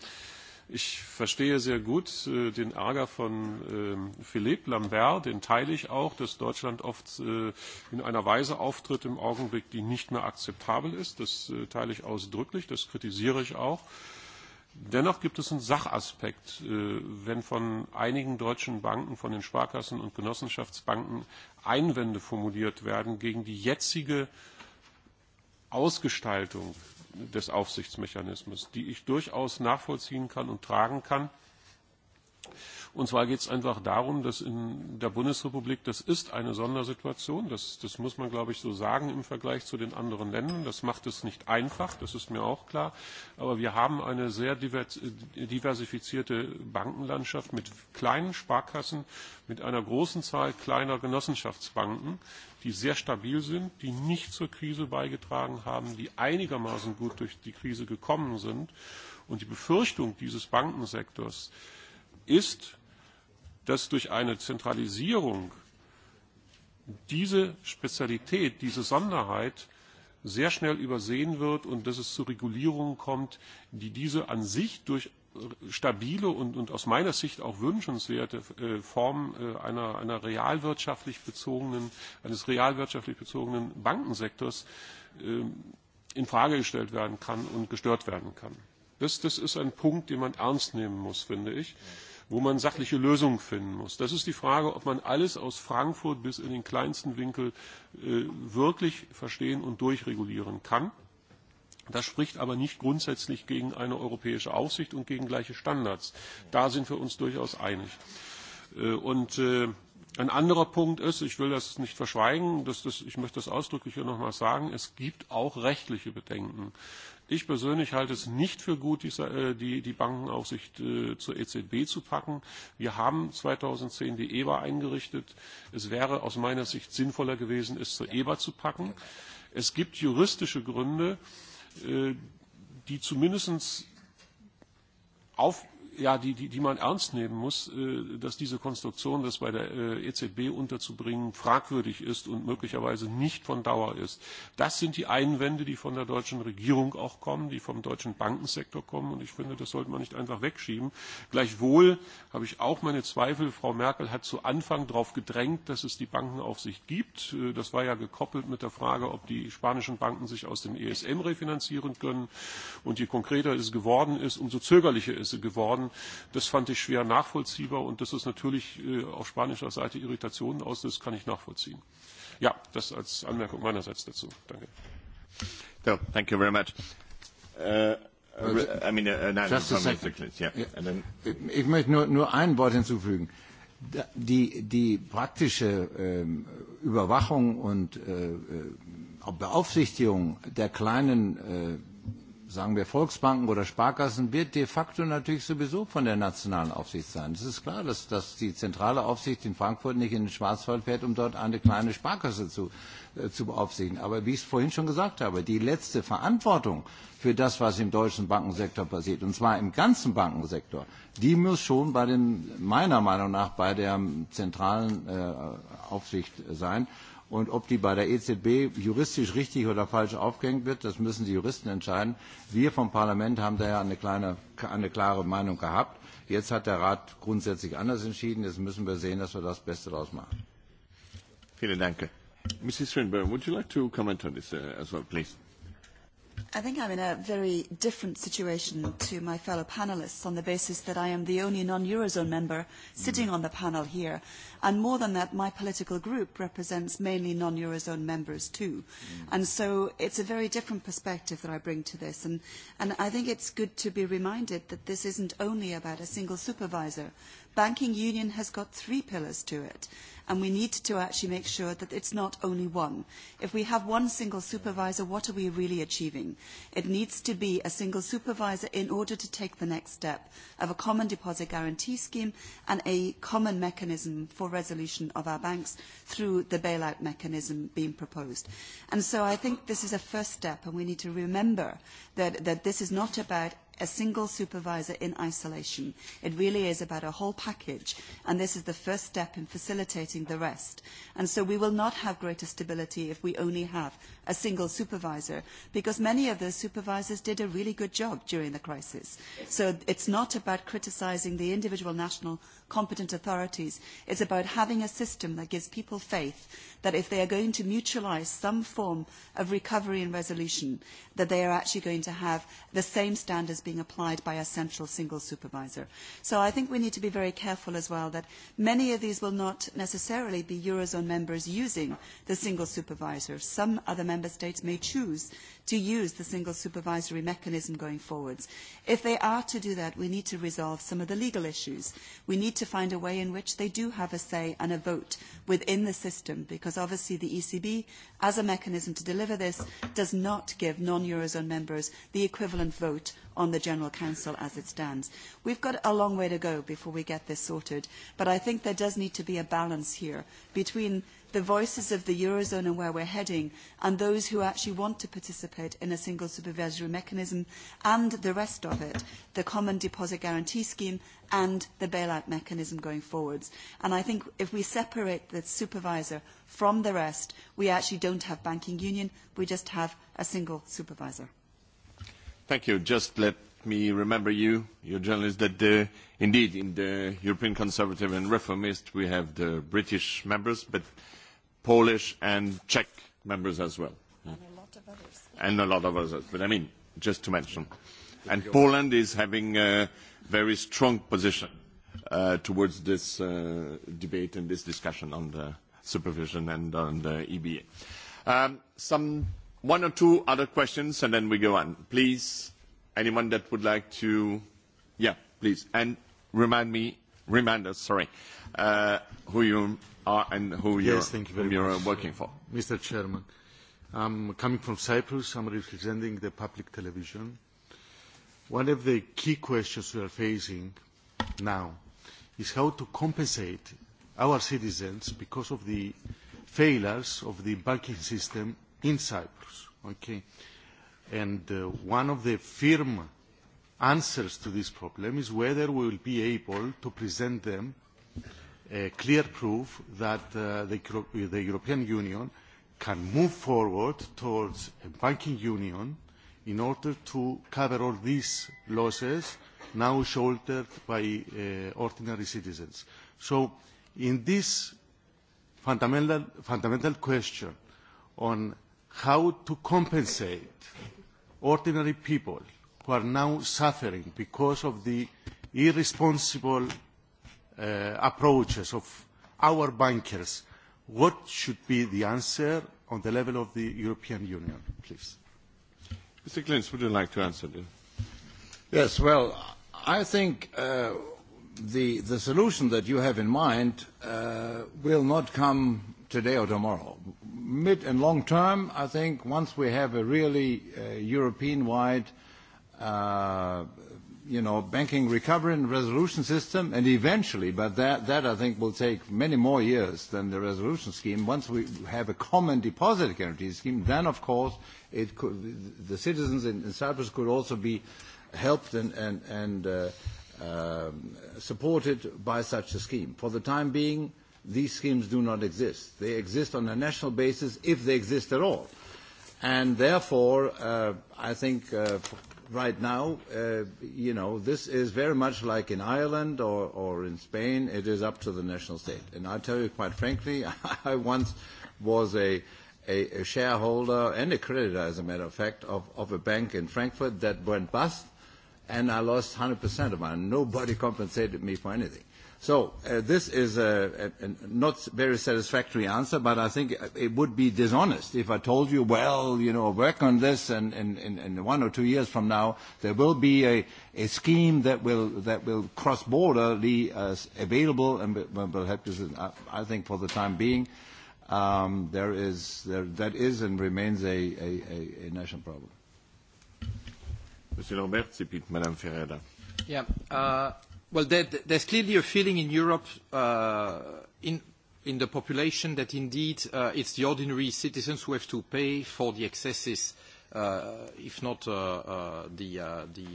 Ich verstehe sehr gut äh, den Ärger von äh, Philippe Lambert, den teile ich auch, dass Deutschland oft äh, in einer Weise auftritt im Augenblick, die nicht mehr akzeptabel ist. Das äh, teile ich ausdrücklich, das kritisiere ich auch. Äh, Dennoch gibt es einen Sachaspekt, äh, wenn von einigen deutschen Banken, von den Sparkassen und Genossenschaftsbanken Einwände formuliert werden gegen die jetzige Ausgestaltung des Aufsichtsmechanismus, die ich durchaus nachvollziehen kann und tragen kann. Und zwar geht es einfach darum, dass in der Bundesrepublik, das ist eine Sondersituation, das, das muss man, glaube ich, so sagen im Vergleich zu den anderen Ländern. Das macht es nicht einfach, das ist mir auch klar. Aber wir haben eine sehr diversifizierte Bankenlandschaft mit kleinen Sparkassen, mit einer großen Zahl kleiner Genossenschaftsbanken, die sehr stabil sind, die nicht zur Krise beigetragen haben, die einigermaßen gut durch die Krise gekommen sind. Und die Befürchtung dieses Bankensektors, ist, dass durch eine Zentralisierung diese Spezialität, diese Sonderheit sehr schnell übersehen wird und dass es zu Regulierungen kommt, die diese an sich durch stabile und, und aus meiner Sicht auch wünschenswerte äh, Form äh, einer, einer realwirtschaftlich bezogenen, eines realwirtschaftlich bezogenen Bankensektors äh, in Frage gestellt werden kann und gestört werden kann. Das, das ist ein Punkt, den man ernst nehmen muss, finde ich. Ja wo man sachliche Lösungen finden muss. Das ist die Frage, ob man alles aus Frankfurt bis in den kleinsten Winkel äh, wirklich verstehen und durchregulieren kann. Das spricht aber nicht grundsätzlich gegen eine europäische Aufsicht und gegen gleiche Standards. Da sind wir uns durchaus einig. Äh, und äh, ein anderer Punkt ist, ich will das nicht verschweigen, das, das, ich möchte das ausdrücklich hier nochmal sagen, es gibt auch rechtliche Bedenken. Ich persönlich halte es nicht für gut, die, äh, die, die Bankenaufsicht äh, zur EZB zu packen. Wir haben 2010 die EBA eingerichtet. Es wäre aus meiner Sicht sinnvoller gewesen, es zur EBA zu packen. Es gibt juristische Gründe, äh, die zumindest auf, ja, die, die, die man ernst nehmen muss, äh, dass diese Konstruktion, das bei der äh, EZB unterzubringen, fragwürdig ist und möglicherweise nicht von Dauer ist. Das sind die Einwände, die von der deutschen Regierung auch kommen, die vom deutschen Bankensektor kommen. Und ich finde, das sollte man nicht einfach wegschieben. Gleichwohl habe ich auch meine Zweifel. Frau Merkel hat zu Anfang darauf gedrängt, dass es die Bankenaufsicht gibt. Äh, das war ja gekoppelt mit der Frage, ob die spanischen Banken sich aus dem ESM refinanzieren können. Und je konkreter es geworden ist, umso zögerlicher ist es geworden. Das fand ich schwer nachvollziehbar und das ist natürlich äh, auf spanischer Seite Irritationen aus, das kann ich nachvollziehen. Ja, das als Anmerkung meinerseits dazu. Danke. So, thank you very much. Ich möchte nur, nur ein Wort hinzufügen. Die, die praktische ähm, Überwachung und äh, äh Beaufsichtigung der kleinen äh, sagen wir Volksbanken oder Sparkassen, wird de facto natürlich sowieso von der nationalen Aufsicht sein. Es ist klar, dass, dass die zentrale Aufsicht in Frankfurt nicht in den Schwarzwald fährt, um dort eine kleine Sparkasse zu, äh, zu beaufsichtigen. Aber wie ich es vorhin schon gesagt habe, die letzte Verantwortung für das, was im deutschen Bankensektor passiert, und zwar im ganzen Bankensektor, die muss schon bei den, meiner Meinung nach bei der zentralen äh, Aufsicht sein. Und ob die bei der EZB juristisch richtig oder falsch aufgehängt wird, das müssen die Juristen entscheiden. Wir vom Parlament haben da ja eine, kleine, eine klare Meinung gehabt. Jetzt hat der Rat grundsätzlich anders entschieden. Jetzt müssen wir sehen, dass wir das Beste daraus machen. Vielen Dank. Mrs. Swinburne, would you like to comment on this uh, as well, please? I think I'm in a very different situation to my fellow panelists on the basis that I am the only non-Eurozone member sitting mm. on the panel here. And more than that, my political group represents mainly non-Eurozone members too. Mm. And so it's a very different perspective that I bring to this. And, and I think it's good to be reminded that this isn't only about a single supervisor. Banking union has got three pillars to it. And we need to actually make sure that it's not only one. If we have one single supervisor, what are we really achieving? It needs to be a single supervisor in order to take the next step of a common deposit guarantee scheme and a common mechanism for resolution of our banks through the bailout mechanism being proposed. And so I think this is a first step, and we need to remember that, that this is not about a single supervisor in isolation. It really is about a whole package, and this is the first step in facilitating the rest. And so we will not have greater stability if we only have a single supervisor, because many of those supervisors did a really good job during the crisis. So it's not about criticizing the individual national competent authorities. It's about having a system that gives people faith that if they are going to mutualize some form of recovery and resolution, that they are actually going to have the same standards being applied by a central single supervisor. So I think we need to be very careful as well that many of these will not necessarily be Eurozone members using the single supervisor. Some other member states may choose to use the single supervisory mechanism going forwards. If they are to do that, we need to resolve some of the legal issues. We need to find a way in which they do have a say and a vote within the system, because obviously the ECB, as a mechanism to deliver this, does not give non-Eurozone members the equivalent vote on the General Council as it stands. We've got a long way to go before we get this sorted, but I think there does need to be a balance here between the voices of the Eurozone and where we're heading, and those who actually want to participate in a single supervisory mechanism, and the rest of it, the common deposit guarantee scheme and the bailout mechanism going forwards. And I think if we separate the supervisor from the rest, we actually don't have banking union, we just have a single supervisor. Thank you. Just let me remember you, your journalist, that the, indeed in the European Conservative and Reformist we have the British members, but Polish and Czech members as well. And a lot of others. And a lot of others, but I mean, just to mention. And Poland is having a very strong position uh, towards this uh, debate and this discussion on the supervision and on the EBA. Um, some one or two other questions and then we go on. Please, anyone that would like to... Yeah, please. And remind me, remind us, sorry, uh, who you are and who yes, you're, thank you very you're much, working for. Mr. Chairman, I'm coming from Cyprus. I'm representing the public television. One of the key questions we are facing now is how to compensate our citizens because of the failures of the banking system in Cyprus. Okay. And uh, one of the firm answers to this problem is whether we will be able to present them clear proof that uh, the, the European Union can move forward towards a banking union in order to cover all these losses now shouldered by uh, ordinary citizens. So in this fundamental, fundamental question on how to compensate ordinary people who are now suffering because of the irresponsible uh, approaches of our bankers, what should be the answer on the level of the European Union, please? Mr. Clintz, would you like to answer this? Yes, well, I think uh, the, the solution that you have in mind uh, will not come today or tomorrow. Mid and long term, I think once we have a really uh, European-wide uh, you know, banking recovery and resolution system, and eventually, but that, that I think will take many more years than the resolution scheme, once we have a common deposit guarantee scheme, then of course it could, the citizens in, in Cyprus could also be helped and, and, and uh, uh, supported by such a scheme. For the time being, these schemes do not exist. They exist on a national basis, if they exist at all. And therefore, uh, I think uh, right now, uh, you know, this is very much like in Ireland or, or in Spain. It is up to the national state. And I tell you quite frankly, I once was a, a, a shareholder and a creditor, as a matter of fact, of, of a bank in Frankfurt that went bust, and I lost 100% of mine. Nobody compensated me for anything. So uh, this is a, a, a not very satisfactory answer, but I think it would be dishonest if I told you, well, you know, work on this, and in one or two years from now, there will be a, a scheme that will that will cross border be uh, available and will help you. I think for the time being, um, there is there, that is and remains a, a, a, a national problem. Monsieur Lambert, c'est puis Madame Ferreira. Yeah. Uh, Well, there, there's clearly a feeling in Europe, uh, in in the population, that indeed uh, it's the ordinary citizens who have to pay for the excesses, uh, if not uh, uh, the uh, the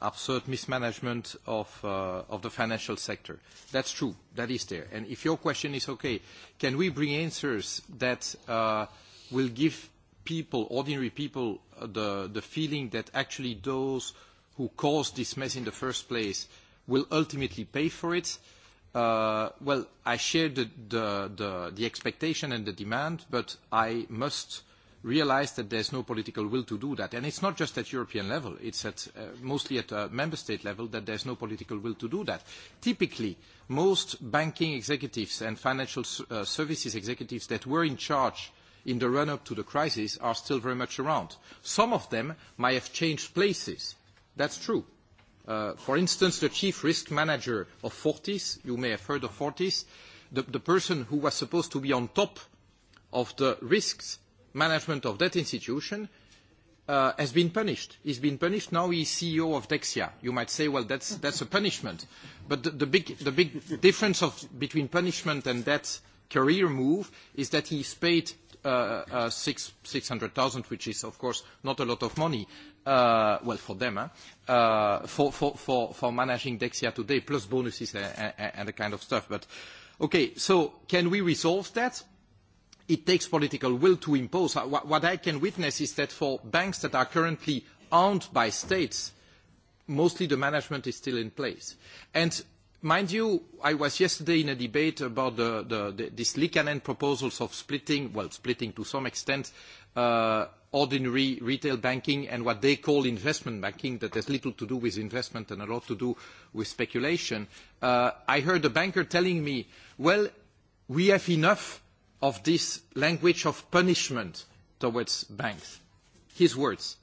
absurd mismanagement of uh, of the financial sector. That's true. That is there. And if your question is okay, can we bring answers that uh, will give people, ordinary people, uh, the the feeling that actually those who caused this mess in the first place will ultimately pay for it? Uh, well, I share the, the, the, the expectation and the demand, but I must realize that there's no political will to do that. And it's not just at European level. It's at, uh, mostly at a uh, member state level that there's no political will to do that. Typically, most banking executives and financial uh, services executives that were in charge in the run-up to the crisis are still very much around. Some of them might have changed places. That's true. Uh, for instance, the chief risk manager of Fortis, you may have heard of Fortis, the person who was supposed to be on top of the risks management of that institution, uh, has been punished. He's been punished. Now he's CEO of Dexia. You might say, "Well, that's a punishment." The big difference between punishment and that career move is that he's paid uh, uh, six, 600,000, which is, of course, not a lot of money, uh, well, for them, huh? uh, for, for, for, for managing Dexia today, plus bonuses and, and, and the kind of stuff. But, okay, so can we resolve that? It takes political will to impose. Uh, what, what I can witness is that for banks that are currently owned by states, mostly the management is still in place. And Mind you, I was yesterday in a debate about this Liikanen proposals of splitting, well, splitting to some extent, uh, ordinary retail banking and what they call investment banking that has little to do with investment and a lot to do with speculation. Uh, I heard a banker telling me, "Well, we have enough of this language of punishment towards banks." His words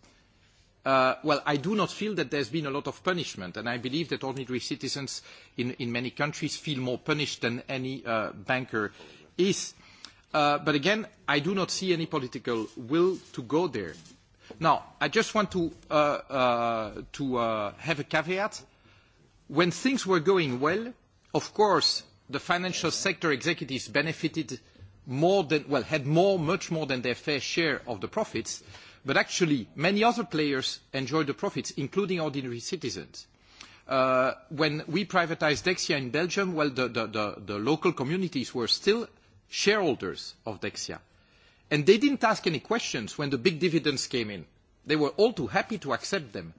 uh, well, I do not feel that there's been a lot of punishment, and I believe that ordinary citizens in, in many countries feel more punished than any uh, banker is. Uh, but again, I do not see any political will to go there. Now, I just want to, uh, uh, to uh, have a caveat. When things were going well, of course, the financial sector executives benefited more than, well, had more, much more than their fair share of the profits but actually many other players enjoy the profits, including ordinary citizens. Uh, when we privatized Dexia in Belgium, well, the, the, the, the local communities were still shareholders of Dexia. And they didn't ask any questions when the big dividends came in. They were all too happy to accept them.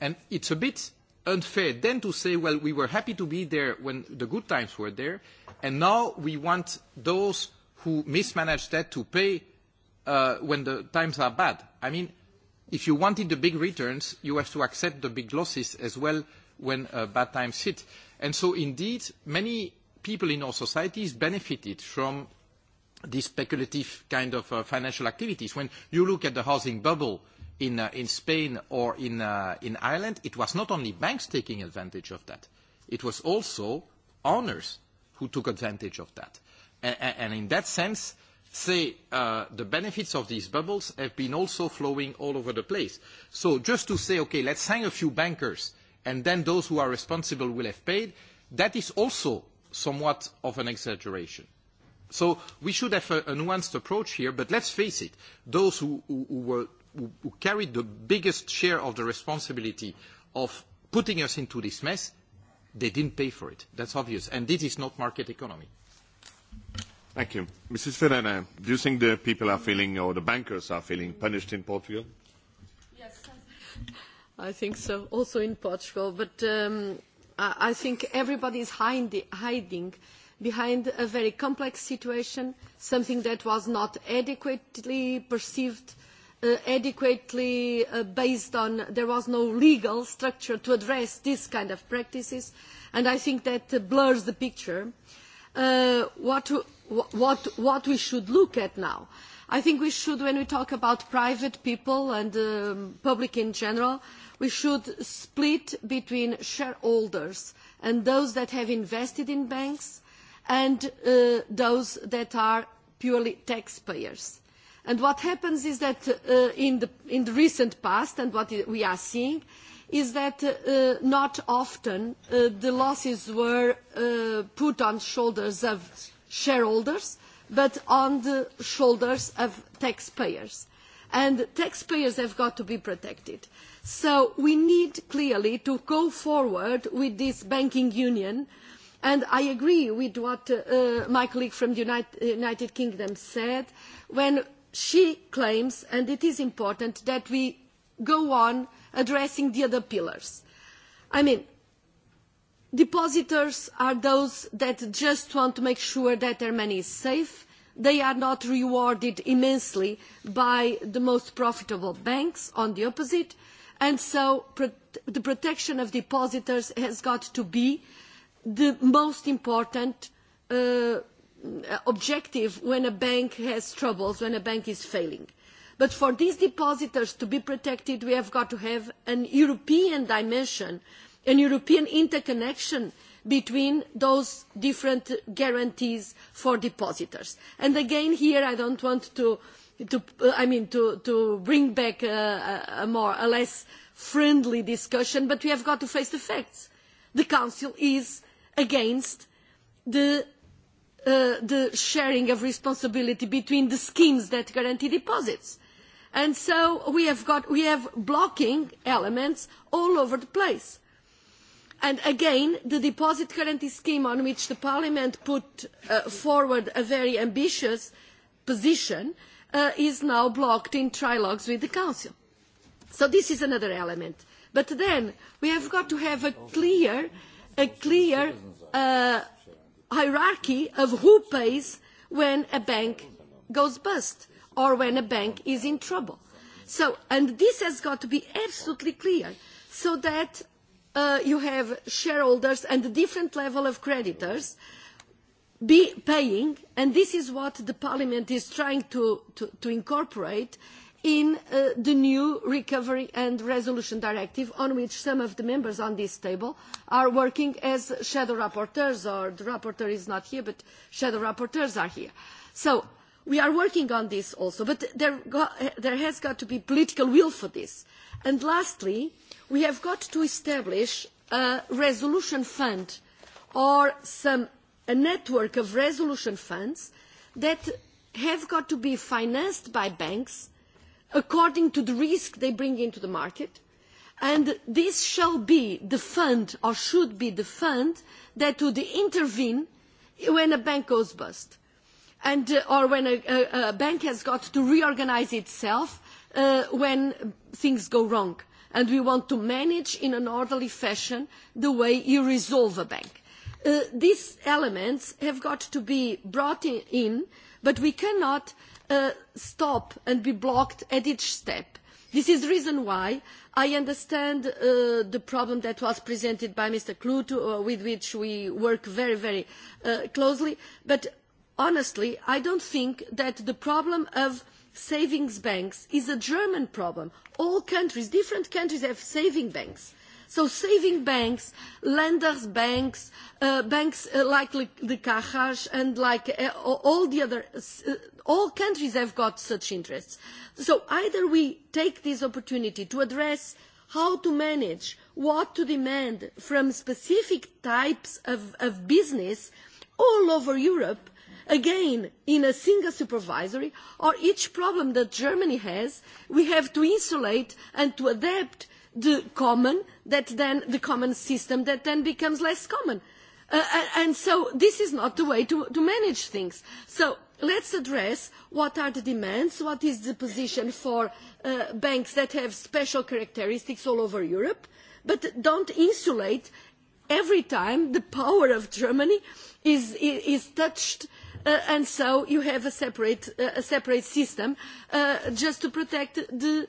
And it's a bit unfair then to say, well, we were happy to be there when the good times were there, and now we want those who mismanaged that to pay uh, when the times are bad. I mean, if you wanted the big returns, you have to accept the big losses as well when bad times hit. Indeed, many people in our societies benefited from these speculative kind of uh, financial activities. When you look at the housing bubble in uh, Spain or uh, in Ireland, it was not only banks taking advantage of that, it was also owners who took advantage of that. In that sense, say, uh, the benefits of these bubbles have been also flowing all over the place. So just to say, "Okay, let's hang a few bankers, and then those who are responsible will have paid," that is also somewhat of an exaggeration. So we should have a nuanced approach here, but let's face it, those who carried the biggest share of the responsibility of putting us into this mess, they didn't pay for it. That's obvious, and this is not market economy. Thank you. Mrs. Ferreira, do you think the people are feeling, or the bankers are feeling, punished in Portugal? Yes, I think so, also in Portugal. But um, I, I think everybody is hide, hiding behind a very complex situation, something that was not adequately perceived, uh, adequately uh, based on, there was no legal structure to address this kind of practices. And I think that uh, blurs the picture. Uh, Uh, what, what, what we should look at now. I think we should, when we talk about private people and um, public in general, we should split between shareholders and those that have invested in banks and uh, those that are purely taxpayers. And what happens is that uh, in, the, in the recent past and what we are seeing is that uh, not often uh, the losses were uh, put on shoulders of shareholders, but on the shoulders of taxpayers. Taxpayers have got to be protected. We need clearly to go forward with this banking union, and I agree with what my colleague from United Kingdom said when she claims, and it is important, that we go on addressing the other pillars. I mean, depositors are those that just want to make sure that their money is safe. They are not rewarded immensely by the most profitable banks, on the opposite. And so pro the protection of depositors has got to be the most important uh, objective when a bank has troubles, when a bank is failing but for these depositors to be protected we have got to have a european dimension an european interconnection between those different guarantees for depositors and again here i do not want to to i mean to to bring back a, a more a less friendly discussion but we have got to face the facts the council is against the uh, the sharing of responsibility between the schemes that guarantee deposits and so we have, got, we have blocking elements all over the place. And again, the deposit guarantee scheme on which the Parliament put uh, forward a very ambitious position uh, is now blocked in trilogues with the Council. So this is another element. But then we have got to have a clear, a clear uh, hierarchy of who pays when a bank goes bust or when a bank is in trouble. So, and this has got to be absolutely clear so that uh, you have shareholders and a different level of creditors be paying, and this is what the Parliament is trying to, to, to incorporate in uh, the new Recovery and Resolution Directive on which some of the members on this table are working as shadow rapporteurs, or the rapporteur is not here, but shadow rapporteurs are here. So we are working on this also but there, got, there has got to be political will for this and lastly we have got to establish a resolution fund or some a network of resolution funds that have got to be financed by banks according to the risk they bring into the market and this shall be the fund or should be the fund that would intervene when a bank goes bust and uh, or when a, a, a bank has got to reorganize itself uh, when things go wrong and we want to manage in an orderly fashion the way you resolve a bank. Uh, these elements have got to be brought in, in but we cannot uh, stop and be blocked at each step. This is the reason why I understand uh, the problem that was presented by Mr. Klutu, uh, with which we work very, very uh, closely, but honestly, I don't think that the problem of savings banks is a German problem. All countries, different countries have saving banks. So saving banks, lenders banks, uh, banks uh, like the Cajas and like uh, all the other, uh, uh, all countries have got such interests. So either we take this opportunity to address how to manage, what to demand from specific types of, of business all over Europe, again in a single supervisory or each problem that Germany has, we have to insulate and to adapt the common that then the common system that then becomes less common. Uh, and so this is not the way to, to manage things. So let's address what are the demands, what is the position for uh, banks that have special characteristics all over Europe, but don't insulate every time the power of Germany is, is, is touched uh, uh, and so you have a separate, uh, a separate system uh, just to protect the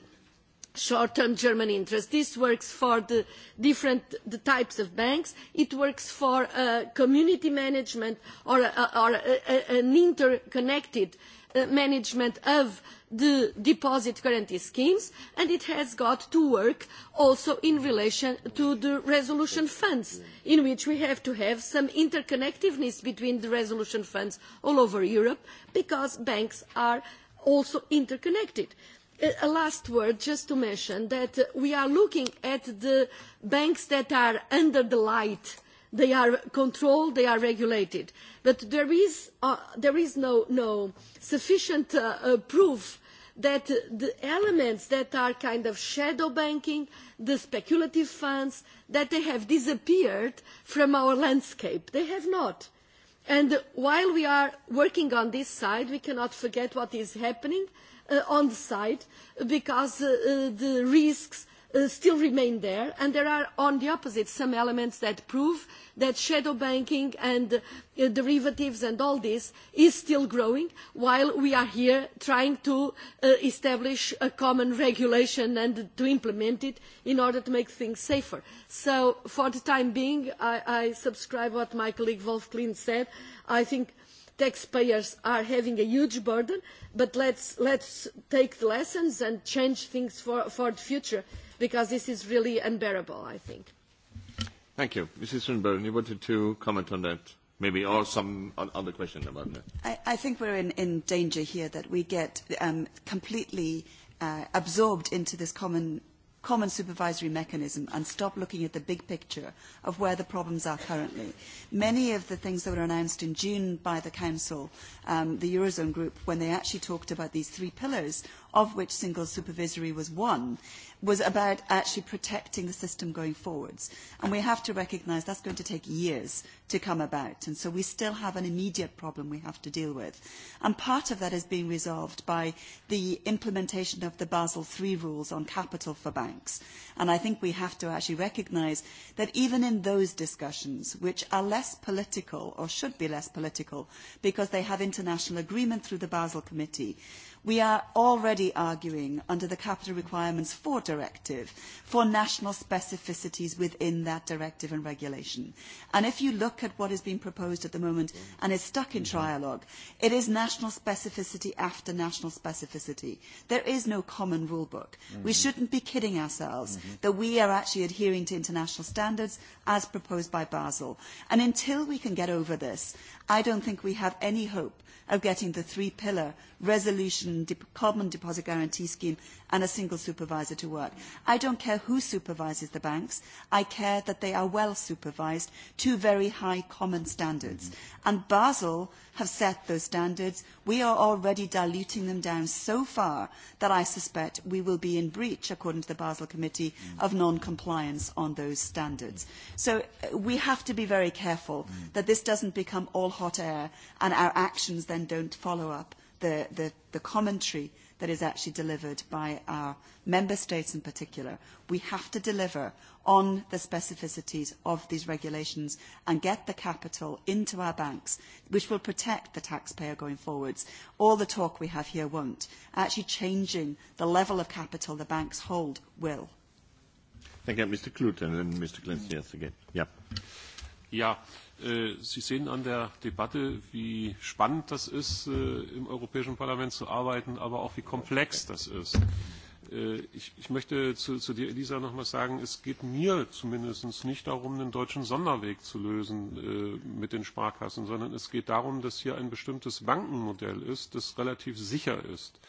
short-term German interest. This works for the different the types of banks. It works for uh, community management or, uh, or uh, uh an interconnected uh, management of uh, the deposit guarantee schemes and it has got to work also in relation to the resolution funds in which we have to have some interconnectedness between the resolution funds all over Europe because banks are also interconnected. A last word just to mention that uh, we are looking at the banks that are under the light they are controlled, they are regulated, but there is, uh, there is no, no sufficient uh, uh, proof uh, that the elements that are kind of shadow banking, the speculative funds, that they have disappeared from our landscape. They have not. And while we are working on this side, we cannot forget what is happening uh, on the side because uh, uh, the risks Uh, still remain there and there are on the opposite some elements that prove that shadow banking and uh, derivatives and all this is still growing while we are here trying to uh, establish a common regulation and to implement it in order to make things safer. So for the time being I, I subscribe what my colleague Wolf Klein said. I think taxpayers are having a huge burden but let's, let's take the lessons and change things for, for the future because this is really unbearable, I think. Thank you. Mrs. Swinburne, you wanted to comment on that, maybe, or some other question about that. I, I think we're in, in danger here that we get um, completely uh, absorbed into this common common supervisory mechanism and stop looking at the big picture of where the problems are currently. Many of the things that were announced in June by the Council, um, the Eurozone group, when they actually talked about these three pillars, of which single supervisory was one, was about actually protecting the system going forwards. And we have to recognize that's going to take years to come about. And so we still have an immediate problem we have to deal with. And part of that is being resolved by the implementation of the Basel III rules on capital for banks. And I think we have to actually recognize that even in those discussions, which are less political or should be less political because they have international agreement through the Basel Committee, we are already arguing under the Capital Requirements 4 Directive for national specificities within that directive and regulation. And if you look at what is being proposed at the moment and is stuck in trialogue, it is national specificity after national specificity. There is no common rule book. Mm-hmm. We shouldn't be kidding ourselves mm-hmm. that we are actually adhering to international standards as proposed by Basel. And until we can get over this I don't think we have any hope of getting the three pillar resolution de- carbon deposit guarantee scheme and a single supervisor to work. I don't care who supervises the banks. I care that they are well supervised to very high common standards. Mm-hmm. And Basel have set those standards. We are already diluting them down so far that I suspect we will be in breach, according to the Basel Committee, mm-hmm. of non-compliance on those standards. Mm-hmm. So uh, we have to be very careful mm-hmm. that this doesn't become all hot air and our actions then don't follow up the, the, the commentary that is actually delivered by our member states in particular. We have to deliver on the specificities of these regulations and get the capital into our banks, which will protect the taxpayer going forwards. All the talk we have here won't. Actually changing the level of capital the banks hold will. Thank you, Mr. Clute, and then Mr. Glenn, yes, again. Yeah. Yeah. Äh, Sie sehen an der Debatte, wie spannend das ist, äh, im Europäischen Parlament zu arbeiten, aber auch wie komplex das ist. Äh, ich, ich möchte zu, zu dir, Elisa, noch mal sagen, es geht mir zumindest nicht darum, den deutschen Sonderweg zu lösen äh, mit den Sparkassen, sondern es geht darum, dass hier ein bestimmtes Bankenmodell ist, das relativ sicher ist,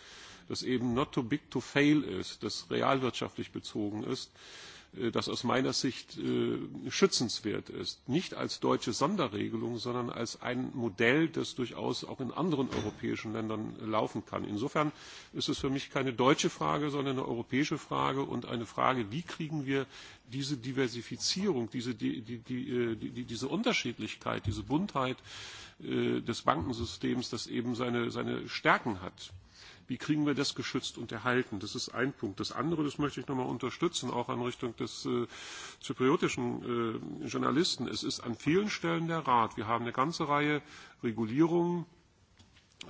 das eben not too big to fail ist, das realwirtschaftlich bezogen ist, äh, Äh, das aus meiner Sicht äh, schützenswert ist. Nicht als deutsche Sonderregelung, sondern als ein Modell, das durchaus auch in anderen europäischen Ländern laufen kann. Insofern ist es für mich keine deutsche Frage, sondern eine europäische Frage und eine Frage, wie kriegen wir diese Diversifizierung, diese, die, die, die, äh, die, die, diese Unterschiedlichkeit, diese Buntheit äh, des Bankensystems, das eben seine, seine Stärken hat, wie kriegen wir das geschützt und erhalten? Das ist ein Punkt. Das andere, das möchte ich nochmal unterstützen, auch in Richtung des äh, zypriotischen äh, Journalisten. Es ist an vielen Stellen der Rat. Wir haben eine ganze Reihe Regulierungen,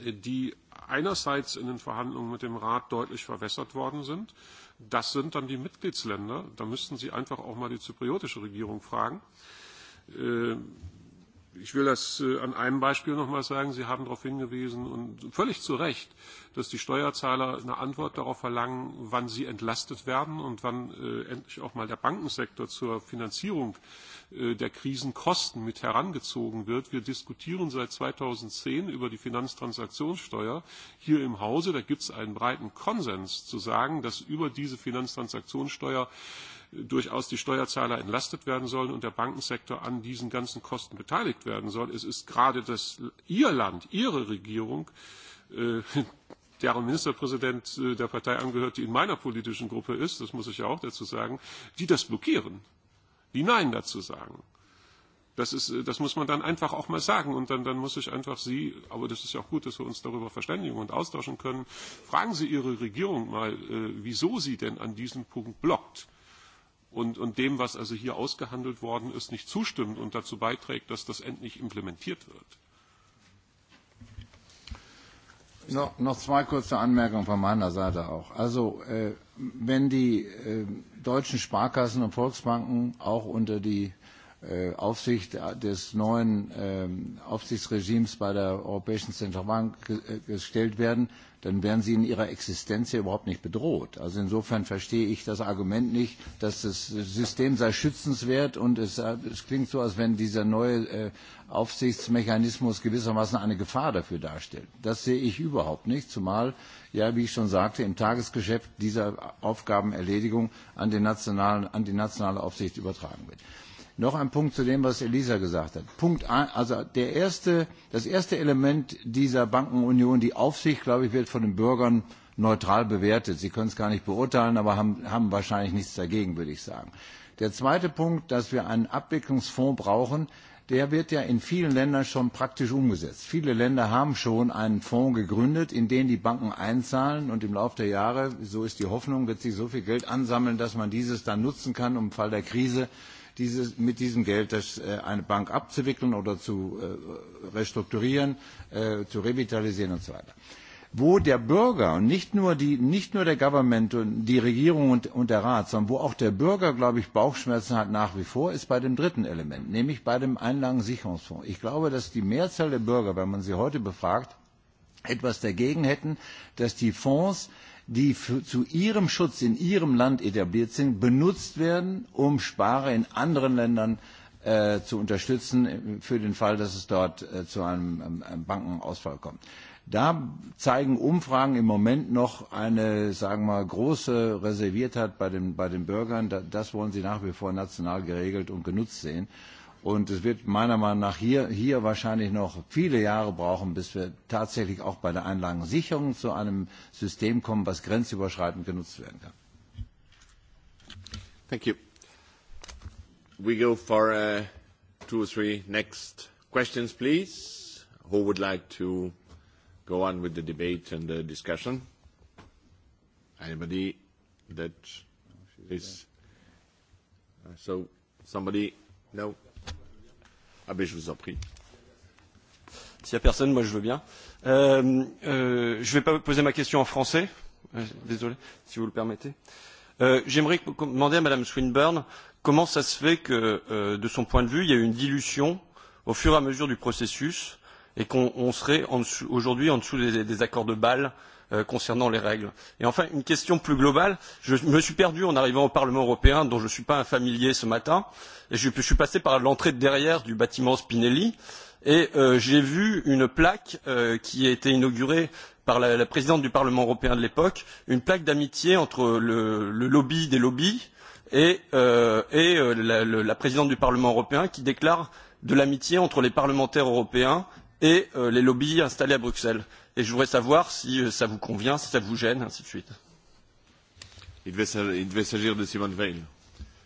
äh, die einerseits in den Verhandlungen mit dem Rat deutlich verwässert worden sind. Das sind dann die Mitgliedsländer. Da müssten Sie einfach auch mal die zypriotische Regierung fragen. Äh, Ich will das äh, an einem Beispiel nochmal sagen. Sie haben darauf hingewiesen und völlig zu Recht, dass die Steuerzahler eine Antwort darauf verlangen, wann sie entlastet werden und wann äh, endlich auch mal der Bankensektor zur Finanzierung äh, der Krisenkosten mit herangezogen wird. Wir diskutieren seit 2010 über die Finanztransaktionssteuer hier im Hause. Da gibt es einen breiten Konsens zu sagen, dass über diese Finanztransaktionssteuer äh, durchaus die Steuerzahler entlastet werden sollen und der Bankensektor an diesen ganzen Kosten beteiligt werden soll. Es ist gerade das, Ihr Land, Ihre Regierung, äh, deren Ministerpräsident äh, der Partei angehört, die in meiner politischen Gruppe ist, das muss ich ja auch dazu sagen, die das blockieren, die Nein dazu sagen. Das, ist, äh, das muss man dann einfach auch mal sagen und dann, dann muss ich einfach Sie, aber das ist ja auch gut, dass wir uns darüber verständigen und austauschen können, fragen Sie Ihre Regierung mal, äh, wieso sie denn an diesem Punkt blockt. Äh, und, und dem, was also hier ausgehandelt worden ist, nicht zustimmt und dazu beiträgt, dass das endlich implementiert wird. No, noch zwei kurze Anmerkungen von meiner Seite auch. Also äh, wenn die äh, deutschen Sparkassen und Volksbanken auch unter die äh, Aufsicht des neuen äh, Aufsichtsregimes bei der Europäischen Zentralbank ge äh, gestellt werden, dann wären sie in ihrer Existenz ja überhaupt nicht bedroht. Also insofern verstehe ich das Argument nicht, dass das System sei schützenswert und es, es klingt so, als wenn dieser neue äh, Aufsichtsmechanismus gewissermaßen eine Gefahr dafür darstellt. Das sehe ich überhaupt nicht, zumal, ja, wie ich schon sagte, im Tagesgeschäft dieser Aufgabenerledigung an, den nationalen, an die nationale Aufsicht übertragen wird noch ein Punkt zu dem, was Elisa gesagt hat. Punkt ein, also der erste, das erste Element dieser Bankenunion, die Aufsicht, glaube ich, wird von den Bürgern neutral bewertet. Sie können es gar nicht beurteilen, aber haben, haben wahrscheinlich nichts dagegen, würde ich sagen. Der zweite Punkt, dass wir einen Abwicklungsfonds brauchen, der wird ja in vielen Ländern schon praktisch umgesetzt. Viele Länder haben schon einen Fonds gegründet, in den die Banken einzahlen und im Laufe der Jahre, so ist die Hoffnung, wird sich so viel Geld ansammeln, dass man dieses dann nutzen kann, um im Fall der Krise äh, dieses, mit diesem Geld das, äh, eine Bank abzuwickeln oder zu äh, restrukturieren, äh, zu revitalisieren und so weiter. Wo der Bürger und nicht nur, die, nicht nur der Government und die Regierung und, und der Rat, sondern wo auch der Bürger, glaube ich, Bauchschmerzen hat nach wie vor, ist bei dem dritten Element, nämlich bei dem Einlagensicherungsfonds. Ich glaube, dass die Mehrzahl der Bürger, wenn man sie heute befragt, etwas dagegen hätten, dass die Fonds äh, die für, zu ihrem Schutz in ihrem Land etabliert sind, benutzt werden, um Sparer in anderen Ländern äh, zu unterstützen, für den Fall, dass es dort äh, zu einem, ähm, einem Bankenausfall kommt. Da zeigen Umfragen im Moment noch eine, sagen wir mal, große Reserviertheit bei den, bei den Bürgern. Das wollen sie nach wie vor national geregelt und genutzt sehen. Und es wird meiner Meinung nach hier, hier wahrscheinlich noch viele Jahre brauchen, bis wir tatsächlich auch bei der Einlagensicherung zu einem System kommen, was grenzüberschreitend genutzt werden kann. Thank you. We go for uh, two or three next questions, please. Who would like to go on with the debate and the discussion? Anybody that is... Uh, so, somebody? No. Nope. Ah ben je vous en prie. S'il n'y a personne, moi je veux bien. Euh, euh, je ne vais pas poser ma question en français. Euh, désolé, si vous le permettez. Euh, J'aimerais demander à Madame Swinburne comment ça se fait que, euh, de son point de vue, il y a eu une dilution au fur et à mesure du processus et qu'on serait aujourd'hui en dessous, aujourd en dessous des, des accords de Bâle euh, euh, concernant les règles. Et enfin, une question plus globale. Je me suis perdu en arrivant au Parlement européen, dont je ne suis pas un familier ce matin. Et je, je suis passé par l'entrée de derrière du bâtiment Spinelli. Et euh, j'ai vu une plaque euh, qui a été inaugurée par la, la présidente du Parlement européen de l'époque, une plaque d'amitié entre le, le lobby des lobbies et, euh, et euh, la, la, la présidente du Parlement européen qui déclare de l'amitié entre les parlementaires européens et euh, les lobbies installés à Bruxelles et je voudrais savoir si euh, ça vous convient, si ça vous gêne, ainsi de suite. Il devait s'agir de Simone Veil.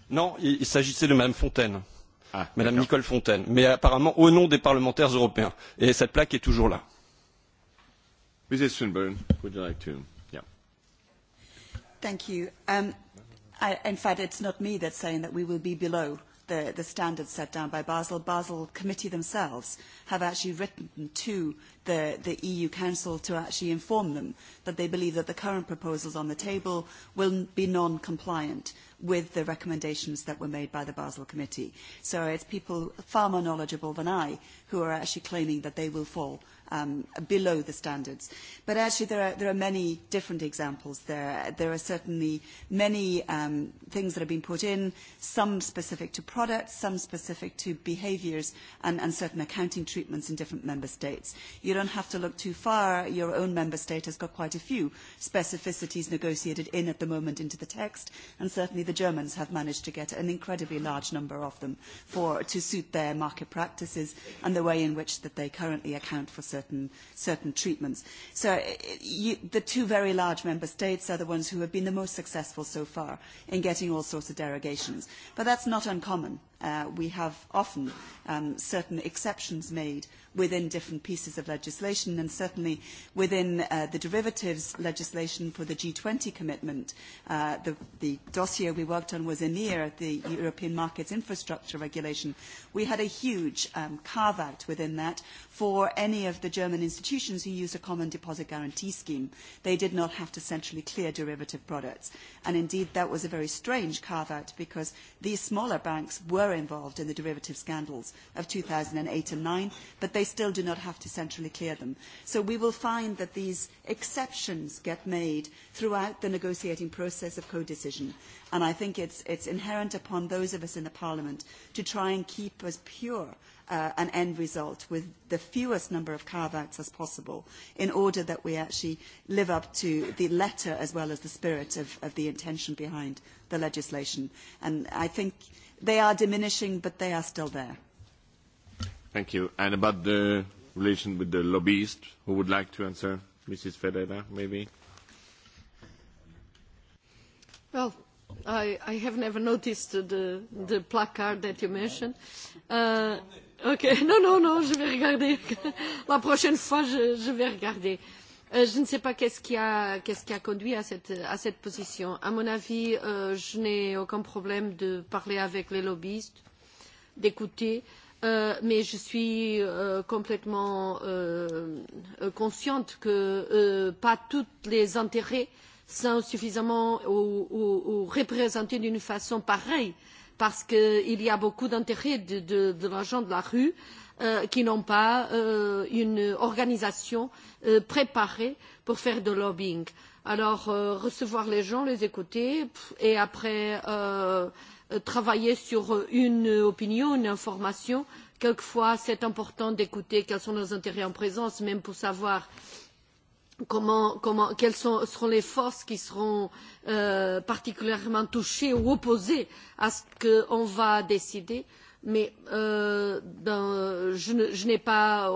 Non, il, il s'agissait de Madame Fontaine, ah, Madame Nicole Fontaine, mais apparemment au nom des parlementaires européens. Et cette plaque est toujours là. Mrs. Swinburne, would you like to? Yeah. Thank you. Um, I, in fact, it's not me that's saying that we will be below the, the standards set down by Basel. Basel Committee themselves have actually written to the, the EU Council to actually inform them that they believe that the current proposals on the table will be non-compliant with the recommendations that were made by the Basel Committee. So it's people far more knowledgeable than I who are actually claiming that they will fall um, below the standards. But actually, there are, there are many different examples there. There are certainly many um, things that have been put in, some specific to products, some specific to behaviours and, and certain accounting treatments in different member states. You don't have to look too far. Your own member state has got quite a few specificities negotiated in at the moment into the text, and certainly the Germans have managed to get an incredibly large number of them for, to suit their market practices and the way in which that they currently account for services certain certain treatments. So uh, you, the two very large member states are the ones who have been the most successful so far in getting all sorts of derogations. But that's not uncommon. Uh, we have often um, certain exceptions made within different pieces of legislation, and certainly within uh, the derivatives legislation for the G20 commitment. Uh, the, the dossier we worked on was EMIR, the European Markets Infrastructure Regulation. We had a huge um, carve out within that for any of the German institutions who use a common deposit guarantee scheme. They did not have to centrally clear derivative products. And indeed, that was a very strange carve out because these smaller banks were were involved in the derivative scandals of 2008 and 9, but they still do not have to centrally clear them. So we will find that these exceptions get made throughout the negotiating process of co-decision. And I think it's, it's inherent upon those of us in the Parliament to try and keep as pure uh, an end result with the fewest number of carve-outs as possible in order that we actually live up to the letter as well as the spirit of, of the intention behind the legislation. And I think they are diminishing, but they are still there. Thank you. And about the relation with the lobbyist, who would like to answer? Mrs. Ferreira, maybe? Well, I, I have never noticed the, the placard that you mentioned. Uh, okay, no, no, no, je vais regarder. La prochaine fois, je, je vais regarder. Uh, Euh, je ne sais pas qu'est ce qui a qu'est ce qui a conduit à cette à cette position à mon avis euh, je n'ai aucun problème de parler avec les lobbyistes d'écouter euh, mais je suis euh, complètement euh, consciente que euh, pas tous les intérêts sont suffisamment ou, ou, ou représentés d'une façon pareille parce qu'il y a beaucoup d'intérêts de, de, de l'agent de la rue euh, qui n'ont pas euh, une organisation euh, préparée pour faire de lobbying. Alors, euh, recevoir les gens, les écouter et après euh, travailler sur une opinion, une information. Quelquefois, c'est important d'écouter quels sont nos intérêts en présence, même pour savoir euh, comment, comment, quelles sont, seront les forces qui seront euh, particulièrement touchées ou opposées à ce qu'on va décider. Mais euh, dans, je, je n'ai pas,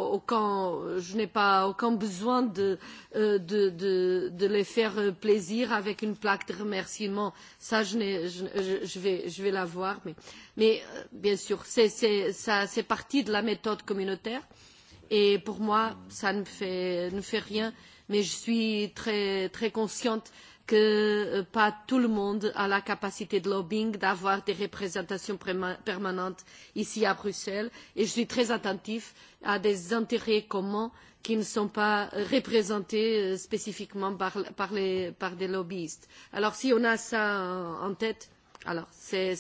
pas aucun besoin de, euh, de, de, de les faire plaisir avec une plaque de remerciement. Ça, je, je, je, vais, je vais la voir. Mais, mais euh, bien sûr, c'est partie de la méthode communautaire. Et pour moi, ça ne fait, ne fait rien. Euh, mais je suis très, très consciente que euh, pas tout le monde a la capacité de lobbying, d'avoir des représentations permanentes ici à Bruxelles. Et je suis très attentif à des intérêts communs qui ne sont pas représentés euh, spécifiquement par, par, les, par des lobbyistes. Alors si on a ça en tête. Alors, c'est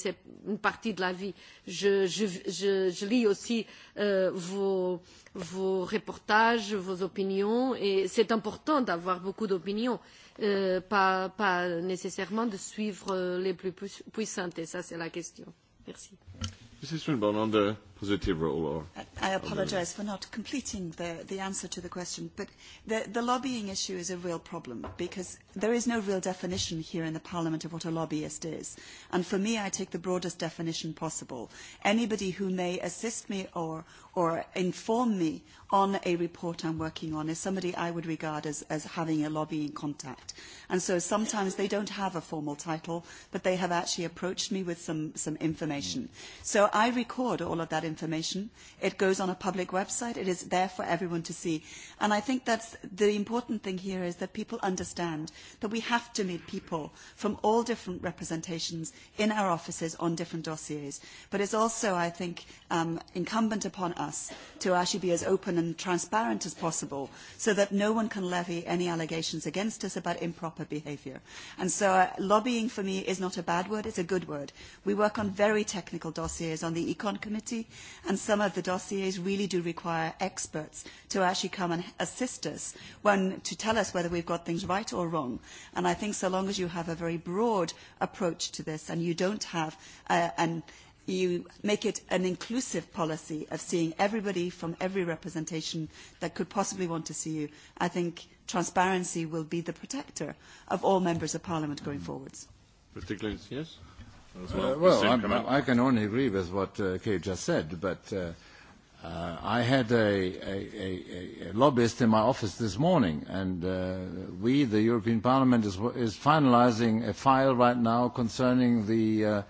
une partie de la vie. Je, je, je, je lis aussi euh, vos, vos reportages, vos opinions, et c'est important d'avoir beaucoup d'opinions, euh, pas, pas nécessairement de suivre euh, les plus puissantes, et ça, c'est la question. Merci. Monsieur Schulman, on the positive role or I apologize for not completing the the answer to the question but the the lobbying issue is a real problem because there is no real definition here in the parliament of what a lobbyist is and for me I take the broadest definition possible anybody who may assist me or or inform me on a report I'm working on is somebody I would regard as as having a lobbying contact and so sometimes they don't have a formal title but they have actually approached me with some some information mm. so I record all of that information information. It goes on a public website. It is there for everyone to see. And I think that's the important thing here is that people understand that we have to meet people from all different representations in our offices on different dossiers. But it's also, I think, um, incumbent upon us to actually be as open and transparent as possible so that no one can levy any allegations against us about improper behavior. And so uh, lobbying for me is not a bad word, it's a good word. We work on very technical dossiers on the Econ Committee and some of the dossiers really do require experts to actually come and assist us when to tell us whether we've got things right or wrong and I think so long as you have a very broad approach to this and you don't have uh, an you make it an inclusive policy of seeing everybody from every representation that could possibly want to see you. I think transparency will be the protector of all members of parliament going mm. forwards. Mr. Clarence, yes? as well. Uh, well, I, I can only agree with what uh, Kate just said, but uh, uh, I had a, a, a, a lobbyist in my office this morning, and uh, we, the European Parliament, is, is finalizing a file right now concerning the, uh,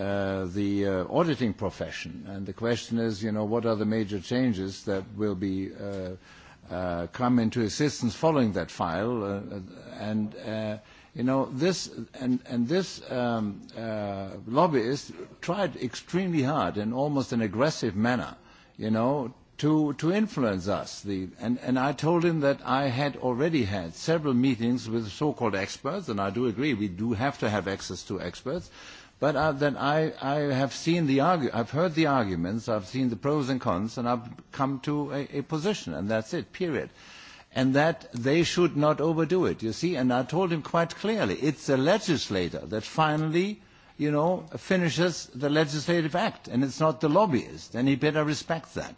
uh, the uh, auditing profession. And the question is, you know, what are the major changes that will be uh, uh, come into assistance following that file? Uh, and... Uh, you know, this and, and this um, uh, lobbyist tried extremely hard in almost an aggressive manner, you know, to, to influence us. The, and, and I told him that I had already had several meetings with so-called experts, and I do agree we do have to have access to experts, but uh, that I, I have seen the argu- I've heard the arguments, I've seen the pros and cons, and I've come to a, a position, and that's it, period and that they should not overdo it, you see. And I told him quite clearly, it's the legislator that finally, you know, finishes the legislative act, and it's not the lobbyist, and he better respect that.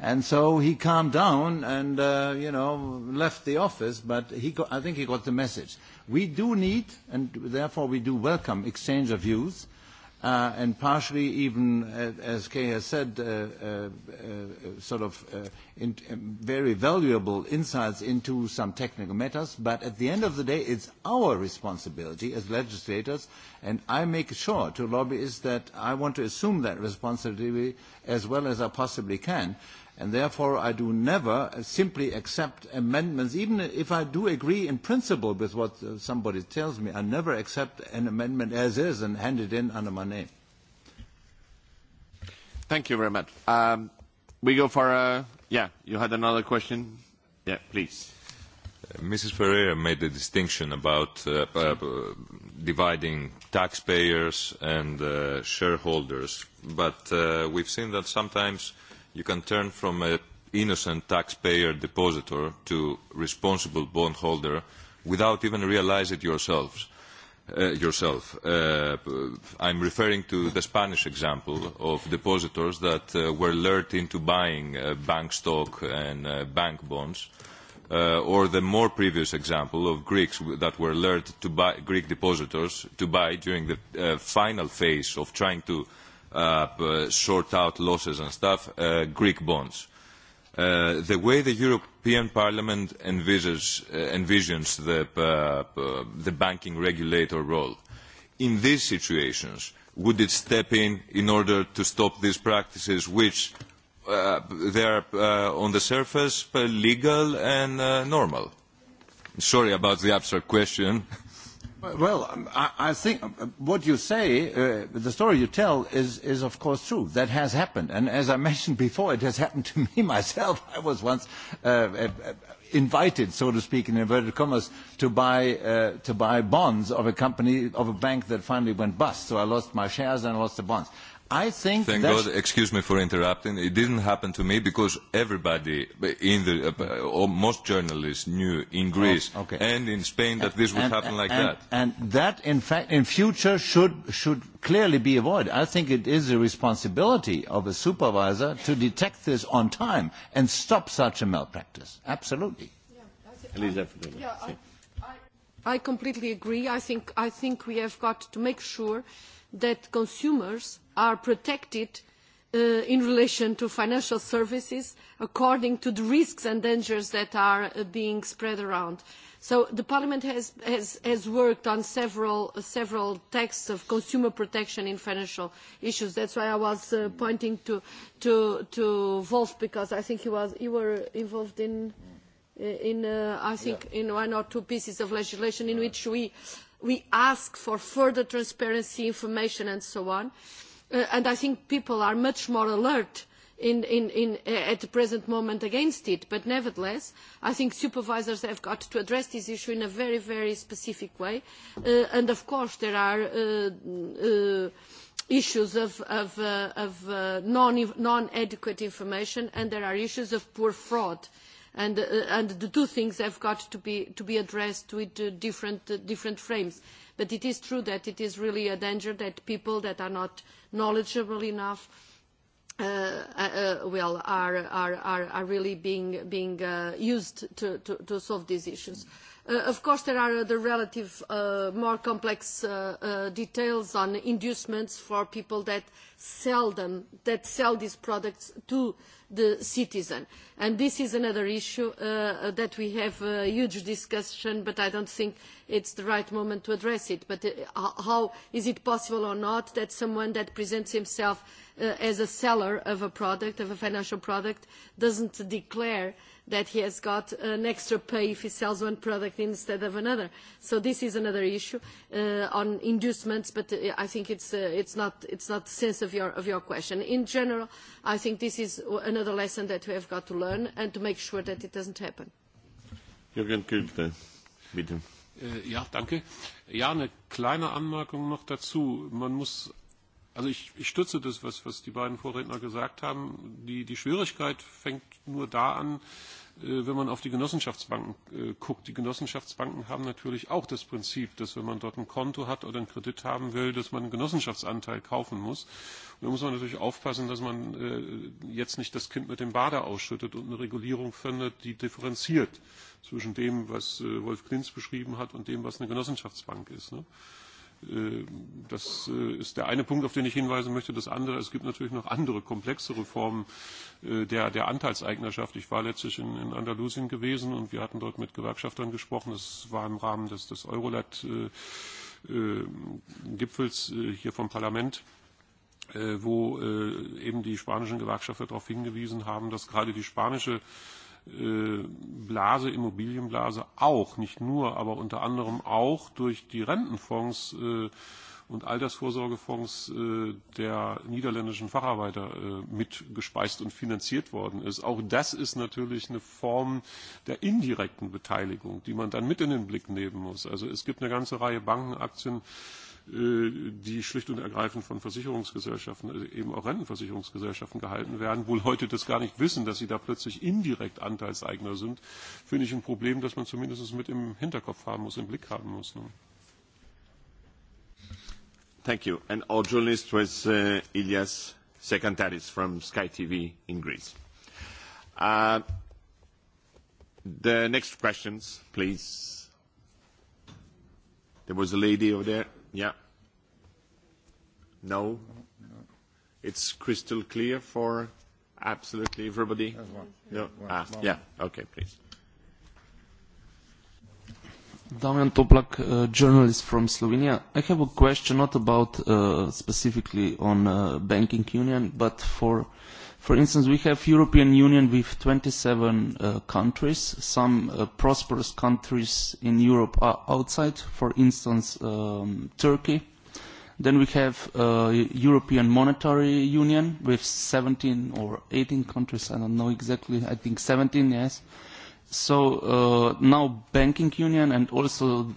And so he calmed down and, uh, you know, left the office, but he got, I think he got the message. We do need, and therefore we do welcome, exchange of views, uh, uh, and partially even, uh, as Kay has said, uh, uh, uh, sort of uh, in, uh, very valuable insights into some technical matters. But at the end of the day, it's our responsibility as legislators, and I make sure to lobbyists that I want to assume that responsibility as well as I possibly can. Uh, and therefore I do never simply accept amendments. Even if I do agree in principle with what uh, somebody tells me, I never accept an amendment as is and hand it in under my name. Thank you very much. Um, we go for, uh, yeah, you had another question? Yeah, please. Uh, Mrs. Ferreira made a distinction about uh, uh, dividing taxpayers and uh, shareholders, but uh, we've seen that sometimes uh, you can turn from an innocent taxpayer depositor to responsible bondholder without even realizing it yourselves. Uh, yourself. Uh, I'm referring to the Spanish example of depositors that uh, were lured into buying uh, bank stock and uh, bank bonds, uh, or the more previous example of Greeks that were lured to buy, Greek depositors to buy during the uh, final phase of trying to uh, up uh, short out losses and stuff, uh, Greek bonds. Uh, the way the European Parliament envisages, uh, envisions the, uh, uh, the banking regulator role, in these situations, would it step in in order to stop these practices which uh, they are uh, on the surface legal and uh, normal? Sorry about the abstract question. Well, um, I, I think um, what you say, uh, the story you tell, is, is of course true. That has happened. And as I mentioned before, it has happened to me myself. I was once uh, uh, uh, invited, so to speak, in inverted commas, to buy, uh, to buy bonds of a company, of a bank that finally went bust. So I lost my shares and I lost the bonds. I think Thank God, excuse me for interrupting. It didn't happen to me because everybody in the, uh, or uh, most journalists knew in oh, Greece oh, okay. and in Spain that and, this would and, happen and, like and, that. And that, in fact, in future should, should clearly be avoided. I think it is the responsibility of a supervisor to detect this on time and stop such a malpractice. Absolutely. Yeah, I, think, I, yeah, I, I, I completely agree. I think, I think we have got to make sure that consumers are protected uh, in relation to financial services according to the risks and dangers that are uh, being spread around. So the Parliament has, has, has worked on several, uh, several texts of consumer protection in financial issues. That's why I was uh, pointing to, to, to Wolf because I think he was, you were involved in, uh, in uh, I think, yeah. in one or two pieces of legislation in yeah. which we, we ask for further transparency information and so on. Uh, Uh, and I think people are much more alert in, in, in, uh, at the present moment against it. But nevertheless, I think supervisors have got to address this issue in a very, very specific way. Uh, and of course, there are uh, uh, issues of, of, uh, of uh, non, non-adequate information and there are issues of poor fraud. And, uh, and the two things have got to be, to be addressed with uh, different, uh, different frames but it is true that it is really a danger that people that are not knowledgeable enough uh, uh, uh well are, are, are, are really being, being uh, used to, to, to solve these issues. Mm -hmm. Uh, of course, there are other relative uh, more complex uh, uh, details on inducements for people that sell them, that sell these products to the citizen. And this is another issue uh, that we have a huge discussion, but I don't think it's the right moment to address it. But uh, how is it possible or not that someone that presents himself uh, as a seller of a product, of a financial product, doesn't declare that he has got an extra pay if he sells one product instead of another. So this is another issue uh, on inducements, but uh, I think it's, uh, it's, not, it's not the sense of your, of your question. In general, I think this is another lesson that we have got to learn and to make sure that it doesn't happen. Jürgen Kühlte, bitte. Äh, ja, danke. Ja, eine kleine Anmerkung noch dazu. Man muss, also ich, ich stütze das, was, was die beiden Vorredner gesagt haben. Die, die Schwierigkeit fängt nur da an, äh, Äh, wenn man auf die Genossenschaftsbanken äh, guckt. Die Genossenschaftsbanken haben natürlich auch das Prinzip, dass wenn man dort ein Konto hat oder einen Kredit haben will, dass man einen Genossenschaftsanteil kaufen muss. Und da muss man natürlich aufpassen, dass man äh, jetzt nicht das Kind mit dem Bade ausschüttet und eine Regulierung findet, die differenziert zwischen dem, was äh, Wolf Klinz beschrieben hat und dem, was eine Genossenschaftsbank ist. Ne? Äh, das äh, ist der eine Punkt, auf den ich hinweisen möchte. Das andere, es gibt natürlich noch andere komplexere Formen äh, der, der Anteilseignerschaft. Ich war letztlich in, in Andalusien gewesen und wir hatten dort mit Gewerkschaftern gesprochen. Das war im Rahmen des, des Eurolat-Gipfels hier vom Parlament wo äh, eben die spanischen Gewerkschafter darauf hingewiesen haben, dass gerade die spanische äh, Äh, Blase, Immobilienblase auch, nicht nur, aber unter anderem auch durch die Rentenfonds äh, und Altersvorsorgefonds äh, der niederländischen Facharbeiter mitgespeist und finanziert worden ist. Auch das ist natürlich eine Form der indirekten Beteiligung, die man dann mit in den Blick nehmen muss. Also es gibt eine ganze Reihe Bankenaktien, Äh, die schlicht und ergreifend von Versicherungsgesellschaften, eben auch Rentenversicherungsgesellschaften gehalten werden, wo Leute das gar nicht wissen, dass sie da plötzlich indirekt Anteilseigner sind, finde ich ein Problem, das man zumindest mit im Hinterkopf haben muss, im Blick haben muss. Ne? Thank you. And our journalist was uh, Ilias Sekantaris from Sky TV in Greece. Uh, the next questions, please. There was a lady over there. Yeah. No. No. It's crystal clear for absolutely everybody? There's one. No? Ah, yeah. Okay, please. Damian Toplak, a uh, journalist from Slovenia. I have a question not about uh, specifically on uh, banking union, but for For instance, we have European Union with 27 uh, countries. Some uh, prosperous countries in Europe are outside, for instance, um, Turkey. Then we have uh, European Monetary Union with 17 or 18 countries. I don't know exactly. I think 17, yes. So uh, now banking union and also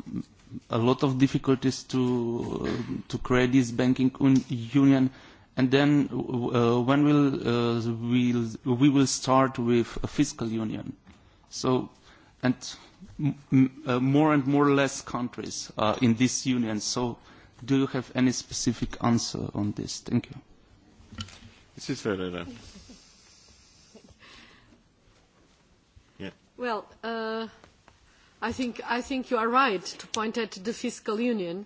a lot of difficulties to, uh, to create this banking un union. Uh, when uh, will we will start with a fiscal union? Uh, more and more or less countries are in this union. Do you have any specific answer on this? Thank you. This is Helena. Yeah. Well, I think you are right to point at the fiscal union.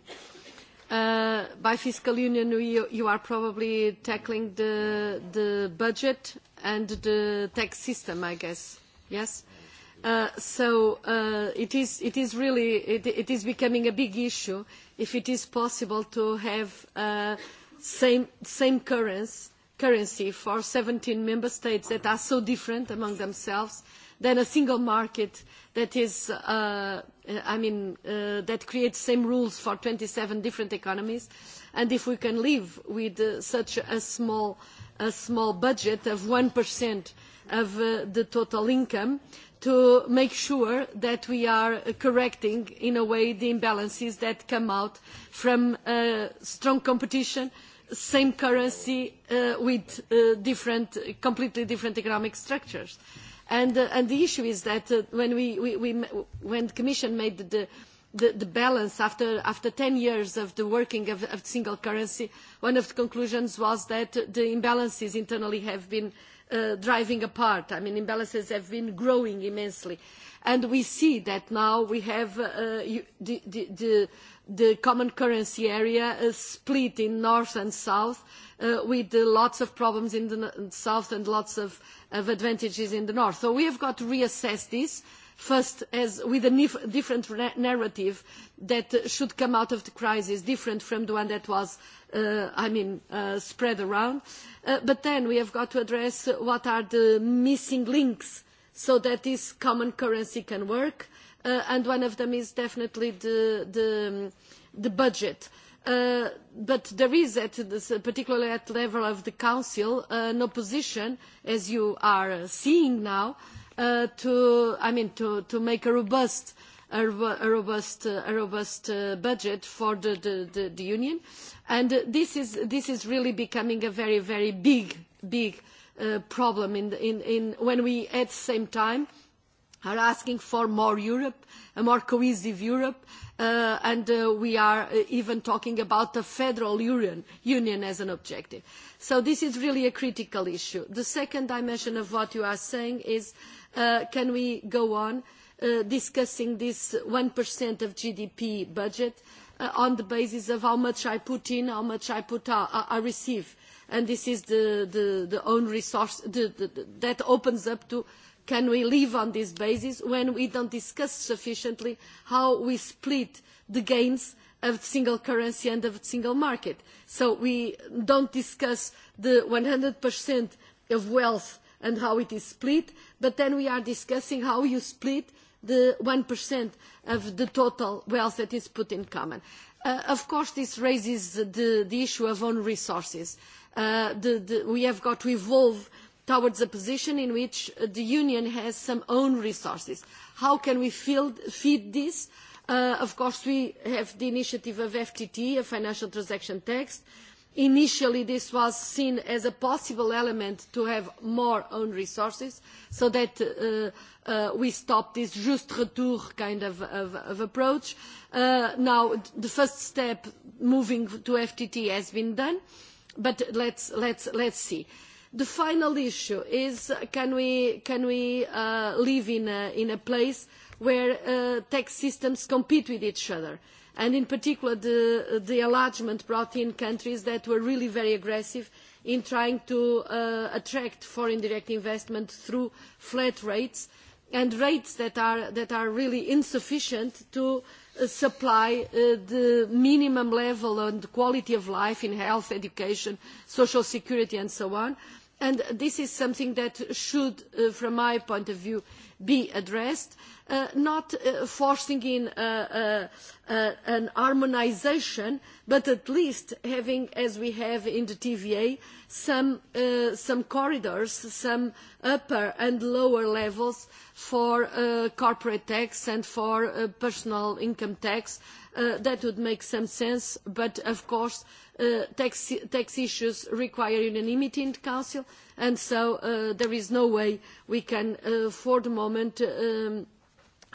Uh, by fiscal union, you, you are probably tackling the, the budget and the tax system, I guess. Yes? Uh, so uh, it, is, it is really, it, it is becoming a big issue if it is possible to have uh, same, same currency, currency for 17 member states that are so different among themselves than a single market that is, uh, I mean, uh, that creates same rules for 27 different economies, and if we can live with uh, such a small, a small budget of 1% of uh, the total income, to make sure that we are correcting in a way the imbalances that come out from uh, strong competition, same currency uh, with uh, different, completely different economic structures. Uh, Uh, and the issue is that uh, when we, we, we when the commission made the the, the balance after after 10 years of the working of, of single currency one of the conclusions was that the imbalances internally have been uh, driving apart i mean imbalances have been growing immensely uh, and we see that now we have uh, the, the, the common currency area split in north and south uh, with uh, lots of problems in the south and lots of, of advantages in the north. So we have got to reassess this first as with a different narrative that should come out of the crisis, different from the one that was, uh, I mean, uh, spread around. Uh, but then we have got to address what are the missing links uh, so that this common currency can work. Uh, and one of them is definitely the, the, um, the budget. Uh, but there is, at this, uh, particularly at the level of the Council, uh, an opposition, as you are uh, seeing now, uh, to, I mean, to, to make a robust, a, a robust, uh, a robust uh, budget for the, the, the, the Union. And uh, this, is, this is really becoming a very, very big, big uh, Uh, problem in, in, in when we at the same time are asking for more Europe, a more cohesive Europe, uh, and uh, we are uh, even talking about the federal union, union as an objective. So this is really a critical issue. The second dimension of what you are saying is uh, can we go on uh, discussing this 1% of GDP budget uh, on the basis of how much I put in, how much I, put out, uh, I receive and this is the, the, the own resource the, the, the, that opens up to can we live on this basis when we don't discuss sufficiently how we split the gains of the single currency and of the single market. So we don't discuss the 100% of wealth and how it is split, but then we are discussing how you split the 1% of the total wealth that is put in common. Uh, of course, this raises the, the issue of own resources. Uh, Uh, the, the, we have got to evolve towards a position in which uh, the Union has some own resources. How can we field, feed this? Uh, of course, we have the initiative of FTT, a financial transaction tax. Initially, this was seen as a possible element to have more own resources so that uh, uh, we stop this just retour kind of, of, of approach. Uh, now, the first step moving to FTT has been done. Uh, but let's let's let's see the final issue is can we can we uh, live in a, in a place where uh, tax systems compete with each other and in particular the the enlargement brought in countries that were really very aggressive in trying to uh, attract foreign direct investment through flat rates and rates that are that are really insufficient to supply uh, the minimum level and quality of life in health, education, social security and so on and this is something that should uh, from my point of view be addressed uh, not uh, forcing in uh, uh, uh an harmonization but at least having as we have in the TVA some uh, some corridors some upper and lower levels for uh, corporate tax and for uh, personal income tax uh, that would make some sense but of course Uh, tax issues require unanimity in the council and so uh, there is no way we can uh, for the moment um,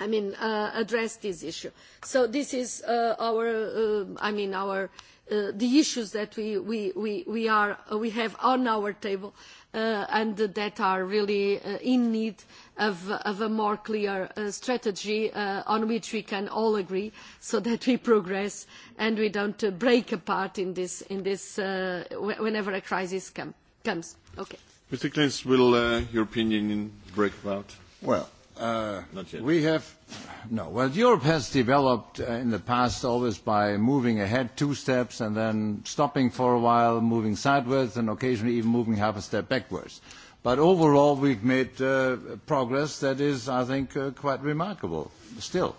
address this issue. so this is our Uh, the issues that we, we, we, we, are, uh, we have on our table uh, and that are really uh, in need of, of a more clear uh, strategy uh, on which we can all agree so that we progress and we don't uh, break apart in this, in this uh, w whenever a crisis come, comes. Okay. Mr. Clintz, will uh, your opinion break about? Well, Uh, we have no. Well, Europe has developed uh, in the past always by moving ahead two steps and then stopping for a while, moving sideways, and occasionally even moving half a step backwards. But overall, we've made uh, progress that is, I think, uh, quite remarkable still.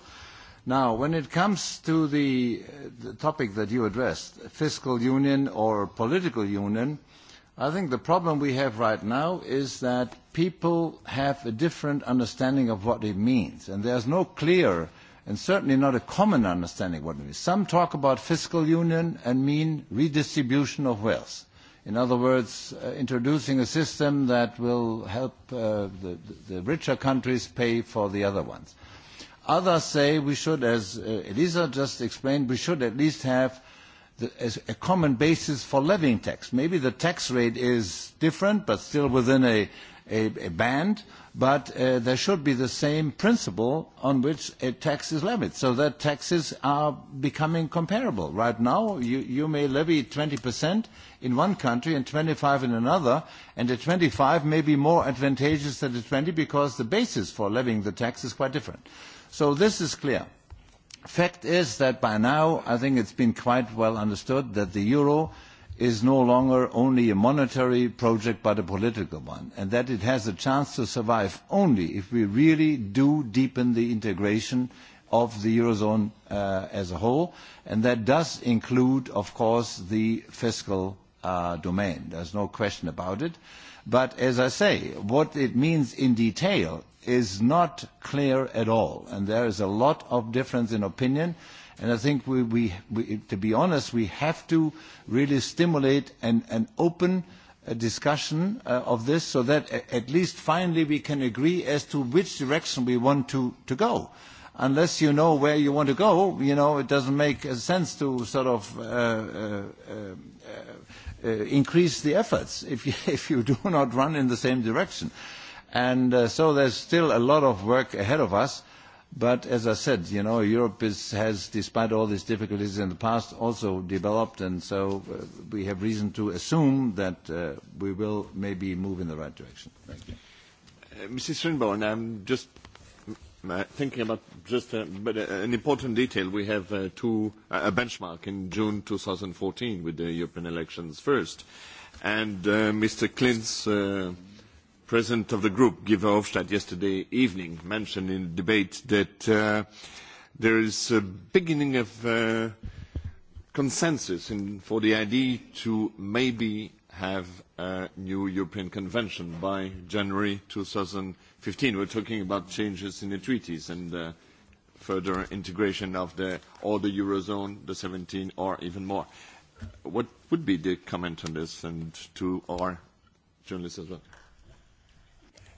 Now, when it comes to the, uh, the topic that you addressed, fiscal union or political union, uh, I think the problem we have right now is that people have a different understanding of what it means. And there's no clear and certainly not a common understanding of what it means. Some talk about fiscal union and mean redistribution of wealth. In other words, uh, introducing a system that will help uh, the, the richer countries pay for the other ones. Others say we should, as uh, Elisa just explained, we should at least have the, as a common basis for levying tax. Maybe the tax rate is different, but still within a, a, a band, but uh, there should be the same principle on which a tax is levied, so that taxes are becoming comparable. Right now, you, you may levy 20% in one country and 25 in another, and a 25 may be more advantageous than a 20 because the basis for levying the tax is quite different. So this is clear fact is that by now I think it's been quite well understood that the euro is no longer only a monetary project but a political one and that it has a chance to survive only if we really do deepen the integration of the eurozone uh, as a whole and that does include of course the fiscal uh, domain there's no question about it but as I say what it means in detail is not clear at all, and there is a lot of difference in opinion. And I think, we, we, we, to be honest, we have to really stimulate an, an open uh, discussion uh, of this so that a, at least finally we can agree as to which direction we want to, to go. Unless you know where you want to go, you know, it doesn't make sense to sort of uh, uh, uh, uh, increase the efforts if you, if you do not run in the same direction. Uh, And uh, so there's still a lot of work ahead of us. But as I said, you know, Europe is, has, despite all these difficulties in the past, also developed. And so uh, we have reason to assume that uh, we will maybe move in the right direction. Thank you. Uh, Mrs. Swinburne, I'm just uh, thinking about just a, but uh, an important detail. We have uh, two, a benchmark in June 2014 with the European elections first. And uh, Mr. Clint's... Uh, president of the group, Guy Verhofstadt, yesterday evening mentioned in debate that uh, there is a beginning of uh, consensus in, for the idea to maybe have a new European convention by January 2015. We're talking about changes in the treaties and uh, further integration of the, all the Eurozone, the 17, or even more. What would be the comment on this and to our journalists as well?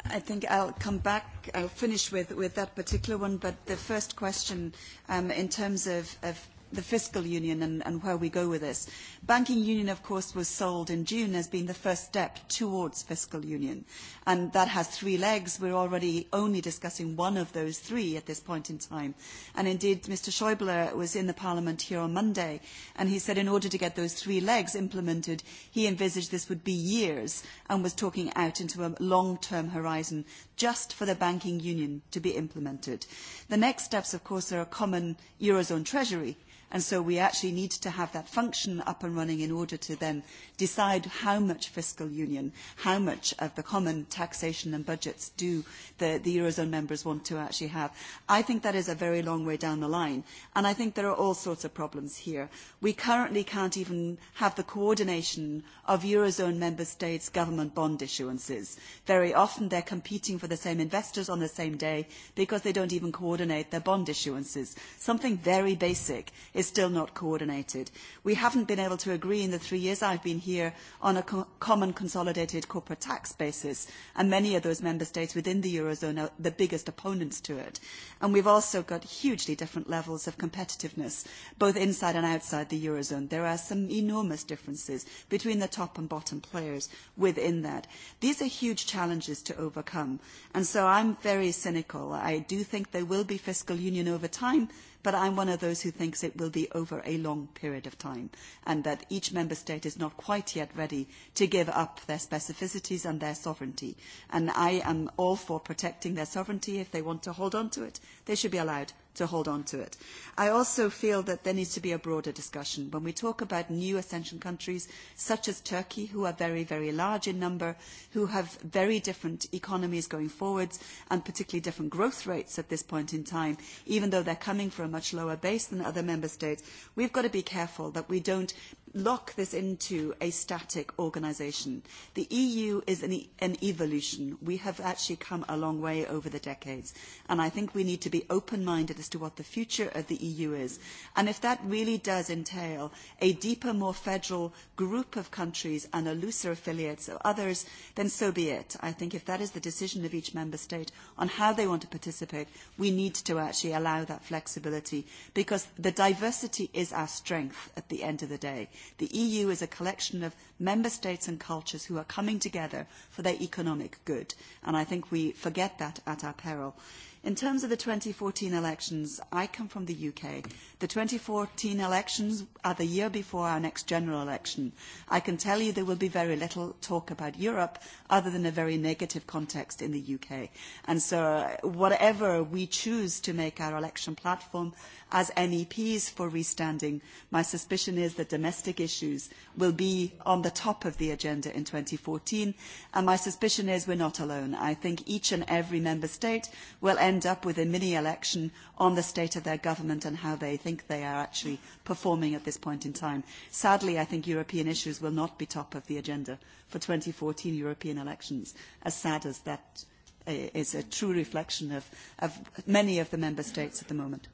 I think I'll come back, I'll finish with, with that particular one, but the first question, um, in terms of, of the fiscal union and, and where we go with this. Banking union, of course, was sold in June as being the first step towards fiscal union. And that has three legs. We're already only discussing one of those three at this point in time. And indeed, Mr. Schäuble was in the parliament here on Monday, and he said in order to get those three legs implemented, he envisaged this would be years and was talking out into a long-term horizon just for the banking union to be implemented. The next steps, of course, are a common eurozone treasury And so we actually need to have that function up and running in order to then decide how much fiscal union, how much of the common taxation and budgets do the, the Eurozone members want to actually have. I think that is a very long way down the line. And I think there are all sorts of problems here. We currently can't even have the coordination of Eurozone member states' government bond issuances. Very often they're competing for the same investors on the same day because they don't even coordinate their bond issuances. Something very basic is still not coordinated. We haven't been able to agree in the three years I've been here on a co common consolidated corporate tax basis, and many of those member states within the Eurozone are the biggest opponents to it. And we've also got hugely different levels of competitiveness, both inside and outside the Eurozone. There are some enormous differences between the top and bottom players within that. These are huge challenges to overcome. And so I'm very cynical. I do think there will be fiscal union over time, but I'm one of those who thinks it will be over a long period of time and that each member state is not quite yet ready to give up their specificities and their sovereignty. And I am all for protecting their sovereignty. If they want to hold on to it, they should be allowed to hold on to it. I also feel that there needs to be a broader discussion. When we talk about new ascension countries such as Turkey, who are very, very large in number, who have very different economies going forwards and particularly different growth rates at this point in time, even though they're coming from a much lower base than other member states, we've got to be careful that we don't lock this into a static organisation. The EU is an, e- an evolution. We have actually come a long way over the decades. And I think we need to be open-minded as to what the future of the EU is. And if that really does entail a deeper, more federal group of countries and a looser affiliate of others, then so be it. I think if that is the decision of each member state on how they want to participate, we need to actually allow that flexibility because the diversity is our strength at the end of the day. Okay. The EU is a collection of member states and cultures who are coming together for their economic good. And I think we forget that at our peril. In terms of the 2014 elections, I come from the UK. The 2014 elections are the year before our next general election. I can tell you there will be very little talk about Europe other than a very negative context in the UK. And so whatever we choose to make our election platform as MEPs for restanding, my suspicion is that domestic issues will be on the top of the agenda in 2014. And my suspicion is we're not alone. I think each and every member state will end end up with a mini election on the state of their government and how they think they are actually performing at this point in time. Sadly, I think European issues will not be top of the agenda for 2014 European elections, as sad as that uh, is a true reflection of, of many of the member states at the moment.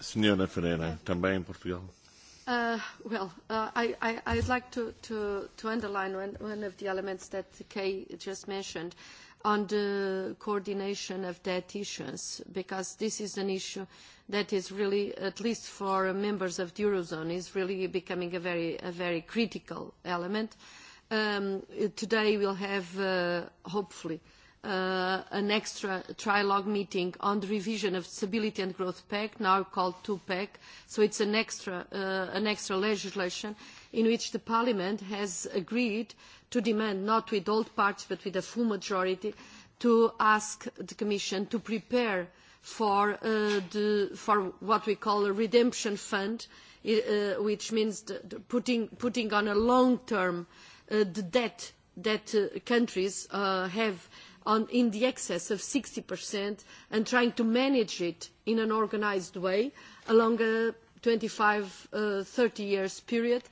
Senhora Ferreira, também em Portugal. Uh, well, uh, I, I, I'd like to, to, to underline one, one of the elements that Kay just mentioned. Uh, on the coordination of debt issuance, because this is an issue that is really, at least for members of the Eurozone, is really becoming a very, a very critical element. Um, today we'll have, uh, hopefully, uh, an extra trilogue meeting on the revision of Stability and Growth Pact, now called 2 PAC. So it's an extra, uh, an extra legislation, in which the parliament has agreed to demand not with all parts but with a full majority to ask the commission to prepare for, uh, the, for what we call a redemption fund uh, which means the, the putting, putting on a long term uh, the debt that uh, countries uh, have on, in the excess of 60% and trying to manage it in an organized way along a 25-30 uh, years period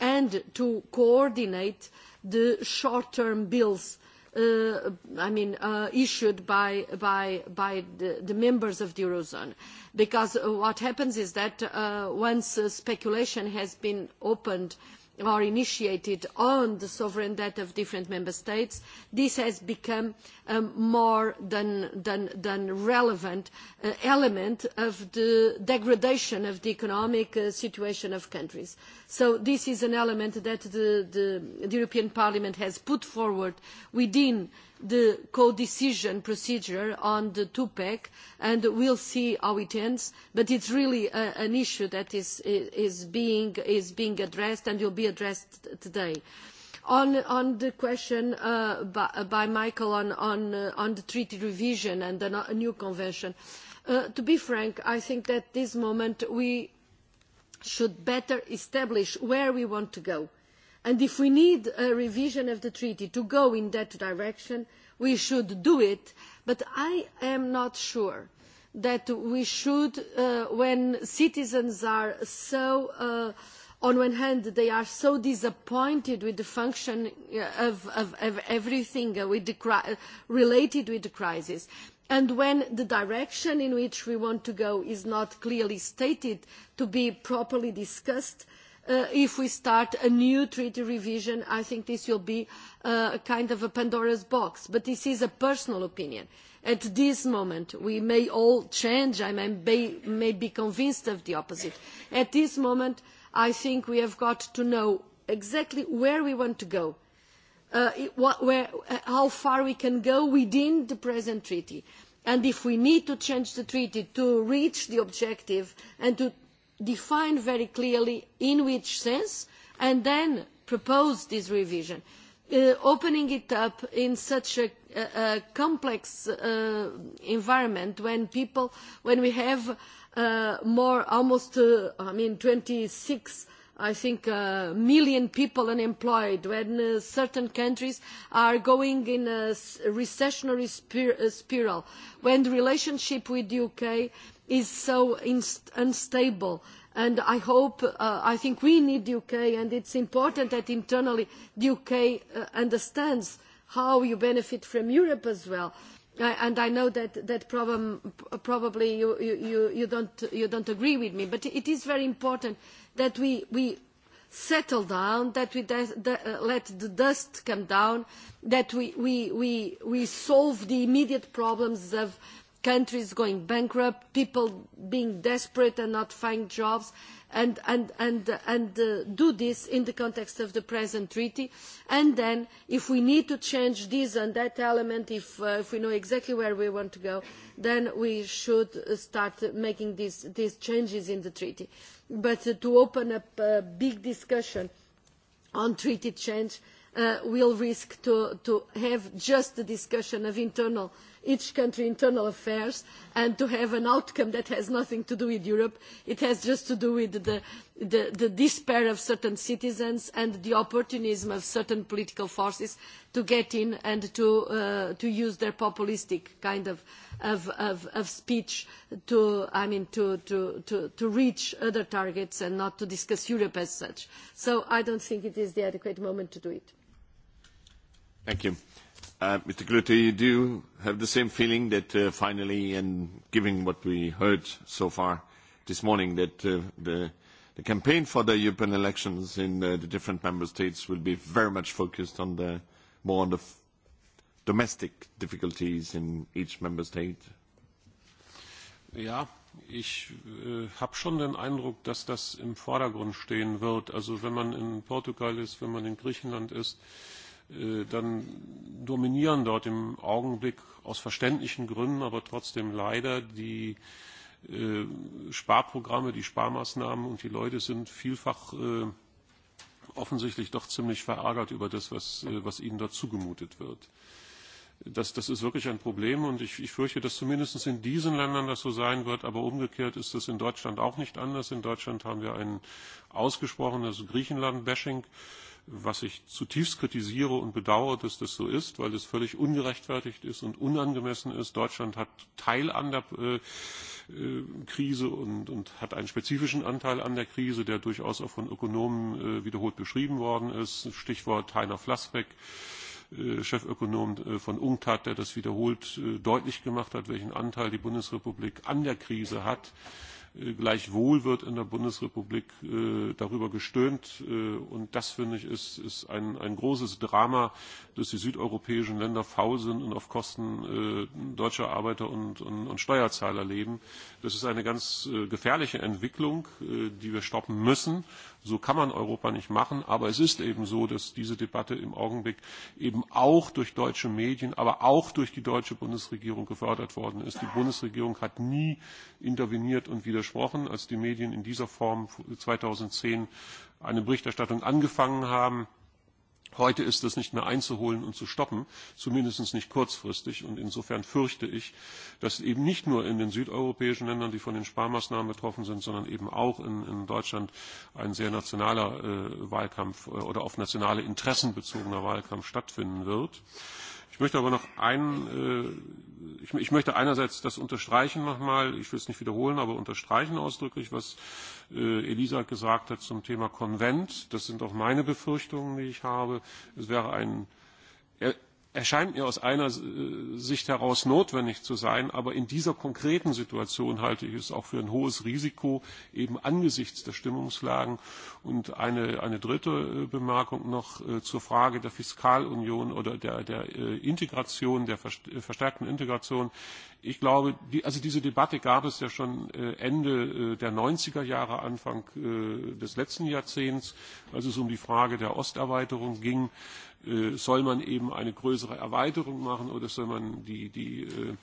and to coordinate the short term bills uh, I mean, uh, issued by, by, by the, the members of the Eurozone. Because uh, what happens is that uh, once uh, speculation has been opened uh, are initiated on the sovereign debt of different member states, this has become a um, more than, than, than relevant uh, element of the degradation of the economic uh, situation of countries. So this is an element that the, the, the European Parliament has put forward within uh, the co-decision procedure on the TUPEC, and we'll see how it ends. But it's really a, uh, an issue that is, is, being, is being addressed and will be addressed today. On, on the question uh, by, uh, by Michael on, on, uh, on the treaty revision and the a no, new convention, uh, to be frank, I think that this moment we should better establish where we want to go and if we need a revision of the treaty to go in that direction, we should do it. But I am not sure that we should, uh, when citizens are so, uh, on one hand, they are so disappointed with the function uh, of, of, of everything with the cri- related with the crisis, and when the direction in which we want to go is not clearly stated to be properly discussed, uh, uh, if we start a new treaty revision, I think this will be a uh, kind of a Pandora's box. But this is a personal opinion. At this moment, we may all change, I may be, may be convinced of the opposite. At this moment, I think we have got to know exactly where we want to go, uh, what, where, uh, how far we can go within the present treaty. And if we need to change the treaty to reach the objective and to define very clearly in which sense and then propose this revision. Uh, opening it up in such a, a, a complex uh, environment when people, when we have uh, more, almost, uh, I mean, 26, I think, uh, million people unemployed, when uh, certain countries are going in a recessionary spir- uh, spiral, when the relationship with the UK is so inst- unstable. And I hope, uh, I think we need the UK, and it's important that internally the UK uh, understands how you benefit from Europe as well. Uh, and I know that, that problem, probably you, you, you, don't, you don't agree with me, but it is very important that we, we settle down, that we de- de- uh, let the dust come down, that we, we, we, we solve the immediate problems of, countries going bankrupt, people being desperate and not finding jobs, and, and, and, and uh, do this in the context of the present treaty. And then, if we need to change this and that element, if, uh, if we know exactly where we want to go, then we should uh, start making these, these changes in the treaty. But uh, to open up a big discussion on treaty change, uh, we'll risk to, to have just the discussion of internal uh, each country's internal affairs and to have an outcome that has nothing to do with Europe. It has just to do with the, the, the despair of certain citizens and the opportunism of certain political forces to get in and to, uh, to use their populistic kind of, of, of, of speech to, I mean, to, to, to, to reach other targets and not to discuss Europe as such. So I don't think it is the adequate moment to do it. Thank you. Uh, Mr. Glutti, you do have the same feeling that uh, finally, and given what we heard so far this morning, that uh, the, the campaign for the European elections in uh, the different member states will be very much focused on the more on the f- domestic difficulties in each member state. Ja, ich äh, habe schon den Eindruck, dass das im Vordergrund stehen wird. Also wenn man in Portugal ist, wenn man in Griechenland ist, äh, Äh, dann dominieren dort im Augenblick aus verständlichen Gründen, aber trotzdem leider die äh, Sparprogramme, die Sparmaßnahmen und die Leute sind vielfach äh, offensichtlich doch ziemlich verärgert über das, was, was ihnen dort zugemutet wird. Das, das ist wirklich ein Problem und ich, ich fürchte, dass zumindest in diesen Ländern das so sein wird, aber umgekehrt ist das in Deutschland auch nicht anders. In Deutschland haben wir ein ausgesprochenes Griechenland-Bashing äh, was ich zutiefst kritisiere und bedauere, dass das so ist, weil es völlig ungerechtfertigt ist und unangemessen ist. Deutschland hat Teil an der äh, äh Krise und, und hat einen spezifischen Anteil an der Krise, der durchaus auch von Ökonomen äh, wiederholt beschrieben worden ist. Stichwort Heiner Flassbeck. Äh, Chefökonom äh, von UNCTAD, der das wiederholt deutlich gemacht hat, welchen Anteil die Bundesrepublik an der Krise hat. Äh, Äh, gleichwohl wird in der Bundesrepublik äh, darüber gestöhnt. Äh, und das, finde ich, ist, ist ein, ein großes Drama, dass die südeuropäischen Länder faul sind und auf Kosten deutscher Arbeiter und, und, und Steuerzahler leben. Das ist eine ganz gefährliche Entwicklung, die wir stoppen müssen. So kann man Europa nicht machen. Aber es ist eben so, dass diese Debatte im Augenblick eben auch durch deutsche Medien, aber auch durch die deutsche Bundesregierung gefördert worden ist. Die Bundesregierung hat nie interveniert und widersprochen, als die Medien in dieser Form 2010 eine Berichterstattung angefangen haben. Heute ist es nicht mehr einzuholen und zu stoppen, zumindest nicht kurzfristig. Und insofern fürchte ich, dass eben nicht nur in den südeuropäischen Ländern, die von den Sparmaßnahmen betroffen sind, sondern eben auch in, in Deutschland ein sehr nationaler äh, Wahlkampf äh, oder auf nationale Interessen bezogener Wahlkampf stattfinden wird. Ich möchte aber noch einen, äh, ich, ich möchte einerseits das unterstreichen nochmal, ich will es nicht wiederholen, aber unterstreichen ausdrücklich, was äh, Elisa gesagt hat zum Thema Konvent. Das sind auch meine Befürchtungen, die ich habe. Es wäre ein, er, erscheint mir aus einer äh, Sicht heraus notwendig zu sein, aber in dieser konkreten Situation halte ich es auch für ein hohes Risiko, eben angesichts der Stimmungslagen. Und eine, eine dritte äh, Bemerkung noch äh, zur Frage der Fiskalunion oder der, der Integration, der verstärkten Integration. Ich glaube, die, also diese Debatte gab es ja schon Ende der 90er Jahre, Anfang des letzten Jahrzehnts, als es um die Frage der Osterweiterung ging. Äh, soll man eben eine größere Erweiterung machen oder soll man die, die äh,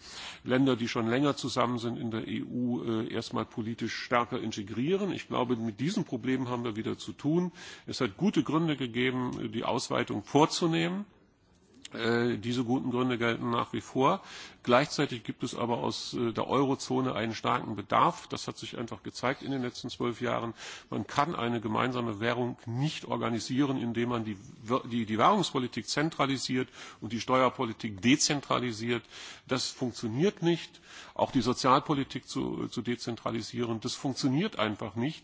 Länder, die schon länger zusammen sind in der EU, äh, erstmal politisch stärker integrieren? Ich glaube, mit diesen Problemen haben wir wieder zu tun. Es hat gute Gründe gegeben, die Ausweitung vorzunehmen. Äh, diese guten Gründe gelten nach wie vor. Gleichzeitig gibt es aber aus äh, der Eurozone einen starken Bedarf. Das hat sich einfach gezeigt in den letzten zwölf Jahren. Man kann eine gemeinsame Währung nicht organisieren, indem man die, die, die Währungspolitik zentralisiert und die Steuerpolitik dezentralisiert. Das funktioniert nicht. Auch die Sozialpolitik zu, äh, zu dezentralisieren, das funktioniert einfach nicht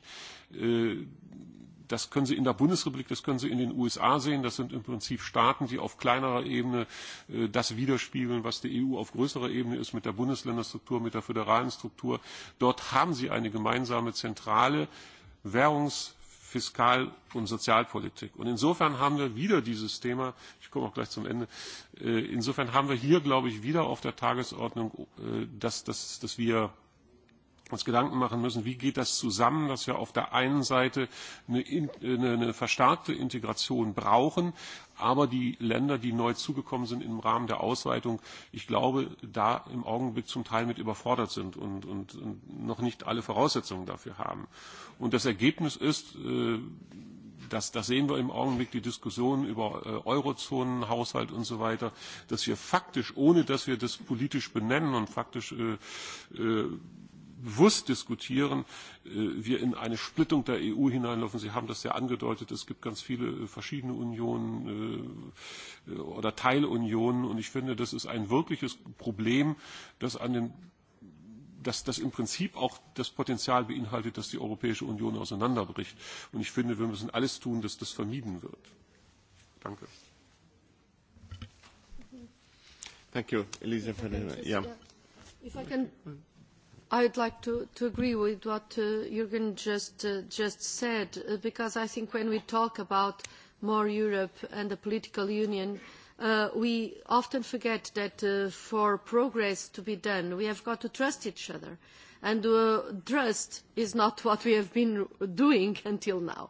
das können Sie in der Bundesrepublik, das können Sie in den USA sehen. Das sind im Prinzip Staaten, die auf kleinerer Ebene äh, das widerspiegeln, was die EU auf größerer Ebene ist, mit der Bundesländerstruktur, mit der föderalen Struktur. Dort haben Sie eine gemeinsame zentrale Währungs-, Fiskal- und Sozialpolitik. Und insofern haben wir wieder dieses Thema, ich komme auch gleich zum Ende, äh, insofern haben wir hier, glaube ich, wieder auf der Tagesordnung, äh, dass, dass, dass wir uns Gedanken machen müssen, wie geht das zusammen, dass wir auf der einen Seite eine, eine, eine verstärkte Integration brauchen, aber die Länder, die neu zugekommen sind im Rahmen der Ausweitung, ich glaube, da im Augenblick zum Teil mit überfordert sind und, und, und noch nicht alle Voraussetzungen dafür haben. Und das Ergebnis ist, äh, das, das sehen wir im Augenblick, die Diskussion über äh, Eurozonenhaushalt und so weiter, dass wir faktisch, ohne dass wir das politisch benennen und faktisch äh, äh, bewusst diskutieren, äh, wir in eine Splittung der EU hineinlaufen. Sie haben das ja angedeutet, es gibt ganz viele äh, verschiedene Unionen äh, oder Teilunionen. Und ich finde, das ist ein wirkliches Problem, das an den dass das im Prinzip auch das Potenzial beinhaltet, dass die Europäische Union auseinanderbricht. Und ich finde, wir müssen alles tun, dass das vermieden wird. Danke. Thank you, Elisa. Yeah. Uh, if I can I would like to, to agree with what uh, Jürgen just, uh, just said, uh, because I think when we talk about more Europe and the political union, uh, we often forget that uh, for progress to be done, we have got to trust each other. And uh, trust is not what we have been doing until now.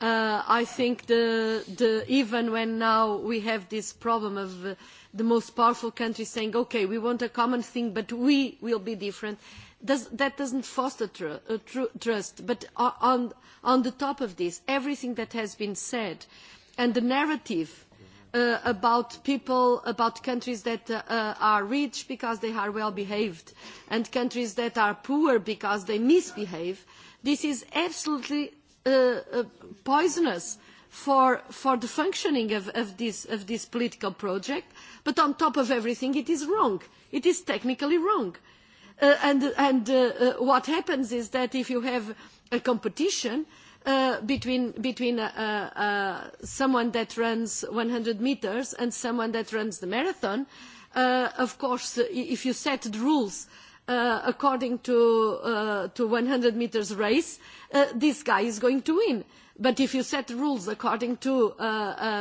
Uh, I think the, the, even when now we have this problem of uh, the most powerful country saying, okay, we want a common thing, but we will be different, does, that doesn't foster tr uh, tr trust. But on, on the top of this, everything that has been said and the narrative uh, about people, about countries that uh, uh are rich because they are well behaved and countries that are poor because they misbehave, this is absolutely uh, uh, poisonous. For, for the functioning of, of, this, of this political project, but on top of everything, it is wrong. It is technically wrong. Uh, uh, and and uh, uh, what happens is that if you have a competition uh, between between uh, uh, someone that runs 100 meters and someone that runs the marathon, uh, of course, uh, if you set the rules uh, according to uh, to 100 meters race, uh, this guy is going to win. But if you set rules according to uh,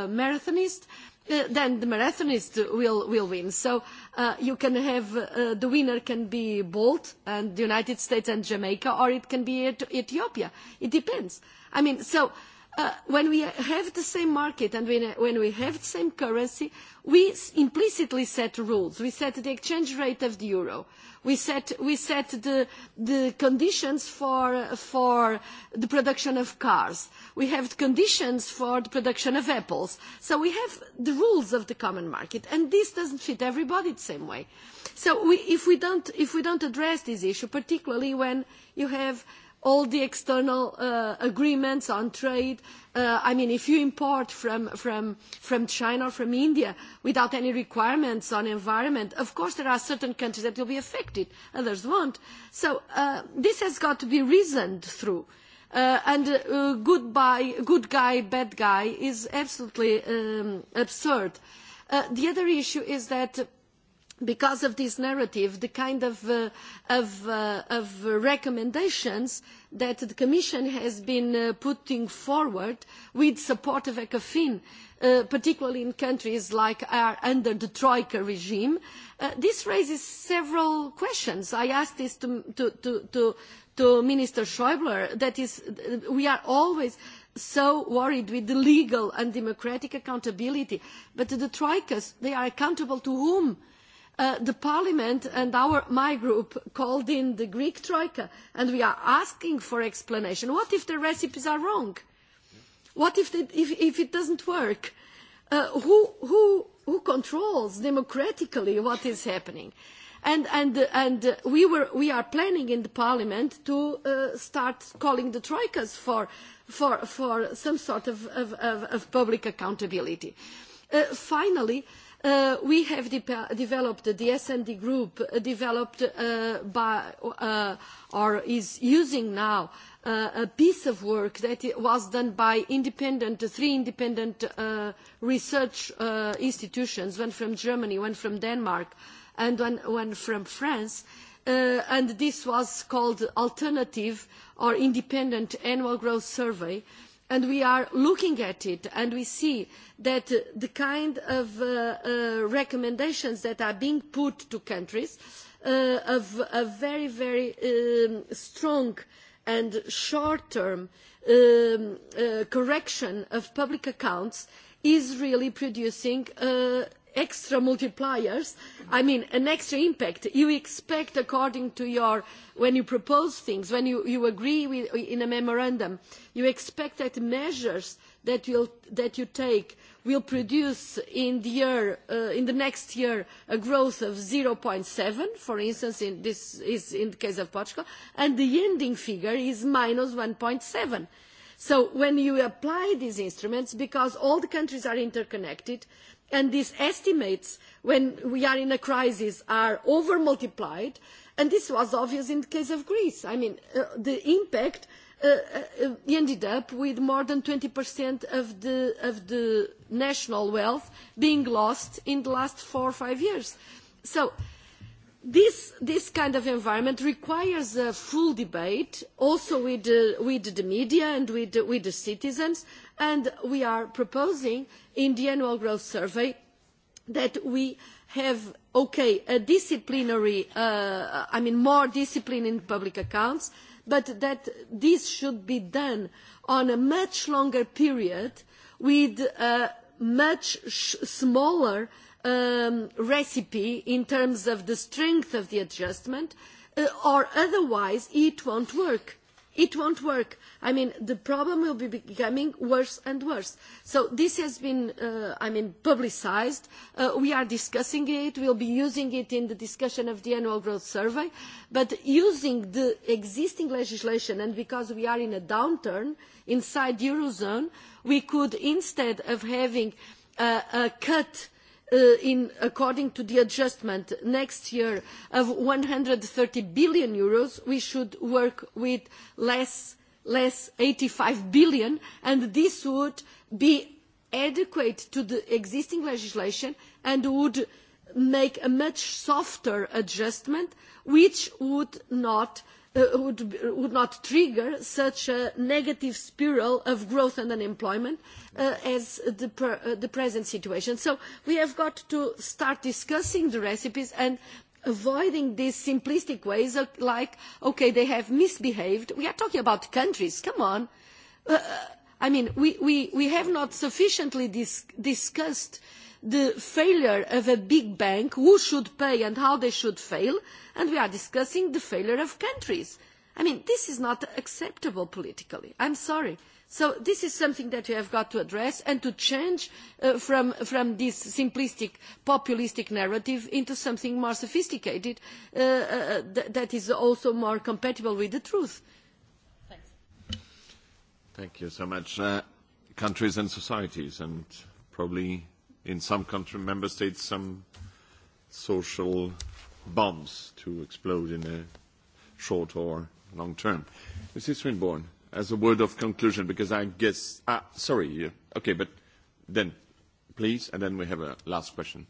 a marathonist, uh, uh, then the marathonist will will win. So uh, you can have uh, the winner can be Bolt and the United States and Jamaica, or it can be Ethiopia. It depends. I mean, so uh, when we have the same market and when we have the same currency, we implicitly set rules. We set the exchange rate of the euro. We set, we set the, the conditions for, for the production of cars. Uh, we have the conditions for the production of apples. So we have the rules of the common market, and this doesn't fit everybody the same way. So we, if, we don't, if we don't address this issue, particularly when you have all the external uh, agreements on trade, uh, I mean, if you import from, from, from China or from India without any requirements on environment, of course there are certain countries that will be affected, others won't. So uh, this has got to be reasoned through. Uh, uh, and uh, good, buy, good guy, bad guy is absolutely um, absurd. Uh, the other issue is that because of this narrative, the kind of, uh, of, uh, of recommendations that the Commission has been uh, putting forward with support of ECOFIN, uh, particularly in countries like are under the Troika regime, uh, this raises several questions. I asked this to, to, to, to Minister Schäuble that is, we are always so worried with the legal and democratic accountability. But the troikas, they are accountable to whom? Uh, the parliament and our, my group called in the Greek troika and we are asking for explanation. What if the recipes are wrong? What if, they, if, if it doesn't work? Uh, who, who, who controls democratically what is happening? and we are planning in parliament to uh, start calling the troikas for some sort of public accountability. Uh, finally uh, we have developed the sd group developed or is using now a piece of work that was done by three independent research institutions one from germany one from denmark and and one, one from France. Uh, and this was called Alternative or Independent Annual Growth Survey. And we are looking at it and we see that the kind of uh, uh, recommendations that are being put to countries uh, of a very, very um, strong and short-term um, uh, correction of public accounts is really producing uh, extra multipliers, I mean, an extra impact. You expect, according to your, when you propose things, when you, you agree with, in a memorandum, you expect that measures that, you'll, that you take will produce in the, year, uh, in the next year a growth of 0.7, for instance, in, this is in the case of Portugal, and the ending figure is minus 1.7. So when you apply these instruments, because all the countries are interconnected, and these estimates when we are in a crisis are over multiplied and this was obvious in the case of greece i mean uh, the impact uh, uh, uh ended up with more than 20% of the of the national wealth being lost in the last 4 or 5 years so this, this kind of environment requires a full debate, also with, uh, with the media and with, uh, with the citizens, and we are proposing in the annual growth survey that we have okay a disciplinary uh, i mean more discipline in public accounts but that this should be done on a much longer period with a much sh smaller um, recipe in terms of the strength of the adjustment uh, or otherwise it won't work it won't work I mean, the problem will be becoming worse and worse. So this has been, uh, I mean, publicized. Uh, we are discussing it. We'll be using it in the discussion of the annual growth survey. But using the existing legislation, and because we are in a downturn inside the Eurozone, we could, instead of having uh, a cut uh, in according to the adjustment next year of 130 billion euros, we should work with less uh, less 85 billion, and this would be adequate to the existing legislation and would make a much softer adjustment, which would not, uh, would, would not trigger such a negative spiral of growth and unemployment uh, as the, per, uh, the present situation. So we have got to start discussing the recipes and avoiding these simplistic ways of, like okay they have misbehaved we are talking about countries come on uh, uh, i mean we, we, we have not sufficiently dis- discussed the failure of a big bank who should pay and how they should fail and we are discussing the failure of countries i mean this is not acceptable politically i'm sorry so this is something that we have got to address and to change uh, from, from this simplistic populist narrative into something more sophisticated uh, uh, uh th that is also more compatible with the truth. Thanks. thank you so much. Uh, countries and societies and probably in some country, member states some social bombs to explode in a short or long term. mrs. swinburne as a word of conclusion, because I guess, uh, sorry, yeah. okay, but then please, and then we have a last question.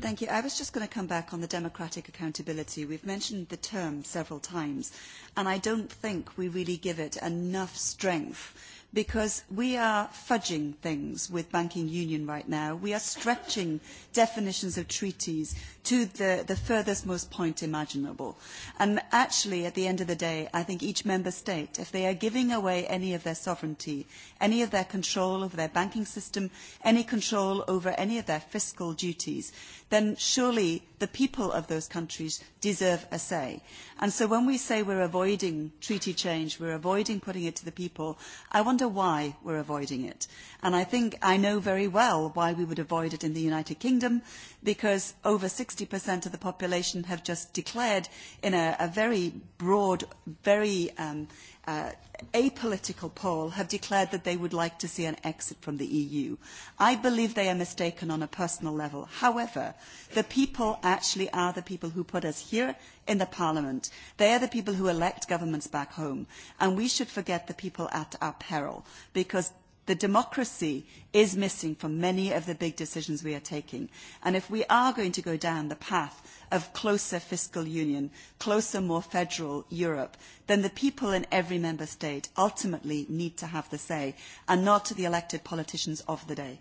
Thank you. I was just going to come back on the democratic accountability. We've mentioned the term several times, and I don't think we really give it enough strength because we are fudging things with banking union right now. We are stretching definitions of treaties to the, the furthest most point imaginable. And actually, at the end of the day, I think each member state, if they are giving away any of their sovereignty, any of their control over their banking system, any control over any of their fiscal duties, then surely the people of those countries deserve a say. And so when we say we're avoiding treaty change, we're avoiding putting it to the people, I wonder why we're avoiding it. And I think I know very well why we would avoid it in the United Kingdom, because over 60% of the population have just declared in a, a very broad, very um, uh, apolitical poll, have declared that they would like to see an exit from the EU. I believe they are mistaken on a personal level. However, the people actually are the people who put us here in the parliament. They are the people who elect governments back home. And we should forget the people at our peril because The democracy is missing for many of the big decisions we are taking. And if we are going to go down the path of closer fiscal union, closer, more federal Europe, then the people in every member state ultimately need to have the say and not to the elected politicians of the day.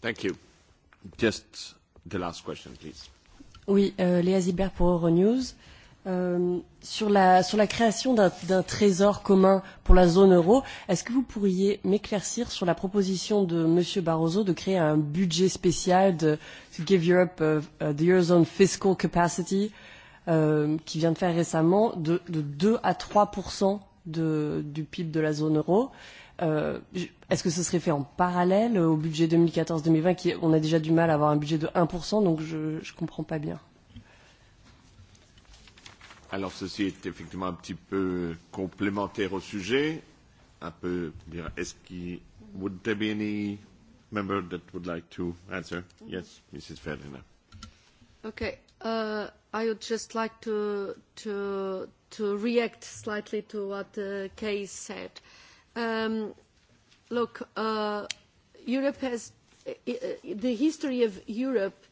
Thank you. Just the last question, please. Oui, euh, Léa Zibert pour Euronews. Euh, Euh, sur, la, sur la création d'un trésor commun pour la zone euro, est-ce que vous pourriez m'éclaircir sur la proposition de M. Barroso de créer un budget spécial de to Give Europe a, euh, a, euh, the Eurozone Fiscal Capacity euh, qui vient de faire récemment de, de 2 à 3 de, du PIB de la zone euro euh, Est-ce que ce serait fait en parallèle au budget 2014-2020 On a déjà du mal à avoir un budget de 1 donc je ne comprends pas bien. Alors ceci est effectivement un petit peu complémentaire au sujet. Un peu, dire, est-ce qu'il... Would there be any member that would like to answer? Yes, Mrs. Ferdinand. Okay, uh, I would just like to, to, to react slightly to what uh, Kay said. Um, look, uh, Europe has, uh, the history of Europe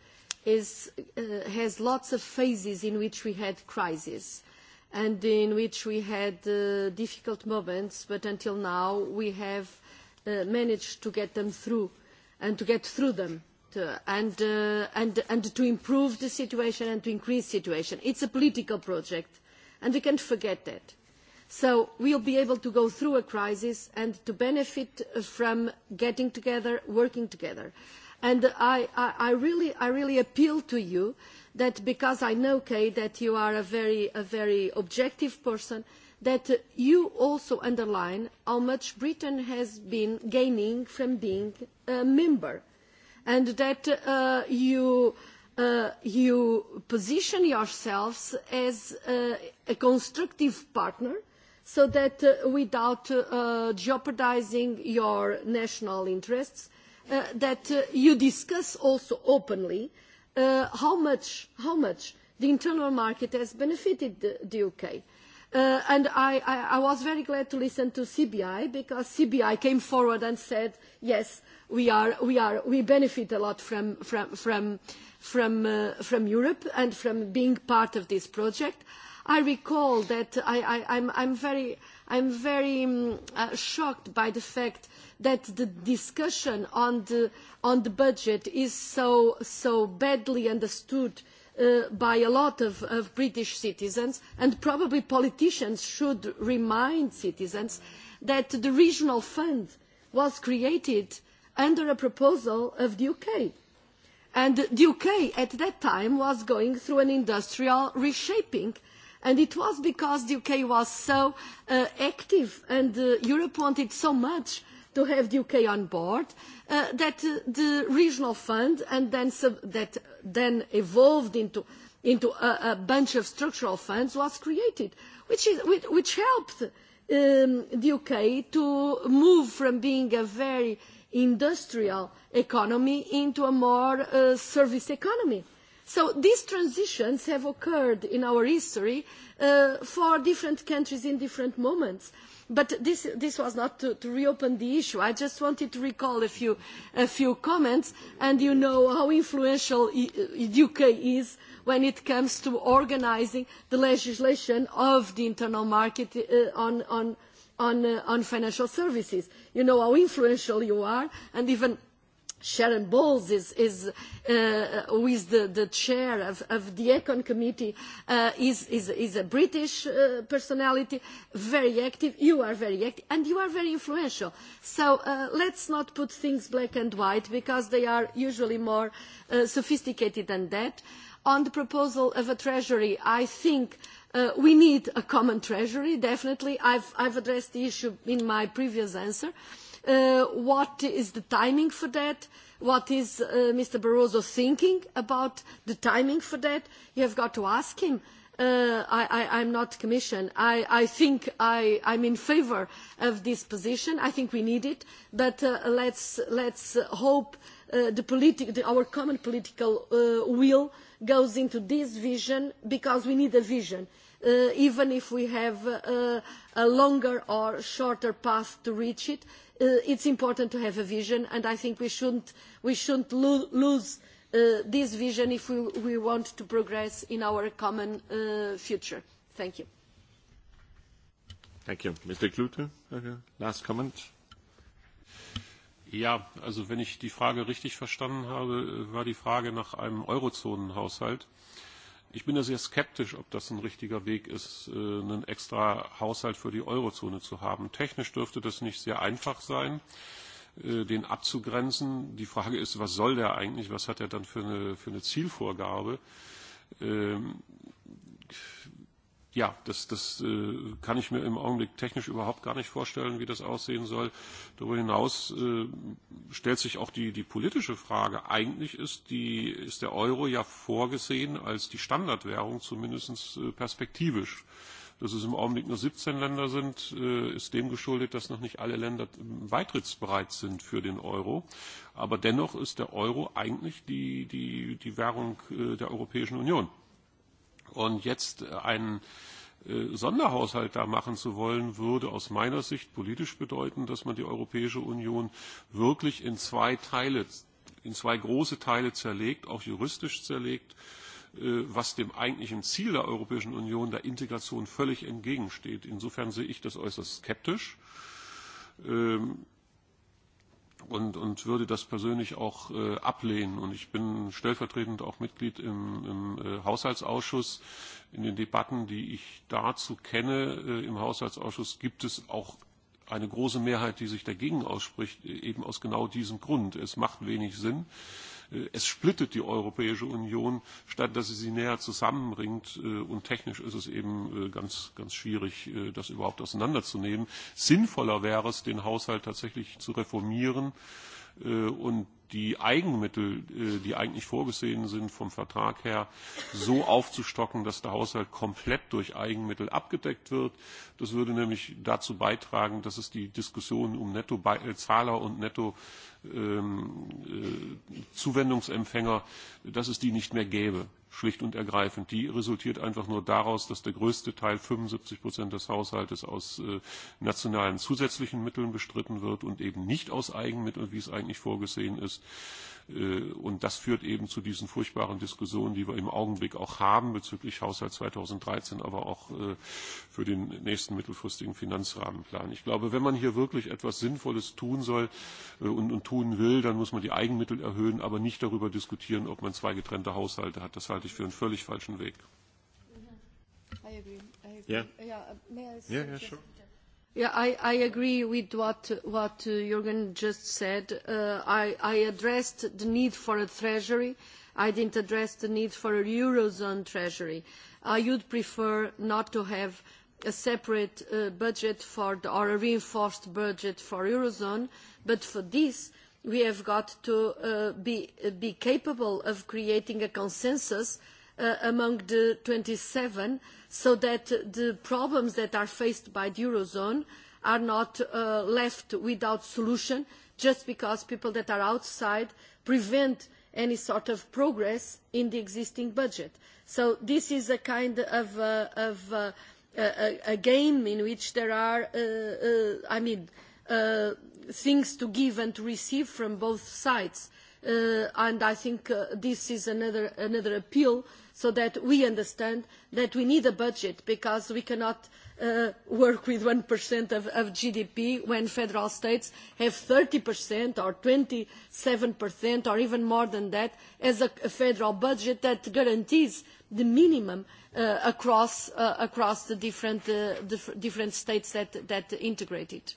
is, uh, has lots of phases in which we had crises and in which we had uh, difficult moments, but until now we have uh, managed to get them through and to get through them to, and, uh, and, and to improve the situation and to increase the situation. It's a political project and we can't forget that. So we'll be able to go through a crisis and to benefit from getting together, working together. And I, I, I, really, I really appeal to you that because I know, Kay, that you are a very, a very objective person, that you also underline how much Britain has been gaining from being a member. And that uh, you, uh, you position yourselves as a, uh, a constructive partner so that uh, without uh, jeopardizing your national interests, uh, uh, that uh, you discuss also openly uh, how much how much the internal market has benefited the, the UK. Uh, and I, I, I was very glad to listen to CBI because CBI came forward and said, yes, we, are, we, are, we benefit a lot from, from, from, from, uh, from Europe and from being part of this project. I recall that I, I, I'm, I'm very, I'm very um, uh, shocked by the fact that the discussion on the on the budget is so so badly understood uh, by a lot of, of British citizens and probably politicians should remind citizens that the regional fund was created under a proposal of the UK. And the UK at that time was going through an industrial reshaping. And it was because the UK was so uh, active and uh, Europe wanted so much to have the UK on board, uh, that uh, the regional fund and then sub- that then evolved into, into a, a bunch of structural funds was created, which, is, which, which helped um, the UK to move from being a very industrial economy into a more uh, service economy. So these transitions have occurred in our history uh, for different countries in different moments but this, this was not to, to reopen the issue. I just wanted to recall a few, a few comments, and you know how influential the e, UK is when it comes to organizing the legislation of the internal market uh, on, on, on, uh, on financial services. You know how influential you are, and even Sharon Bowles is, is uh, who is the, the chair of, of the Econ Committee, uh, is, is, is a British uh, personality, very active. You are very active, and you are very influential. So uh, let's not put things black and white, because they are usually more uh, sophisticated than that. On the proposal of a treasury, I think uh, we need a common treasury, definitely. I've, I've addressed the issue in my previous answer. Uh, Uh, what is the timing for that? What is uh, Mr. Barroso thinking about the timing for that? You have got to ask him. Uh, I, I, I'm not commission. I, I think I, I'm in favor of this position. I think we need it. But uh, let's, let's hope uh, the politi- the, our common political uh, will goes into this vision because we need a vision. Uh, even if we have uh, a longer or shorter path to reach it, uh, it's important to have a vision, and I think we shouldn't, we shouldn't lo lose uh, this vision if we, we want to progress in our common uh, future. Thank you. Thank you. Mr. Klute, okay. last comment. Ja, also wenn ich die Frage richtig verstanden habe, war die Frage nach einem Eurozonenhaushalt. Ich bin da sehr skeptisch, ob das ein richtiger Weg ist, äh, einen extra Haushalt für die Eurozone zu haben. Technisch dürfte das nicht sehr einfach sein, äh, den abzugrenzen. Die Frage ist, was soll der eigentlich? Was hat er dann für eine, für eine Zielvorgabe? Ähm, Ja, das, das äh, kann ich mir im Augenblick technisch überhaupt gar nicht vorstellen, wie das aussehen soll. Darüber hinaus äh, stellt sich auch die, die politische Frage. Eigentlich ist, die, ist der Euro ja vorgesehen als die Standardwährung, zumindest äh, perspektivisch. Dass es im Augenblick nur 17 Länder sind, äh, ist dem geschuldet, dass noch nicht alle Länder beitrittsbereit sind für den Euro. Aber dennoch ist der Euro eigentlich die, die, die Währung äh, der Europäischen Union. Und jetzt einen äh, Sonderhaushalt da machen zu wollen, würde aus meiner Sicht politisch bedeuten, dass man die Europäische Union wirklich in zwei Teile, in zwei große Teile zerlegt, auch juristisch zerlegt, äh, was dem eigentlichen Ziel der Europäischen Union, der Integration, völlig entgegensteht. Insofern sehe ich das äußerst skeptisch. Ähm, und, und würde das persönlich auch äh, ablehnen. Und ich bin stellvertretend auch Mitglied im, im äh, Haushaltsausschuss. In den Debatten, die ich dazu kenne äh, im Haushaltsausschuss, gibt es auch eine große Mehrheit, die sich dagegen ausspricht, äh, eben aus genau diesem Grund. Es macht wenig Sinn. Äh, Äh, es splittet die Europäische Union, statt dass sie sie näher zusammenbringt. Äh, und technisch ist es eben äh, ganz, ganz schwierig, das überhaupt auseinanderzunehmen. Sinnvoller wäre es, den Haushalt tatsächlich zu reformieren und die Eigenmittel, die eigentlich vorgesehen sind vom Vertrag her, so aufzustocken, dass der Haushalt komplett durch Eigenmittel abgedeckt wird. Das würde nämlich dazu beitragen, dass es die Diskussion um Nettozahler und Netto, äh, Zahler und Netto Ähm, äh, Zuwendungsempfänger, dass es die nicht mehr gäbe, schlicht und ergreifend. Die resultiert einfach nur daraus, dass der größte Teil, 75 Prozent des Haushaltes, aus äh, nationalen zusätzlichen Mitteln bestritten wird und eben nicht aus Eigenmitteln, wie es eigentlich vorgesehen ist. Äh, und das führt eben zu diesen furchtbaren Diskussionen, die wir im Augenblick auch haben bezüglich Haushalt 2013, aber auch äh, für den nächsten mittelfristigen Finanzrahmenplan. Ich glaube, wenn man hier wirklich etwas Sinnvolles tun soll äh, und, und tun will, dann muss man die Eigenmittel erhöhen, aber nicht darüber diskutieren, ob man zwei getrennte Haushalte hat. Das halte ich für einen völlig falschen Weg. Ja. I agree. I agree. Yeah. Ja. Yeah, uh, may I yeah, ja, yeah, sure. Yeah, I, I agree with what, what uh, Jürgen just said. Uh, I, I addressed the need for a treasury. I didn't address the need for a eurozone treasury. I would prefer not to have a separate uh, budget for the, or a reinforced budget for eurozone, but for this we have got to uh, be, uh, be capable of creating a consensus uh, uh, among the 27 so that the problems that are faced by the Eurozone are not uh, left without solution just because people that are outside prevent any sort of progress in the existing budget. So this is a kind of, uh, of uh, a, a game in which there are, uh, uh, I mean, uh, things to give and to receive from both sides. Uh, and I think uh, this is another, another appeal uh, so that we understand that we need a budget because we cannot uh, work with 1% of, of GDP when federal states have 30% or 27% or even more than that as a, a federal budget that guarantees the minimum uh, across, uh, across the different, uh, dif different states that, that integrate it.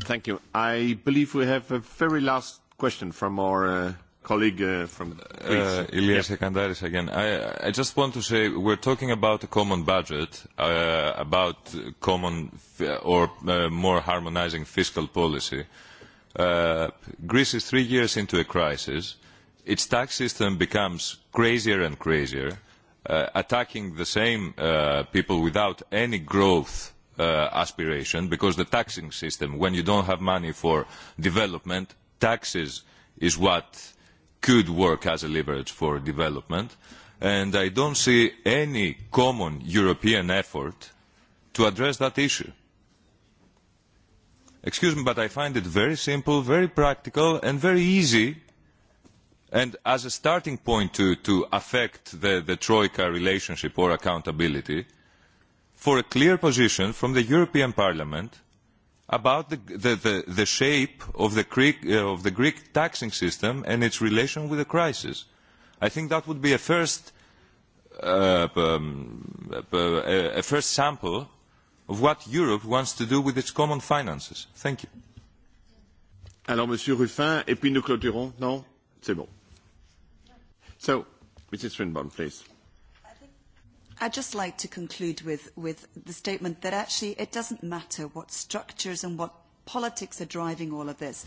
Thank you. I believe we have a very last question from our uh, colleague uh, from uh, Ilya Sekandaris yep. again. I, I just want to say we're talking about a common budget, uh, about common f- uh, or uh, more harmonizing fiscal policy. Uh, Greece is three years into a crisis. Its tax system becomes crazier and crazier, uh, attacking the same uh, people without any growth. Uh, aspiration because the taxing system, when you don't have money for development, taxes is what uh, could work as a leverage for development. And I don't see any common European effort to address that issue. Excuse me, but I find it very simple, very practical, and very easy, and as a starting point to, to affect the, the Troika relationship or accountability, for a clear position from the European Parliament – about the, the, the, the shape of the, Greek, uh, of the Greek taxing system and its relation with the crisis. I think that would be a first, uh, um, a first sample of what Europe wants to do with its common finances. Thank you. Alors, Monsieur Ruffin, et puis nous clôturons. Non? C'est bon. So, Mrs. Swinburne, please. I'd just like to conclude with, with the statement that actually it doesn't matter what structures and what politics are driving all of this.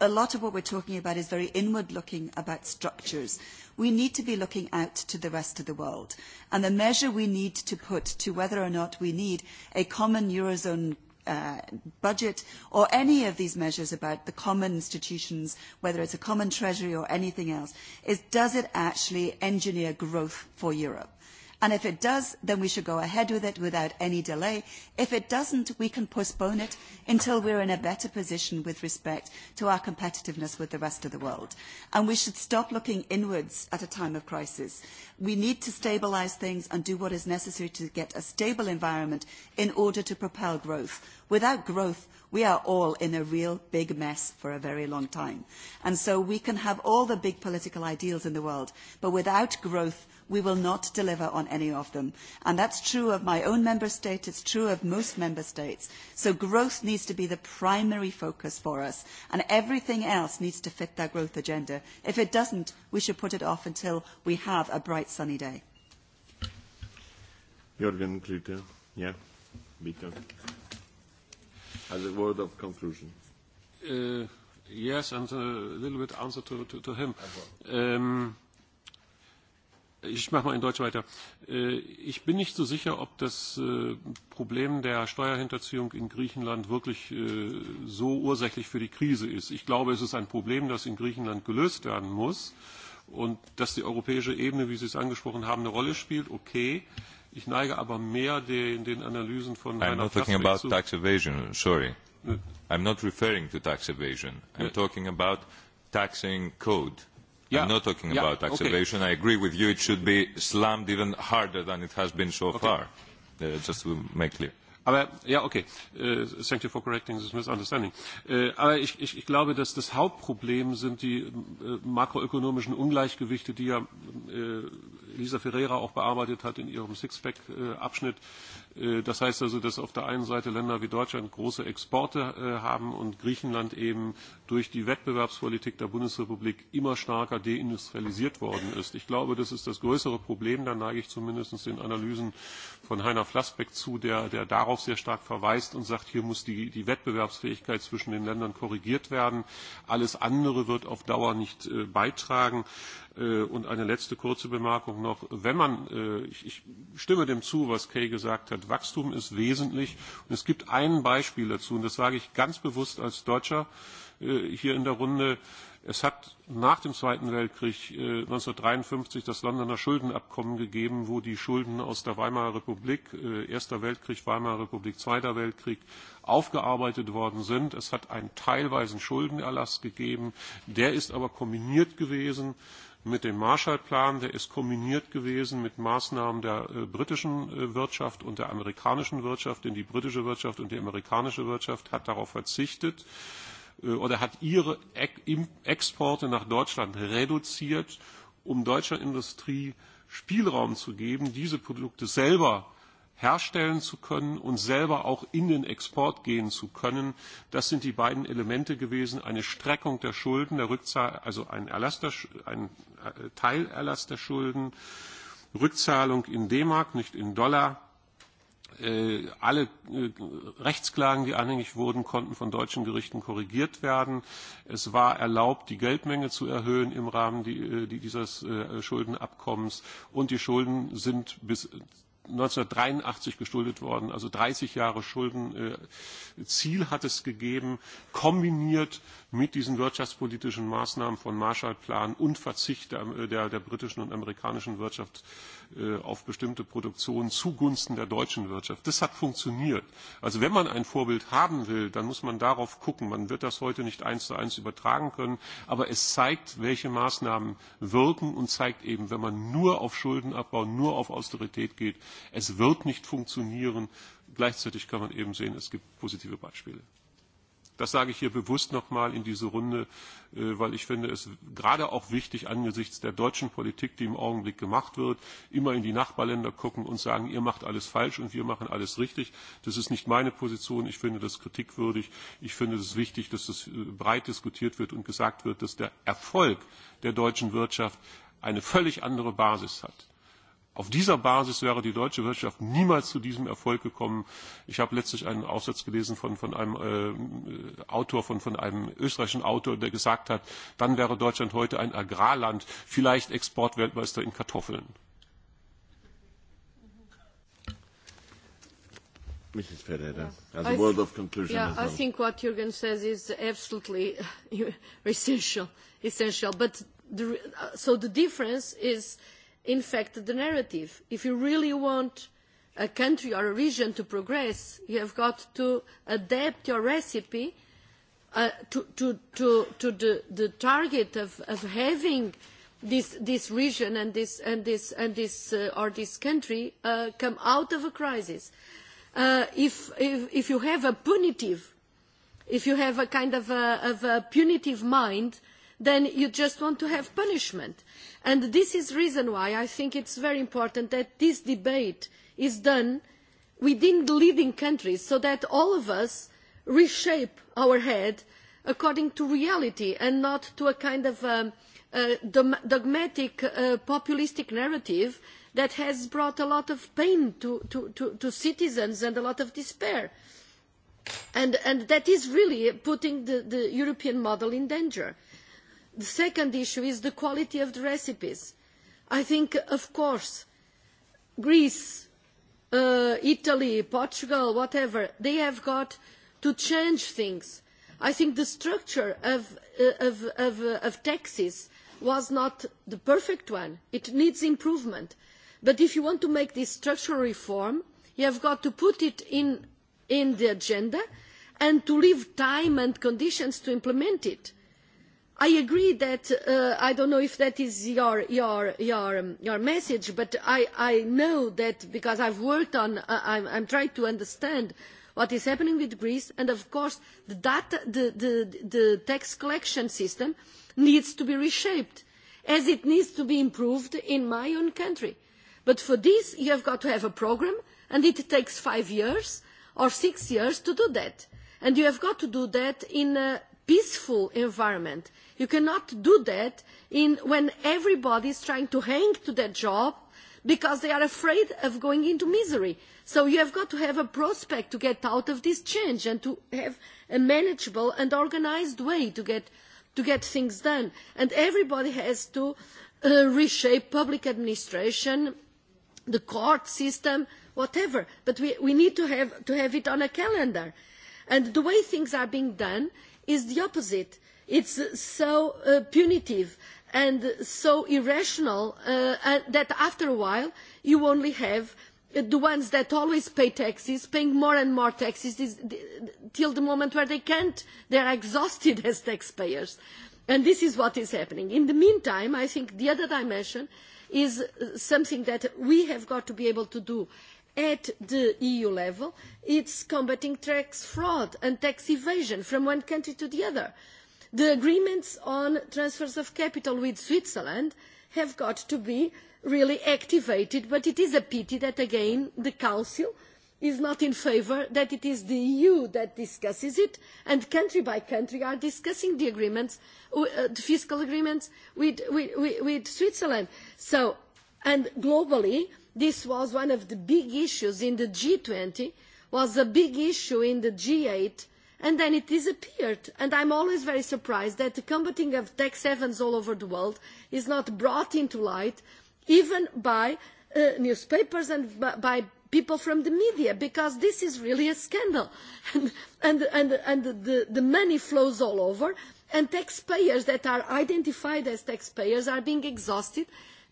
A lot of what we're talking about is very inward looking about structures. We need to be looking out to the rest of the world. And the measure we need to put to whether or not we need a common Eurozone uh, budget or any of these measures about the common institutions, whether it's a common treasury or anything else, is does it actually engineer growth for Europe? And if it does, then we should go ahead with it without any delay. If it doesn't, we can postpone it until we're in a better position with respect to our competitiveness with the rest of the world. And we should stop looking inwards at a time of crisis. We need to stabilise things and do what is necessary to get a stable environment in order to propel growth. Without growth, we are all in a real big mess for a very long time. And so we can have all the big political ideals in the world, but without growth, we will not deliver on any of them. And that's true of my own member state. It's true of most member states. So growth needs to be the primary focus for us. And everything else needs to fit that growth agenda. If it doesn't, we should put it off until we have a bright, sunny day. Jorgen Klüter. Yeah. Bitte. As a word of conclusion. Uh, yes, and a little bit answer to, to, to him. Okay. Um, Ich mache mal in Deutsch weiter. Äh, ich bin nicht so sicher, ob das äh, Problem der Steuerhinterziehung in Griechenland wirklich äh, so ursächlich für die Krise ist. Ich glaube, es ist ein Problem, das in Griechenland gelöst werden muss und dass die europäische Ebene, wie Sie es angesprochen haben, eine Rolle spielt. Okay. Ich neige aber mehr den, den Analysen von I'm not talking about zu. tax evasion. Sorry. I'm not referring to tax evasion. I'm talking about taxing code yeah. I'm not talking yeah. about acceleration. Okay. I agree with you. It should be slammed even harder than it has been so okay. far, uh, just to make clear. Aber ja, okay. Uh, thank you for correcting this misunderstanding. Uh, aber ich, ich, ich glaube, dass das Hauptproblem sind die uh, makroökonomischen Ungleichgewichte, die ja uh, Lisa Ferreira auch bearbeitet hat in ihrem Sixpack-Abschnitt. Uh, Äh, das heißt also, dass auf der einen Seite Länder wie Deutschland große Exporte äh, haben und Griechenland eben durch die Wettbewerbspolitik der Bundesrepublik immer stärker deindustrialisiert worden ist. Ich glaube, das ist das größere Problem. Da neige ich zumindest den Analysen von Heiner Flassbeck zu, der, der darauf sehr stark verweist und sagt, hier muss die, die Wettbewerbsfähigkeit zwischen den Ländern korrigiert werden. Alles andere wird auf Dauer nicht äh, beitragen. Äh, und eine letzte kurze Bemerkung noch. Wenn man, äh, ich stimme dem zu, was Kay gesagt hat, Wachstum ist wesentlich. Und es gibt ein Beispiel dazu, und das sage ich ganz bewusst als Deutscher äh, hier in der Runde. Es hat nach dem Zweiten Weltkrieg 1953 das Londoner Schuldenabkommen gegeben, wo die Schulden aus der Weimarer Republik, Erster Weltkrieg, Weimarer Republik, Zweiter Weltkrieg aufgearbeitet worden sind. Es hat einen teilweisen Schuldenerlass gegeben. Der ist aber kombiniert gewesen mit dem Marshallplan, der ist kombiniert gewesen mit Maßnahmen der äh, britischen äh, Wirtschaft und der amerikanischen Wirtschaft, denn die britische Wirtschaft und die amerikanische Wirtschaft hat darauf verzichtet äh, oder hat ihre Ex Exporte nach Deutschland reduziert, um deutscher Industrie Spielraum zu geben, diese Produkte selber äh, herstellen zu können und selber auch in den Export gehen zu können. Das sind die beiden Elemente gewesen, eine Streckung der Schulden, der Rückzahl, also ein, Erlass der, ein äh, Teilerlass der Schulden, Rückzahlung in D-Mark, nicht in Dollar. Äh, alle äh, Rechtsklagen, die anhängig wurden, konnten von deutschen Gerichten korrigiert werden. Es war erlaubt, die Geldmenge zu erhöhen im Rahmen dieses Schuldenabkommens. Und die Schulden sind bis 1983 geschuldet worden, also 30 Jahre Schuldenziel äh, hat es gegeben, kombiniert mit diesen wirtschaftspolitischen Maßnahmen von Marshallplan und Verzicht der, äh, der, der britischen und amerikanischen Wirtschaft äh, auf bestimmte Produktionen zugunsten der deutschen Wirtschaft. Das hat funktioniert. Also wenn man ein Vorbild haben will, dann muss man darauf gucken. Man wird das heute nicht eins zu eins übertragen können, aber es zeigt, welche Maßnahmen wirken und zeigt eben, wenn man nur auf Schuldenabbau, nur auf Austerität geht, es wird nicht funktionieren. Gleichzeitig kann man eben sehen, es gibt positive Beispiele. Das sage ich hier bewusst nochmal in diese Runde, äh, weil ich finde es gerade auch wichtig angesichts der deutschen Politik, die im Augenblick gemacht wird, immer in die Nachbarländer gucken und sagen, ihr macht alles falsch und wir machen alles richtig. Das ist nicht meine Position. Ich finde das kritikwürdig. Ich finde es wichtig, dass das äh, breit diskutiert wird und gesagt wird, dass der Erfolg der deutschen Wirtschaft eine völlig andere Basis hat. Auf dieser Basis wäre die deutsche Wirtschaft niemals zu diesem Erfolg gekommen. Ich habe letztlich einen Aufsatz gelesen von, von einem äh, Autor, von, von einem österreichischen Autor, der gesagt hat, dann wäre Deutschland heute ein Agrarland, vielleicht Exportweltmeister in Kartoffeln. Mrs. Ferreira, yeah. as a I word of conclusion. Yeah, as well. I think what Jürgen says is absolutely essential. essential. But the, uh, so the difference is infect the narrative. If you really want a country or a region to progress, you have got to adapt your recipe uh, to, to, to, to the, the target of, of having this, this region and this, and this, and this, uh, or this country uh, come out of a crisis. Uh, if, if, if you have a punitive, if you have a kind of a, of a punitive mind, uh, then you just want to have punishment. And this is the reason why I think it's very important that this debate is done within the leading countries so that all of us reshape our head according to reality and not to a kind of um, uh, dogmatic uh, populistic narrative that has brought a lot of pain to, to, to, to citizens and a lot of despair. And, and that is really putting the, the European model in danger the second issue is the quality of the recipes. i think of course greece uh, italy portugal whatever they have got to change things i think the structure of, uh, of, of, uh, of taxes was not the perfect one it needs improvement but if you want to make this structural reform you have got to put it in, in the agenda and to leave time and conditions to implement it i agree that uh, i don't know if that is your your your um, your message but i i know that because i've worked on uh, i'm i'm trying to understand what is happening with greece and of course the data the the the tax collection system needs to be reshaped as it needs to be improved in my own country but for this you have got to have a program and it takes 5 years or 6 years to do that and you have got to do that in a peaceful environment. You cannot do that in, when everybody is trying to hang to their job because they are afraid of going into misery. So you have got to have a prospect to get out of this change and to have a manageable and organized way to get, to get things done. And everybody has to uh, reshape public administration, the court system, whatever. But we, we need to have, to have it on a calendar. And the way things are being done is the opposite it is so uh, punitive and so irrational uh, that after a while you only have uh, the ones that always pay taxes paying more and more taxes until the moment where they cannot they are exhausted as taxpayers and this is what is happening. in the meantime i think the other dimension is something that we have got to be able to do at the eu level it is combating tax fraud and tax evasion from one country to the other the agreements on transfers of capital with switzerland have got to be really activated but it is a pity that again the council is not in favour that it is the eu that discusses it and country by country are discussing the agreements uh, the fiscal agreements with, with, with switzerland. So, and globally this was one of the big issues in the g twenty was a big issue in the g eight and then it disappeared. i am always very surprised that the combating of tax havens all over the world is not brought into light even by uh, newspapers and by people from the media because this is really a scandal and, and, and, and the, the, the money flows all over and taxpayers that are identified as taxpayers are being exhausted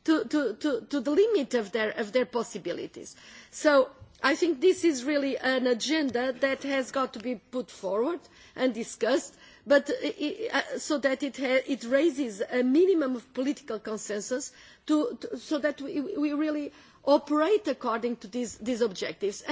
to, to, to, to the limit of their, of their possibilities. so i think this is really an agenda that has got to be put forward and discussed uh, so that it raises a minimum of political consensus so that we really operate according to these objectives.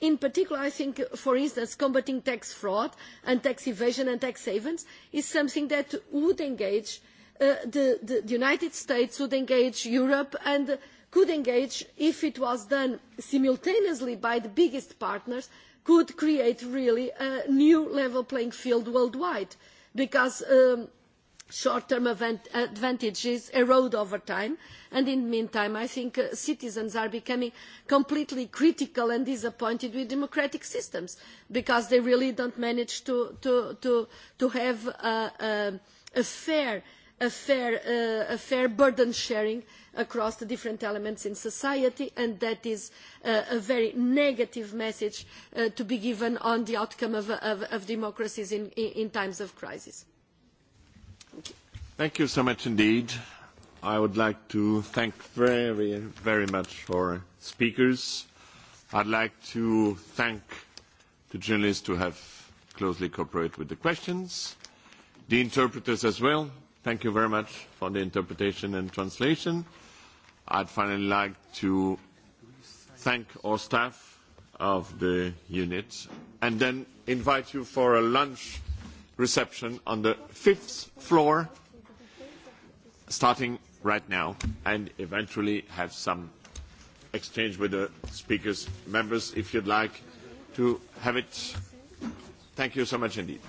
in particular i think for instance combating tax fraud and tax evasion and tax havens is something that would engage uh, the united states would engage europe and could engage if it was done simultaneously by the biggest partners could create really a new level playing field worldwide because um, short term advantages erode over time and in the meantime i think uh, citizens are becoming completely critical and disappointed with democratic systems because they really don't manage to, to, to, to have a, a, a fair a fair, uh, a fair burden sharing across the different elements in society, and that is uh, a very negative message uh, to be given on the outcome of, of, of democracies in, in times of crisis. Thank you. thank you so much indeed. I would like to thank very, very much for speakers. I'd like to thank the journalists who have closely cooperated with the questions, the interpreters as well. Thank you very much for the interpretation and translation. I'd finally like to thank all staff of the unit and then invite you for a lunch reception on the fifth floor starting right now and eventually have some exchange with the speakers members if you'd like to have it. Thank you so much indeed.